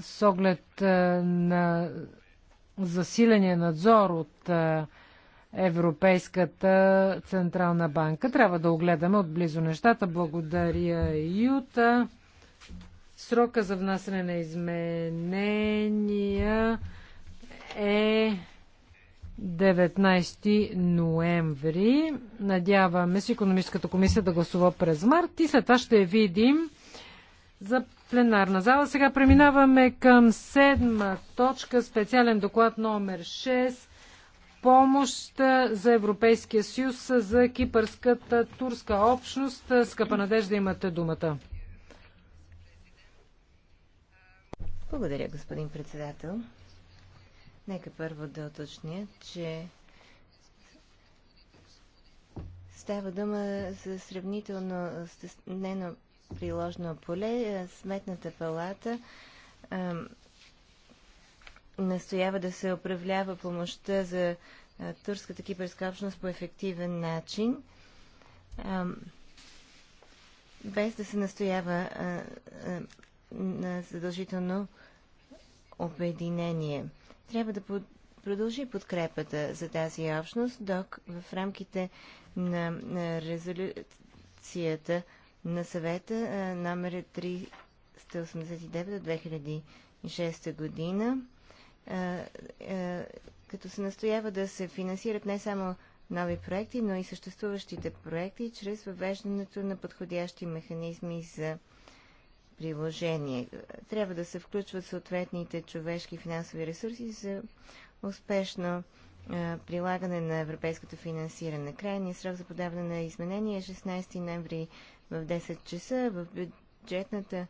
Speaker 3: С оглед на засиления надзор от Европейската Централна банка. Трябва да огледаме отблизо нещата. Благодаря, Юта. Срока за внасяне на изменения е 19 ноември. Надяваме се економическата комисия да гласува през март и след това ще видим за пленарна зала. Сега преминаваме към седма точка, специален доклад номер 6 помощ за Европейския съюз за кипърската турска общност. Скъпа надежда, имате думата.
Speaker 4: Благодаря, господин председател. Нека първо да уточня, че става дума за сравнително стеснено приложно поле. Сметната палата настоява да се управлява помощта за турската кипърска общност по ефективен начин, без да се настоява на задължително обединение. Трябва да продължи подкрепата за тази общност, док в рамките на, на резолюцията на съвета номер 389 от 2006 година е, е, като се настоява да се финансират не само нови проекти, но и съществуващите проекти чрез въвеждането на подходящи механизми за приложение. Трябва да се включват съответните човешки финансови ресурси за успешно е, прилагане на европейското финансиране. Крайният срок за подаване на изменения е 16 ноември в 10 часа в бюджетната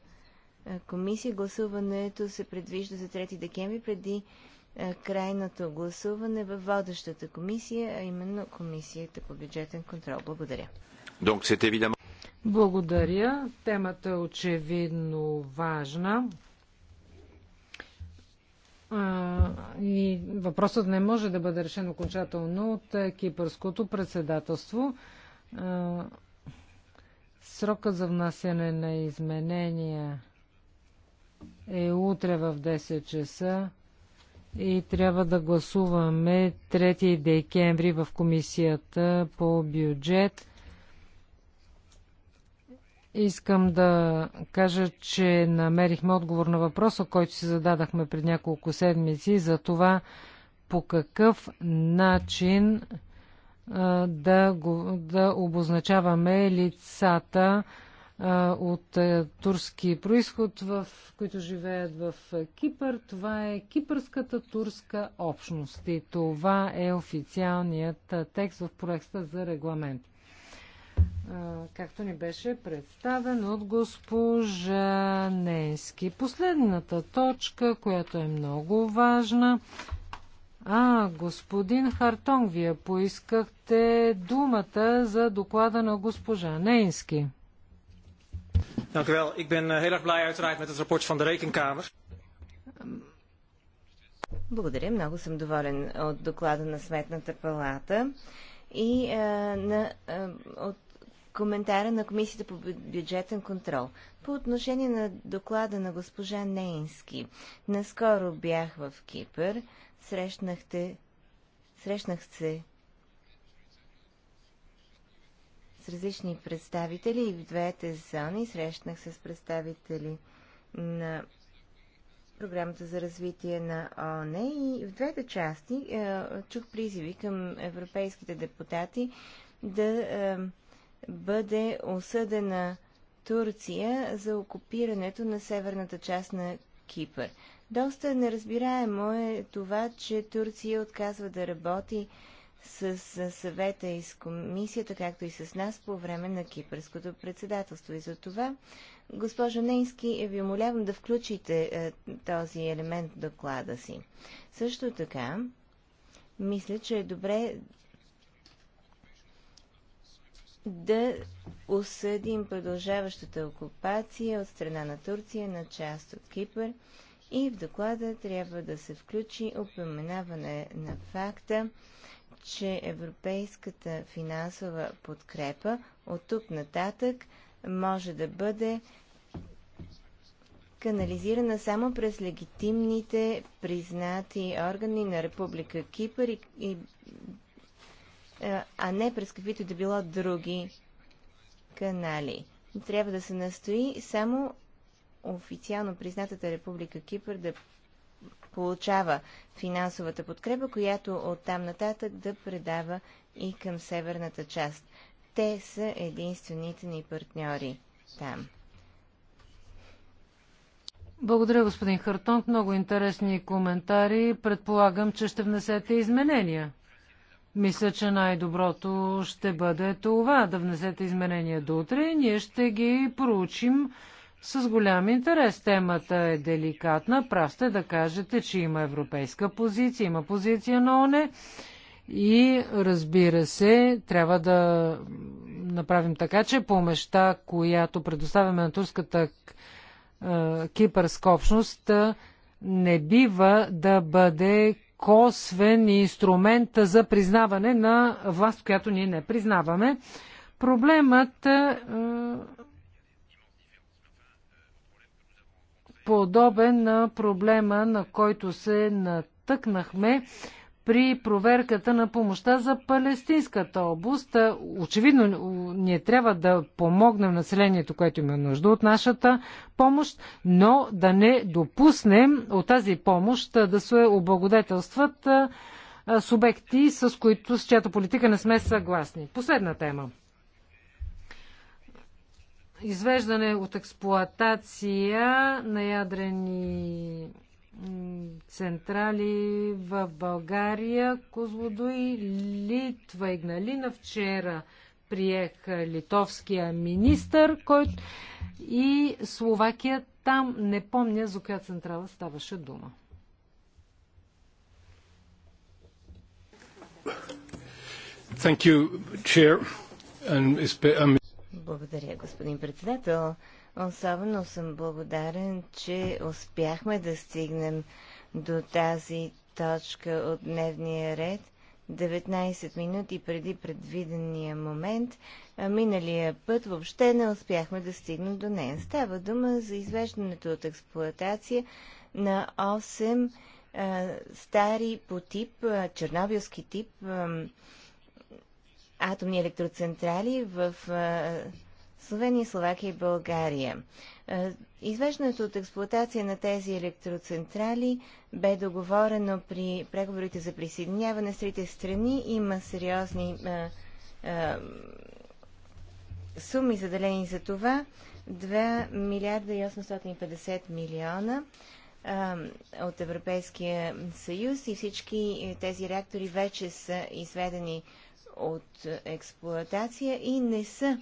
Speaker 4: комисия. Гласуването се предвижда за 3 декември преди крайното гласуване във водещата комисия, а именно комисията по бюджетен контрол. Благодаря. Благодаря. Темата е очевидно
Speaker 3: важна. А, и въпросът не може да бъде решен окончателно от кипърското председателство. А, срока за внасяне на изменения е утре в 10 часа и трябва да гласуваме 3 декември в комисията по бюджет. Искам да кажа, че намерихме отговор на въпроса, който си зададахме пред няколко седмици, за това по какъв начин да, да обозначаваме лицата, от е, турски происход, в, които живеят в е, Кипър. Това е кипърската турска общност и това е официалният е, текст в проекта за регламент. Както ни беше представен от госпожа Ненски. Последната точка, която е много важна, а, господин Хартон, вие поискахте думата за доклада на госпожа Нейнски.
Speaker 1: Dank u wel. Ik ben eh, heel erg blij uiteraard met het rapport van de Rekenkamer.
Speaker 4: Благодаря. Много съм доволен от доклада на Сметната палата и е, на, е, от коментара на Комисията по бюджетен контрол. По отношение на доклада на госпожа Нейнски, наскоро бях в Кипър, срещнахте, срещнах се с различни представители и в двете зони. Срещнах с представители на Програмата за развитие на ООН и в двете части е, чух призиви към европейските депутати да е, бъде осъдена Турция за окупирането на северната част на Кипър. Доста неразбираемо е това, че Турция отказва да работи с съвета и с комисията, както и с нас по време на кипърското председателство. И за това, госпожо Нейски, ви молявам да включите е, този елемент в доклада си. Също така, мисля, че е добре да осъдим продължаващата окупация от страна на Турция на част от Кипър и в доклада трябва да се включи упоменаване на факта, че европейската финансова подкрепа от тук нататък може да бъде канализирана само през легитимните признати органи на Република Кипър, и, и, а не през каквито да било други канали. Трябва да се настои само официално признатата Република Кипър да получава финансовата подкрепа, която оттам нататък да предава и към северната част. Те са единствените ни партньори там.
Speaker 3: Благодаря, господин Хартонг. Много интересни коментари. Предполагам, че ще внесете изменения. Мисля, че най-доброто ще бъде това, да внесете изменения до утре. Ние ще ги проучим с голям интерес. Темата е деликатна. Прав сте да кажете, че има европейска позиция, има позиция на ОНЕ. И разбира се, трябва да направим така, че помеща, която предоставяме на турската е, кипърска общност, е, не бива да бъде косвен инструмент за признаване на власт, която ние не признаваме. Проблемът е, подобен на проблема, на който се натъкнахме при проверката на помощта за Палестинската област. Очевидно, ние трябва да помогнем населението, което има нужда от нашата помощ, но да не допуснем от тази помощ да се облагодетелстват субекти, с които с чиято политика не сме съгласни. Последна тема извеждане от експлоатация на ядрени централи в България, Козлодой, Литва, Игналина. Вчера приех литовския министр, който и Словакия там не помня за коя централа ставаше дума.
Speaker 4: Thank you, Chair. And благодаря, господин председател. Особено съм благодарен, че успяхме да стигнем до тази точка от дневния ред. 19 минути преди предвидения момент, а миналия път въобще не успяхме да стигнем до нея. Става дума за извеждането от експлоатация на 8 а, стари по тип, а, чернобилски тип а, атомни електроцентрали в Словения, Словакия и България. Извеждането от експлуатация на тези електроцентрали бе договорено при преговорите за присъединяване с трите страни. Има сериозни суми заделени за това. 2 милиарда и 850 милиона а, от Европейския съюз и всички тези реактори вече са изведени от експлоатация и не са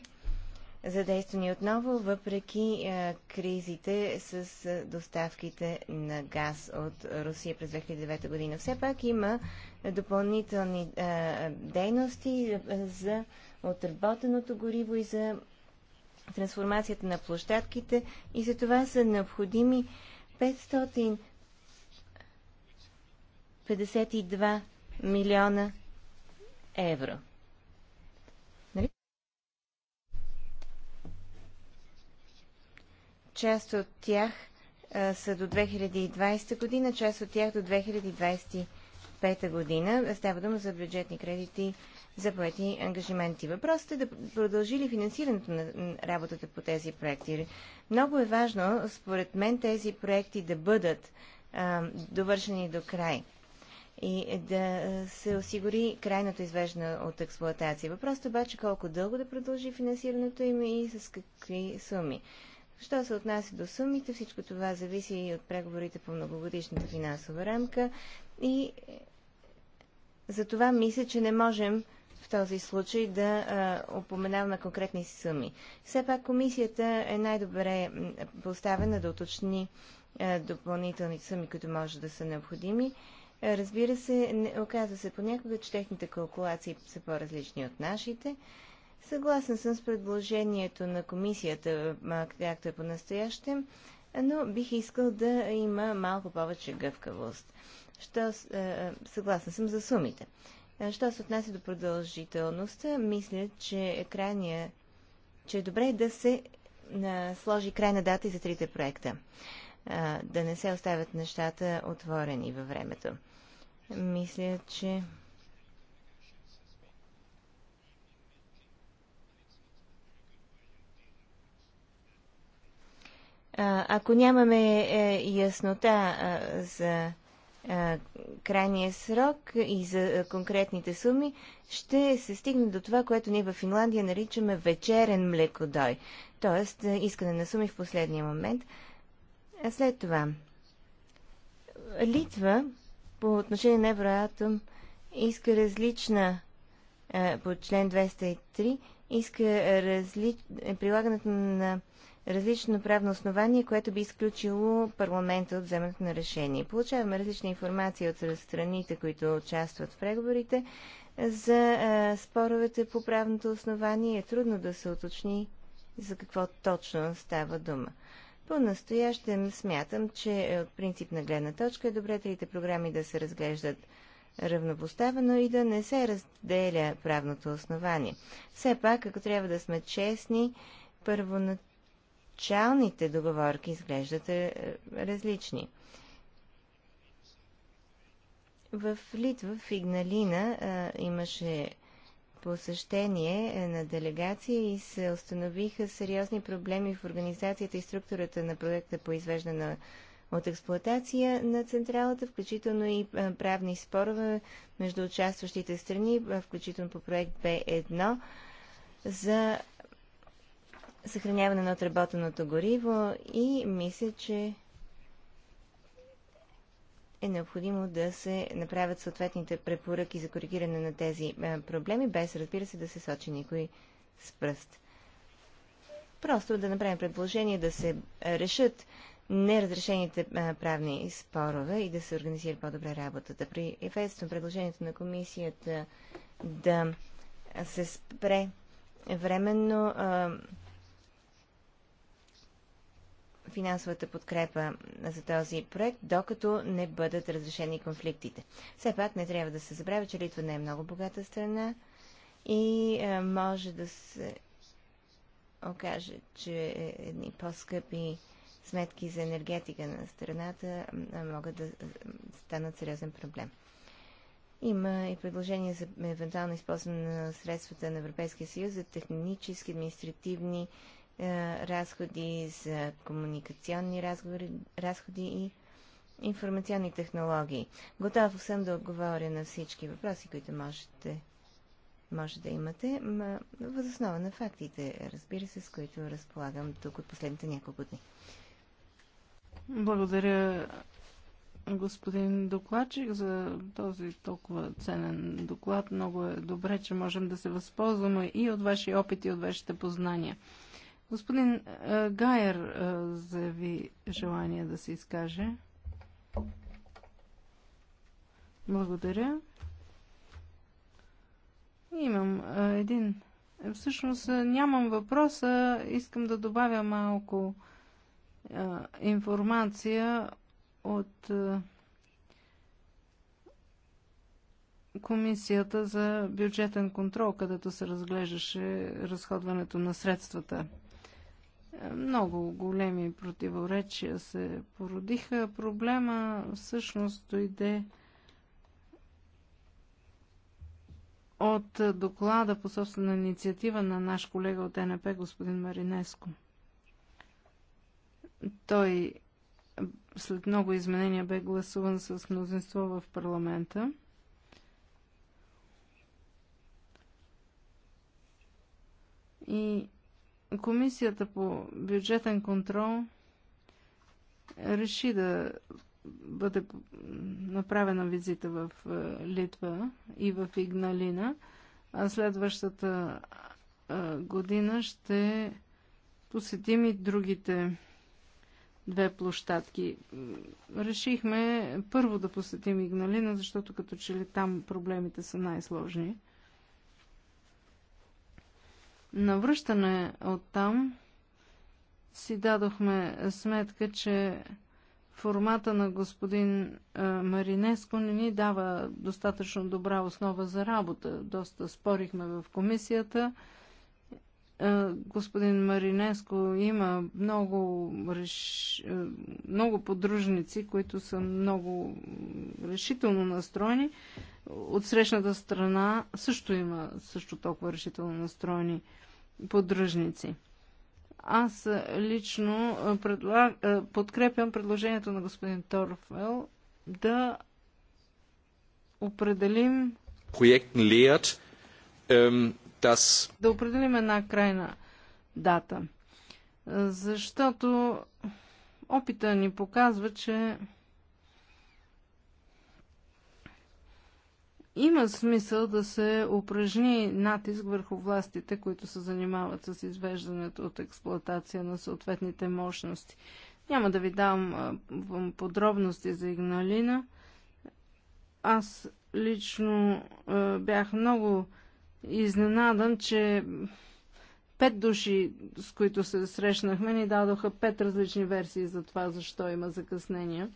Speaker 4: задействани отново, въпреки а, е, кризите с а, е, доставките на газ от Русия през 2009 година. Все пак има допълнителни а, е, дейности за отработеното гориво и за трансформацията на площадките и за това са необходими 552 милиона евро. Нали? Част от тях а, са до 2020 година, част от тях до 2025 година. Става дума за бюджетни кредити за поети ангажименти. Въпросът е да продължи ли финансирането на работата по тези проекти. Много е важно, според мен, тези проекти да бъдат а, довършени до край и да е, се осигури крайното извеждане от експлоатация. Въпросът обаче колко дълго да продължи финансирането им и с какви суми. Що се отнася до сумите, всичко това зависи и от преговорите по многогодишната финансова рамка и е, за това мисля, че не можем в този случай да а, е, упоменаваме конкретни суми. Все пак комисията е най-добре поставена да уточни а, допълнителни суми, които може да са необходими. Разбира се, не, оказва се понякога, че техните калкулации са по-различни от нашите. Съгласен съм с предложението на комисията, както е по-настоящем, но бих искал да има малко повече гъвкавост. Що, съгласен съм за сумите. Що се отнася до продължителността, мисля, че е крайния, че е добре да се сложи крайна дата и за трите проекта. Да не се оставят нещата отворени във времето. Мисля, че Ако нямаме е, яснота за крайния срок и за конкретните суми, ще се стигне до това, което ние в Финландия наричаме вечерен млекодой, т.е. искане на суми в последния момент. А след това, Литва по отношение на Евроатом иска различна е, по член 203 иска разли... прилагането на различно правно основание, което би изключило парламента от вземането на решение. Получаваме различна информация от страните, които участват в преговорите. За а, е, споровете по правното основание е трудно да се уточни за какво точно става дума. По-настоящем смятам, че е, от принцип на гледна точка е добре трите програми да се разглеждат равнопоставено и да не се разделя правното основание. Все пак, ако трябва да сме честни, първоначалните договорки изглеждат е, е, различни. В Литва, в Игналина, а, имаше посещение е, на делегация и се установиха сериозни проблеми в организацията и структурата на проекта по извеждане от експлоатация на централата, включително и е, правни спорове между участващите страни, е, включително по проект Б1 за съхраняване на отработеното гориво и мисля, че е необходимо да се направят съответните препоръки за коригиране на тези е, проблеми, без разбира се да се сочи никой с пръст. Просто да направим предложение да се решат неразрешените е, правни спорове и да се организира по-добре работата. При ефесто предложението на комисията да се спре временно е, финансовата подкрепа за този проект, докато не бъдат разрешени конфликтите. Все пак не трябва да се забравя, че Литва не е много богата страна и е, може да се окаже, че едни по-скъпи сметки за енергетика на страната е, могат да е, станат сериозен проблем. Има и предложение за евентуално използване на средствата на Европейския съюз за технически, административни е, разходи за комуникационни разговори, разходи и информационни технологии. Готов съм да отговоря на всички въпроси, които можете може да имате, възоснова на фактите, разбира се, с които разполагам тук от последните няколко дни. Благодаря, господин докладчик, за този
Speaker 2: толкова ценен доклад. Много е добре, че можем да се възползваме и от вашия опит, и от вашите познания. Господин е, Гайер е, заяви желание да се изкаже. Благодаря. Имам е, един. Всъщност нямам въпроса. Искам да добавя малко информация от Комисията за бюджетен контрол, където се разглеждаше разходването на средствата. Много големи противоречия се породиха. Проблема всъщност дойде от доклада по собствена инициатива на наш колега от НП, господин Маринеско. Той след много изменения бе гласуван с мнозинство в парламента. И Комисията по бюджетен контрол реши да бъде направена визита в е, Литва и в Игналина, а следващата е, година ще посетим и другите две площадки. Решихме първо да посетим Игналина, защото като че ли там проблемите са най-сложни на връщане от там си дадохме сметка, че формата на господин е, Маринеско не ни дава достатъчно добра основа за работа. Доста спорихме в комисията. Е, господин Маринеско има много, реш... Е, много подружници, които са много решително настроени. От срещната страна също има също толкова решително настроени подружници. Аз лично е, предлаг... подкрепям предложението на господин Торфел да определим аз. Да определим една крайна дата. Защото опита ни показва, че има смисъл да се упражни натиск върху властите, които се занимават с извеждането от експлоатация на съответните мощности. Няма да ви дам подробности за Игналина. Аз лично бях много изненадан, че пет души, с които се срещнахме, ни дадоха пет различни версии за това, защо има закъснения.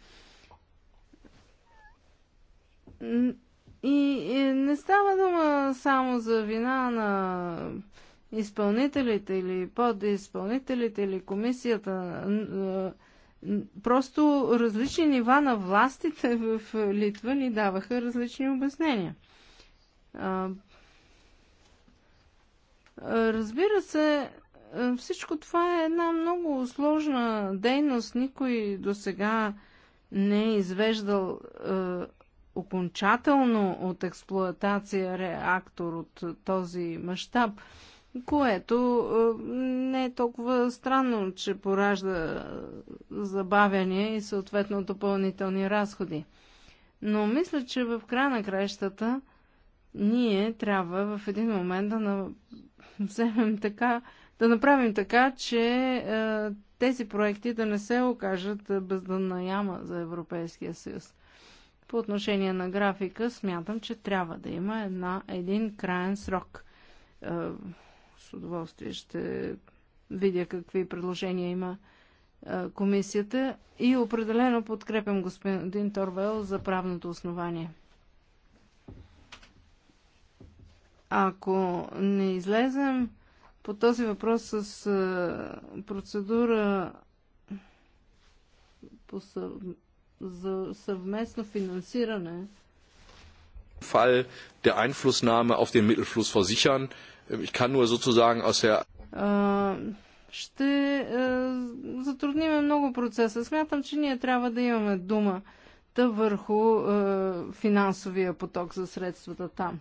Speaker 2: И не става дума само за вина на изпълнителите или подизпълнителите или комисията. Просто различни нива на властите в Литва ни даваха различни обяснения. Разбира се, е, всичко това е една много сложна дейност. Никой до сега не е извеждал е, окончателно от експлоатация реактор от този мащаб, което е, не е толкова странно, че поражда е, забавяния и съответно допълнителни разходи. Но мисля, че в края на краищата ние трябва в един момент да вземем така, да направим така, че е, тези проекти да не се окажат е, бездънна яма за Европейския съюз. По отношение на графика, смятам, че трябва да има една, един краен срок. Е, с удоволствие ще видя какви предложения има комисията и определено подкрепям господин Торвел за правното основание. Ако не излезем по този въпрос с процедура по съв... за съвместно финансиране,
Speaker 1: Fall der Einflussnahme auf den Mittelfluss versichern. Äh, ich kann nur sozusagen aus der
Speaker 2: ще е, затрудниме много процеса. Смятам, че ние трябва да имаме думата върху финансовия поток за средствата там.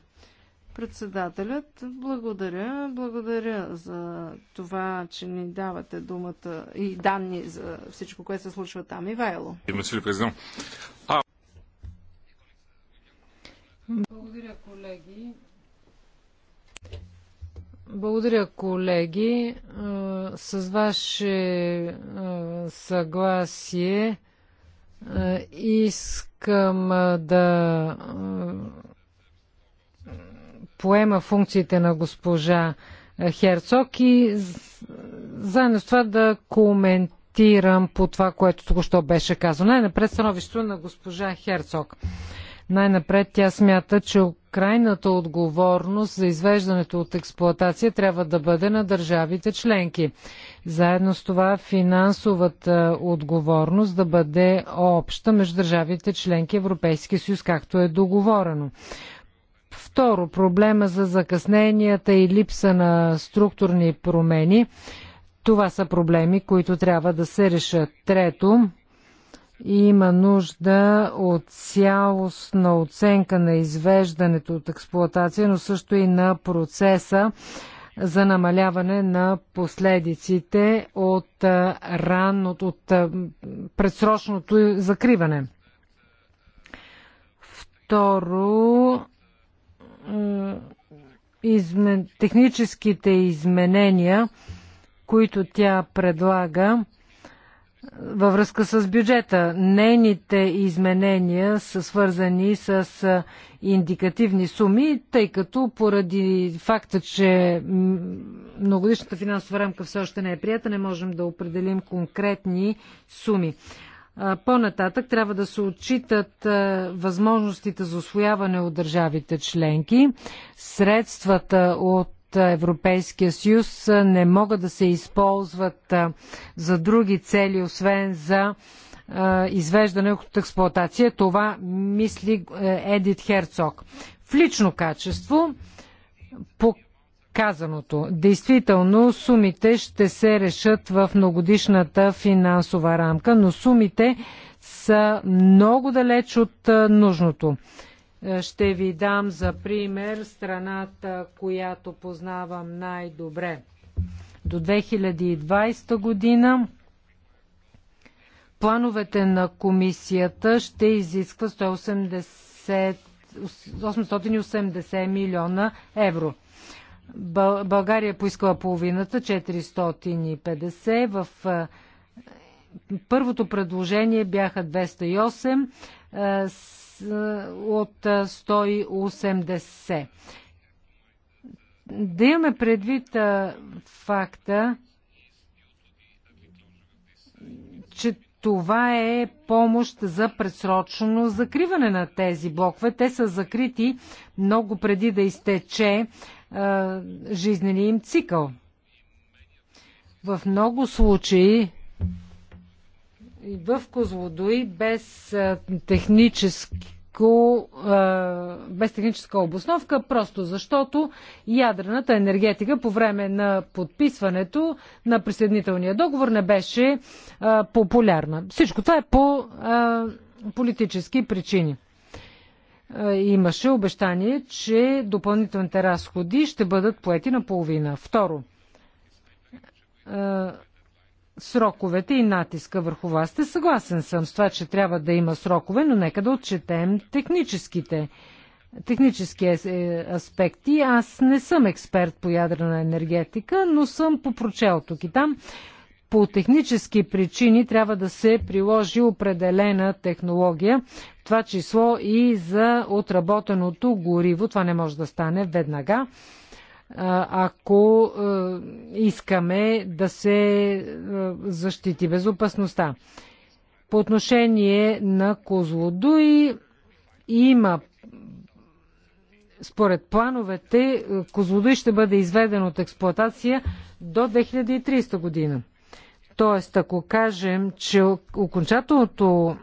Speaker 2: Председателят, благодаря. Благодаря за това, че ни давате думата и данни за всичко, което се случва там. Ивайло.
Speaker 3: Благодаря, колеги. Благодаря, колеги. С ваше съгласие искам да поема функциите на госпожа Херцог и заедно с това да коментирам по това, което току-що беше казано. Най-напред становището на госпожа Херцог. Най-напред тя смята, че крайната отговорност за извеждането от експлоатация трябва да бъде на държавите членки. Заедно с това финансовата отговорност да бъде обща между държавите членки Европейския съюз, както е договорено. Второ, проблема за закъсненията и липса на структурни промени. Това са проблеми, които трябва да се решат. Трето, има нужда от цялостна оценка на извеждането от експлоатация, но също и на процеса за намаляване на последиците от, ран, от, от предсрочното закриване. Второ, измен... техническите изменения, които тя предлага във връзка с бюджета. Нейните изменения са свързани с индикативни суми, тъй като поради факта, че многодишната финансова рамка все още не е прията, не можем да определим конкретни суми. По-нататък трябва да се отчитат възможностите за освояване от държавите членки. Средствата от Европейския съюз не могат да се използват за други цели, освен за извеждане от експлоатация. Това мисли Едит Херцог. В лично качество по казаното. Действително, сумите ще се решат в многодишната финансова рамка, но сумите са много далеч от нужното. Е, ще ви дам за пример страната, която познавам най-добре. До 2020 година плановете на комисията ще изисква 180, 880 милиона евро. България е поискала половината, 450. В първото предложение бяха 208 от 180. Да имаме предвид факта, че това е помощ за предсрочно закриване на тези блокове. Те са закрити много преди да изтече жизнения им цикъл. В много случаи в Козлодой без техническо без техническа обосновка, просто защото ядрената енергетика по време на подписването на присъединителния договор не беше популярна. Всичко това е по политически причини. Е, имаше обещание, че допълнителните разходи ще бъдат поети на половина. Второ, е, сроковете и натиска върху вас. Те съгласен съм с това, че трябва да има срокове, но нека да отчетем техническите технически е, аспекти. Аз не съм експерт по ядрена енергетика, но съм попрочел тук и там по технически причини трябва да се приложи определена технология, в това число и за отработеното гориво. Това не може да стане веднага, ако искаме да се защити безопасността. По отношение на Козлодуи има според плановете Козлодуи ще бъде изведен от експлоатация до 2300 година. Тоест, ако кажем, че окончателното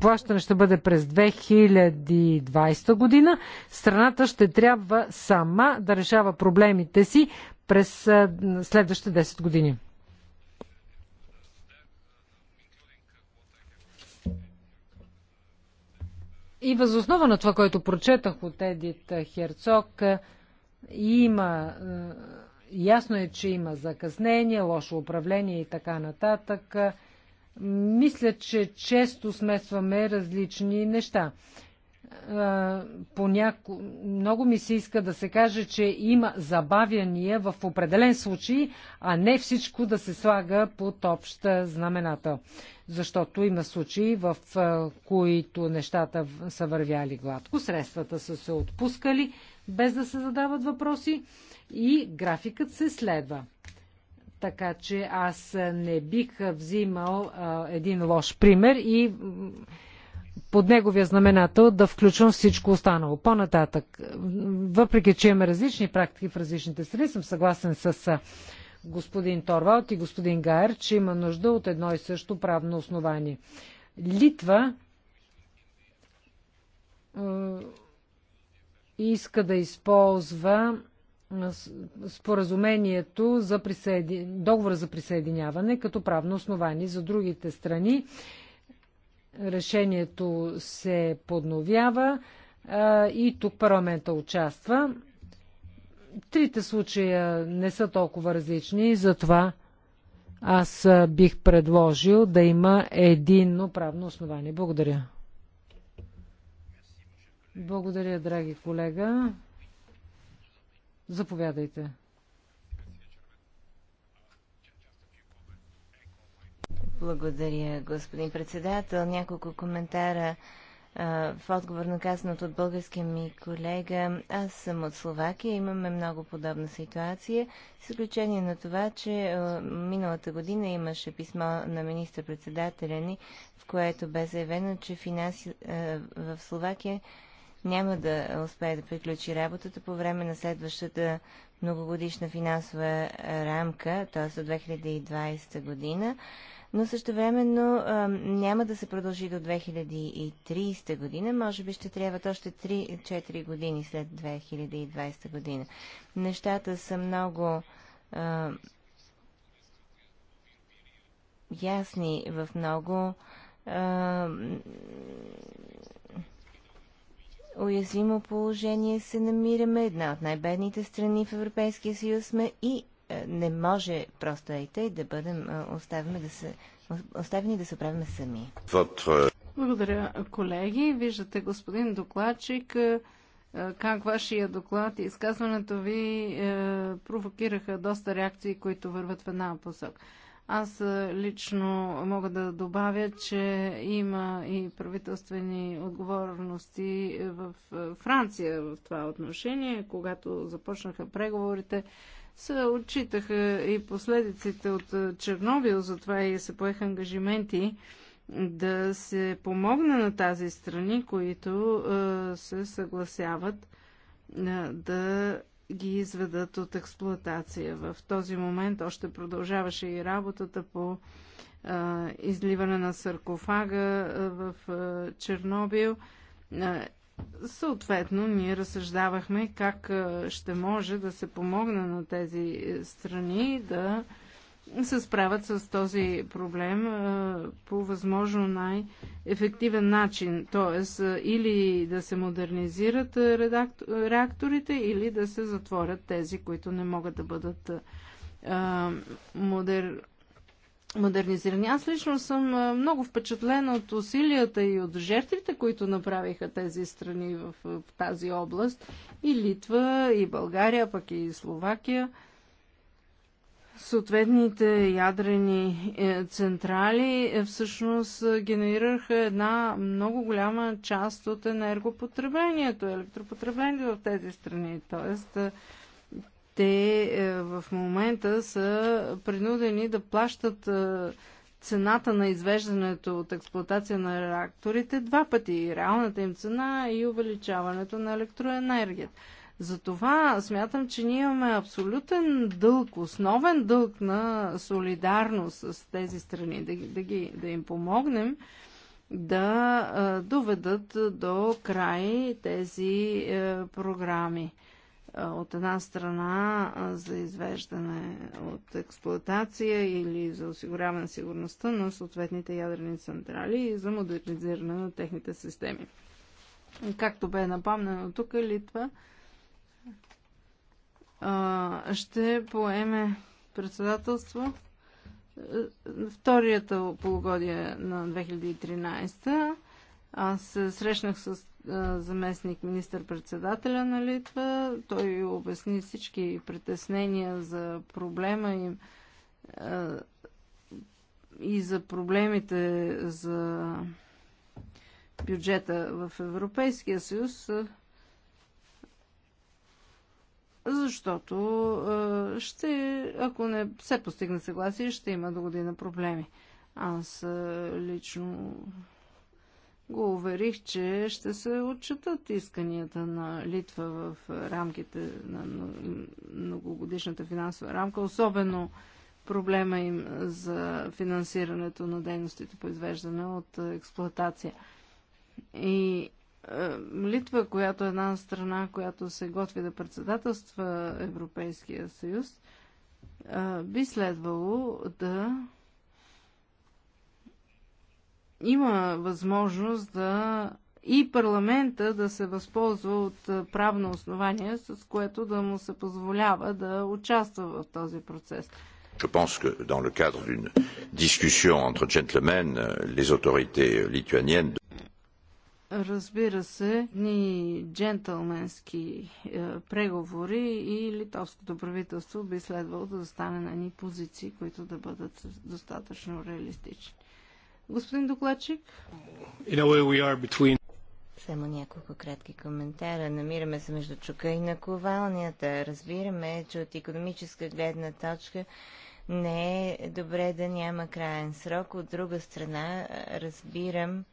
Speaker 3: плащане ще бъде през 2020 година, страната ще трябва сама да решава проблемите си през следващите 10 години. И възоснова на това, което прочетах от Едит Херцог, има Ясно е, че има закъснение, лошо управление и така нататък. Мисля, че често смесваме различни неща. Поняко... Много ми се иска да се каже, че има забавяния в определен случай, а не всичко да се слага под обща знаменател. Защото има случаи, в които нещата са вървяли гладко, средствата са се отпускали без да се задават въпроси и графикът се следва. Така че аз не бих взимал а, един лош пример и под неговия знаменател да включвам всичко останало. По-нататък, въпреки че имаме различни практики в различните страни, съм съгласен с господин Торвалт и господин Гайер, че има нужда от едно и също правно основание. Литва иска да използва споразумението за присъеди... договора за присъединяване като правно основание за другите страни. Решението се подновява а, и тук парламента участва. Трите случая не са толкова различни, затова аз бих предложил да има единно правно основание. Благодаря. Благодаря, драги колега. Заповядайте.
Speaker 4: Благодаря, господин председател. Няколко коментара а, в отговор на казаното от българския ми колега. Аз съм от Словакия, имаме много подобна ситуация, с изключение на това, че а, миналата година имаше писмо на министър-председателя ни, в което бе заявено, че финанси а, в Словакия няма да успее да приключи работата по време на следващата многогодишна финансова рамка, т.е. до 2020 година, но също времено няма да се продължи до 2030 година. Може би ще трябват още 3-4 години след 2020 година. Нещата са много ясни в много уязвимо положение се намираме, една от най-бедните страни в Европейския съюз сме и е, не може просто и да бъдем е, оставени да се, оставени да се правим сами. Благодаря,
Speaker 2: колеги. Виждате, господин докладчик, е, как вашия доклад и изказването ви провокираха доста реакции, които върват в една посока. Аз лично мога да добавя, че има и правителствени отговорности в Франция в това отношение. Когато започнаха преговорите, се отчитаха и последиците от Чернобил, затова и се поеха ангажименти да се помогне на тази страни, които се съгласяват да ги изведат от експлуатация. В този момент още продължаваше и работата по а, изливане на саркофага а, в а, Чернобил. А, съответно, ние разсъждавахме как а, ще може да се помогне на тези е, страни да а, се справят с този проблем по възможно най-ефективен начин. Тоест, или да се модернизират реакторите, или да се затворят тези, които не могат да бъдат модер... модернизирани. Аз лично съм много впечатлен от усилията и от жертвите, които направиха тези страни в тази област. И Литва, и България, пък и Словакия – съответните ядрени е, централи е, всъщност е, генерираха една много голяма част от енергопотреблението, електропотреблението в тези страни. Тоест, те в момента са принудени да плащат цената на извеждането от експлуатация на реакторите два пъти. Реалната им цена и увеличаването на електроенергията. Затова смятам, че ние имаме абсолютен дълг, основен дълг на солидарност с тези страни, да, да, ги, да им помогнем да а, доведат до край тези е, програми. от една страна за извеждане от експлоатация или за осигуряване сигурността на съответните ядрени централи и за модернизиране на техните системи. Както бе напомнено тук, Литва ще поеме председателство е, вторията полугодие на 2013. Аз се срещнах с заместник министър-председателя на Литва. Той обясни всички притеснения за проблема им и за проблемите за бюджета в Европейския съюз защото е, ще, ако не се постигне съгласие, ще има до година проблеми. Аз е, лично го уверих, че ще се отчитат исканията на Литва в рамките на многогодишната финансова рамка, особено проблема им за финансирането на дейностите по извеждане от експлоатация. И Молитва, е, която е една страна, която се готви да председателства Европейския съюз, е, би следвало да има възможност да и парламента да се възползва от правно основание, с което да му се позволява да участва в този процес.
Speaker 1: Je pense que dans le cadre d'une discussion entre gentlemen, les autorités lituaniennes
Speaker 2: Разбира се, ни джентълменски е, преговори и литовското правителство би следвало да застане на ни позиции, които да бъдат достатъчно реалистични.
Speaker 4: Господин докладчик? In a way we are between... Само няколко кратки коментара. Намираме се между чука и наковалнията. Разбираме, че от економическа гледна точка не е добре да няма краен срок. От друга страна, разбирам,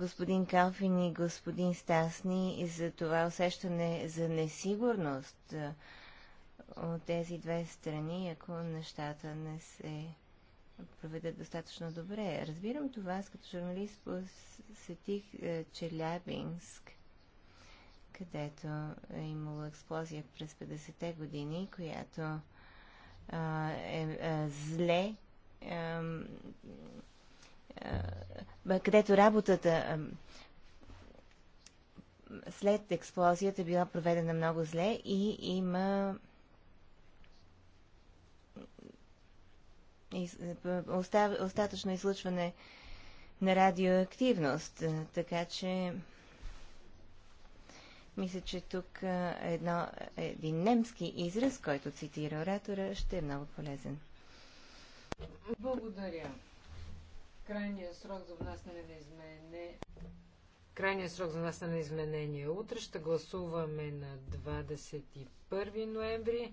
Speaker 4: господин Калфин и господин Стасни за това усещане за несигурност от тези две страни, ако нещата не се проведат достатъчно добре. Разбирам това, аз като журналист посетих Челябинск, където е имало експлозия през 50-те години, която е, е зле е, е, където работата е, след експлозията била проведена много зле и има остатъчно излъчване на радиоактивност. Така че мисля, че тук едно, един немски израз, който цитира оратора, ще е много полезен.
Speaker 3: Благодаря. Крайният срок за внасяне на изменение.
Speaker 4: Крайният срок за
Speaker 3: внасяне на изменение е утре. Ще гласуваме на 21 ноември.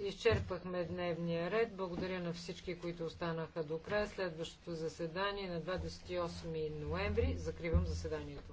Speaker 3: Изчерпахме дневния ред. Благодаря на всички, които останаха до края. Следващото заседание на 28 ноември. Закривам заседанието.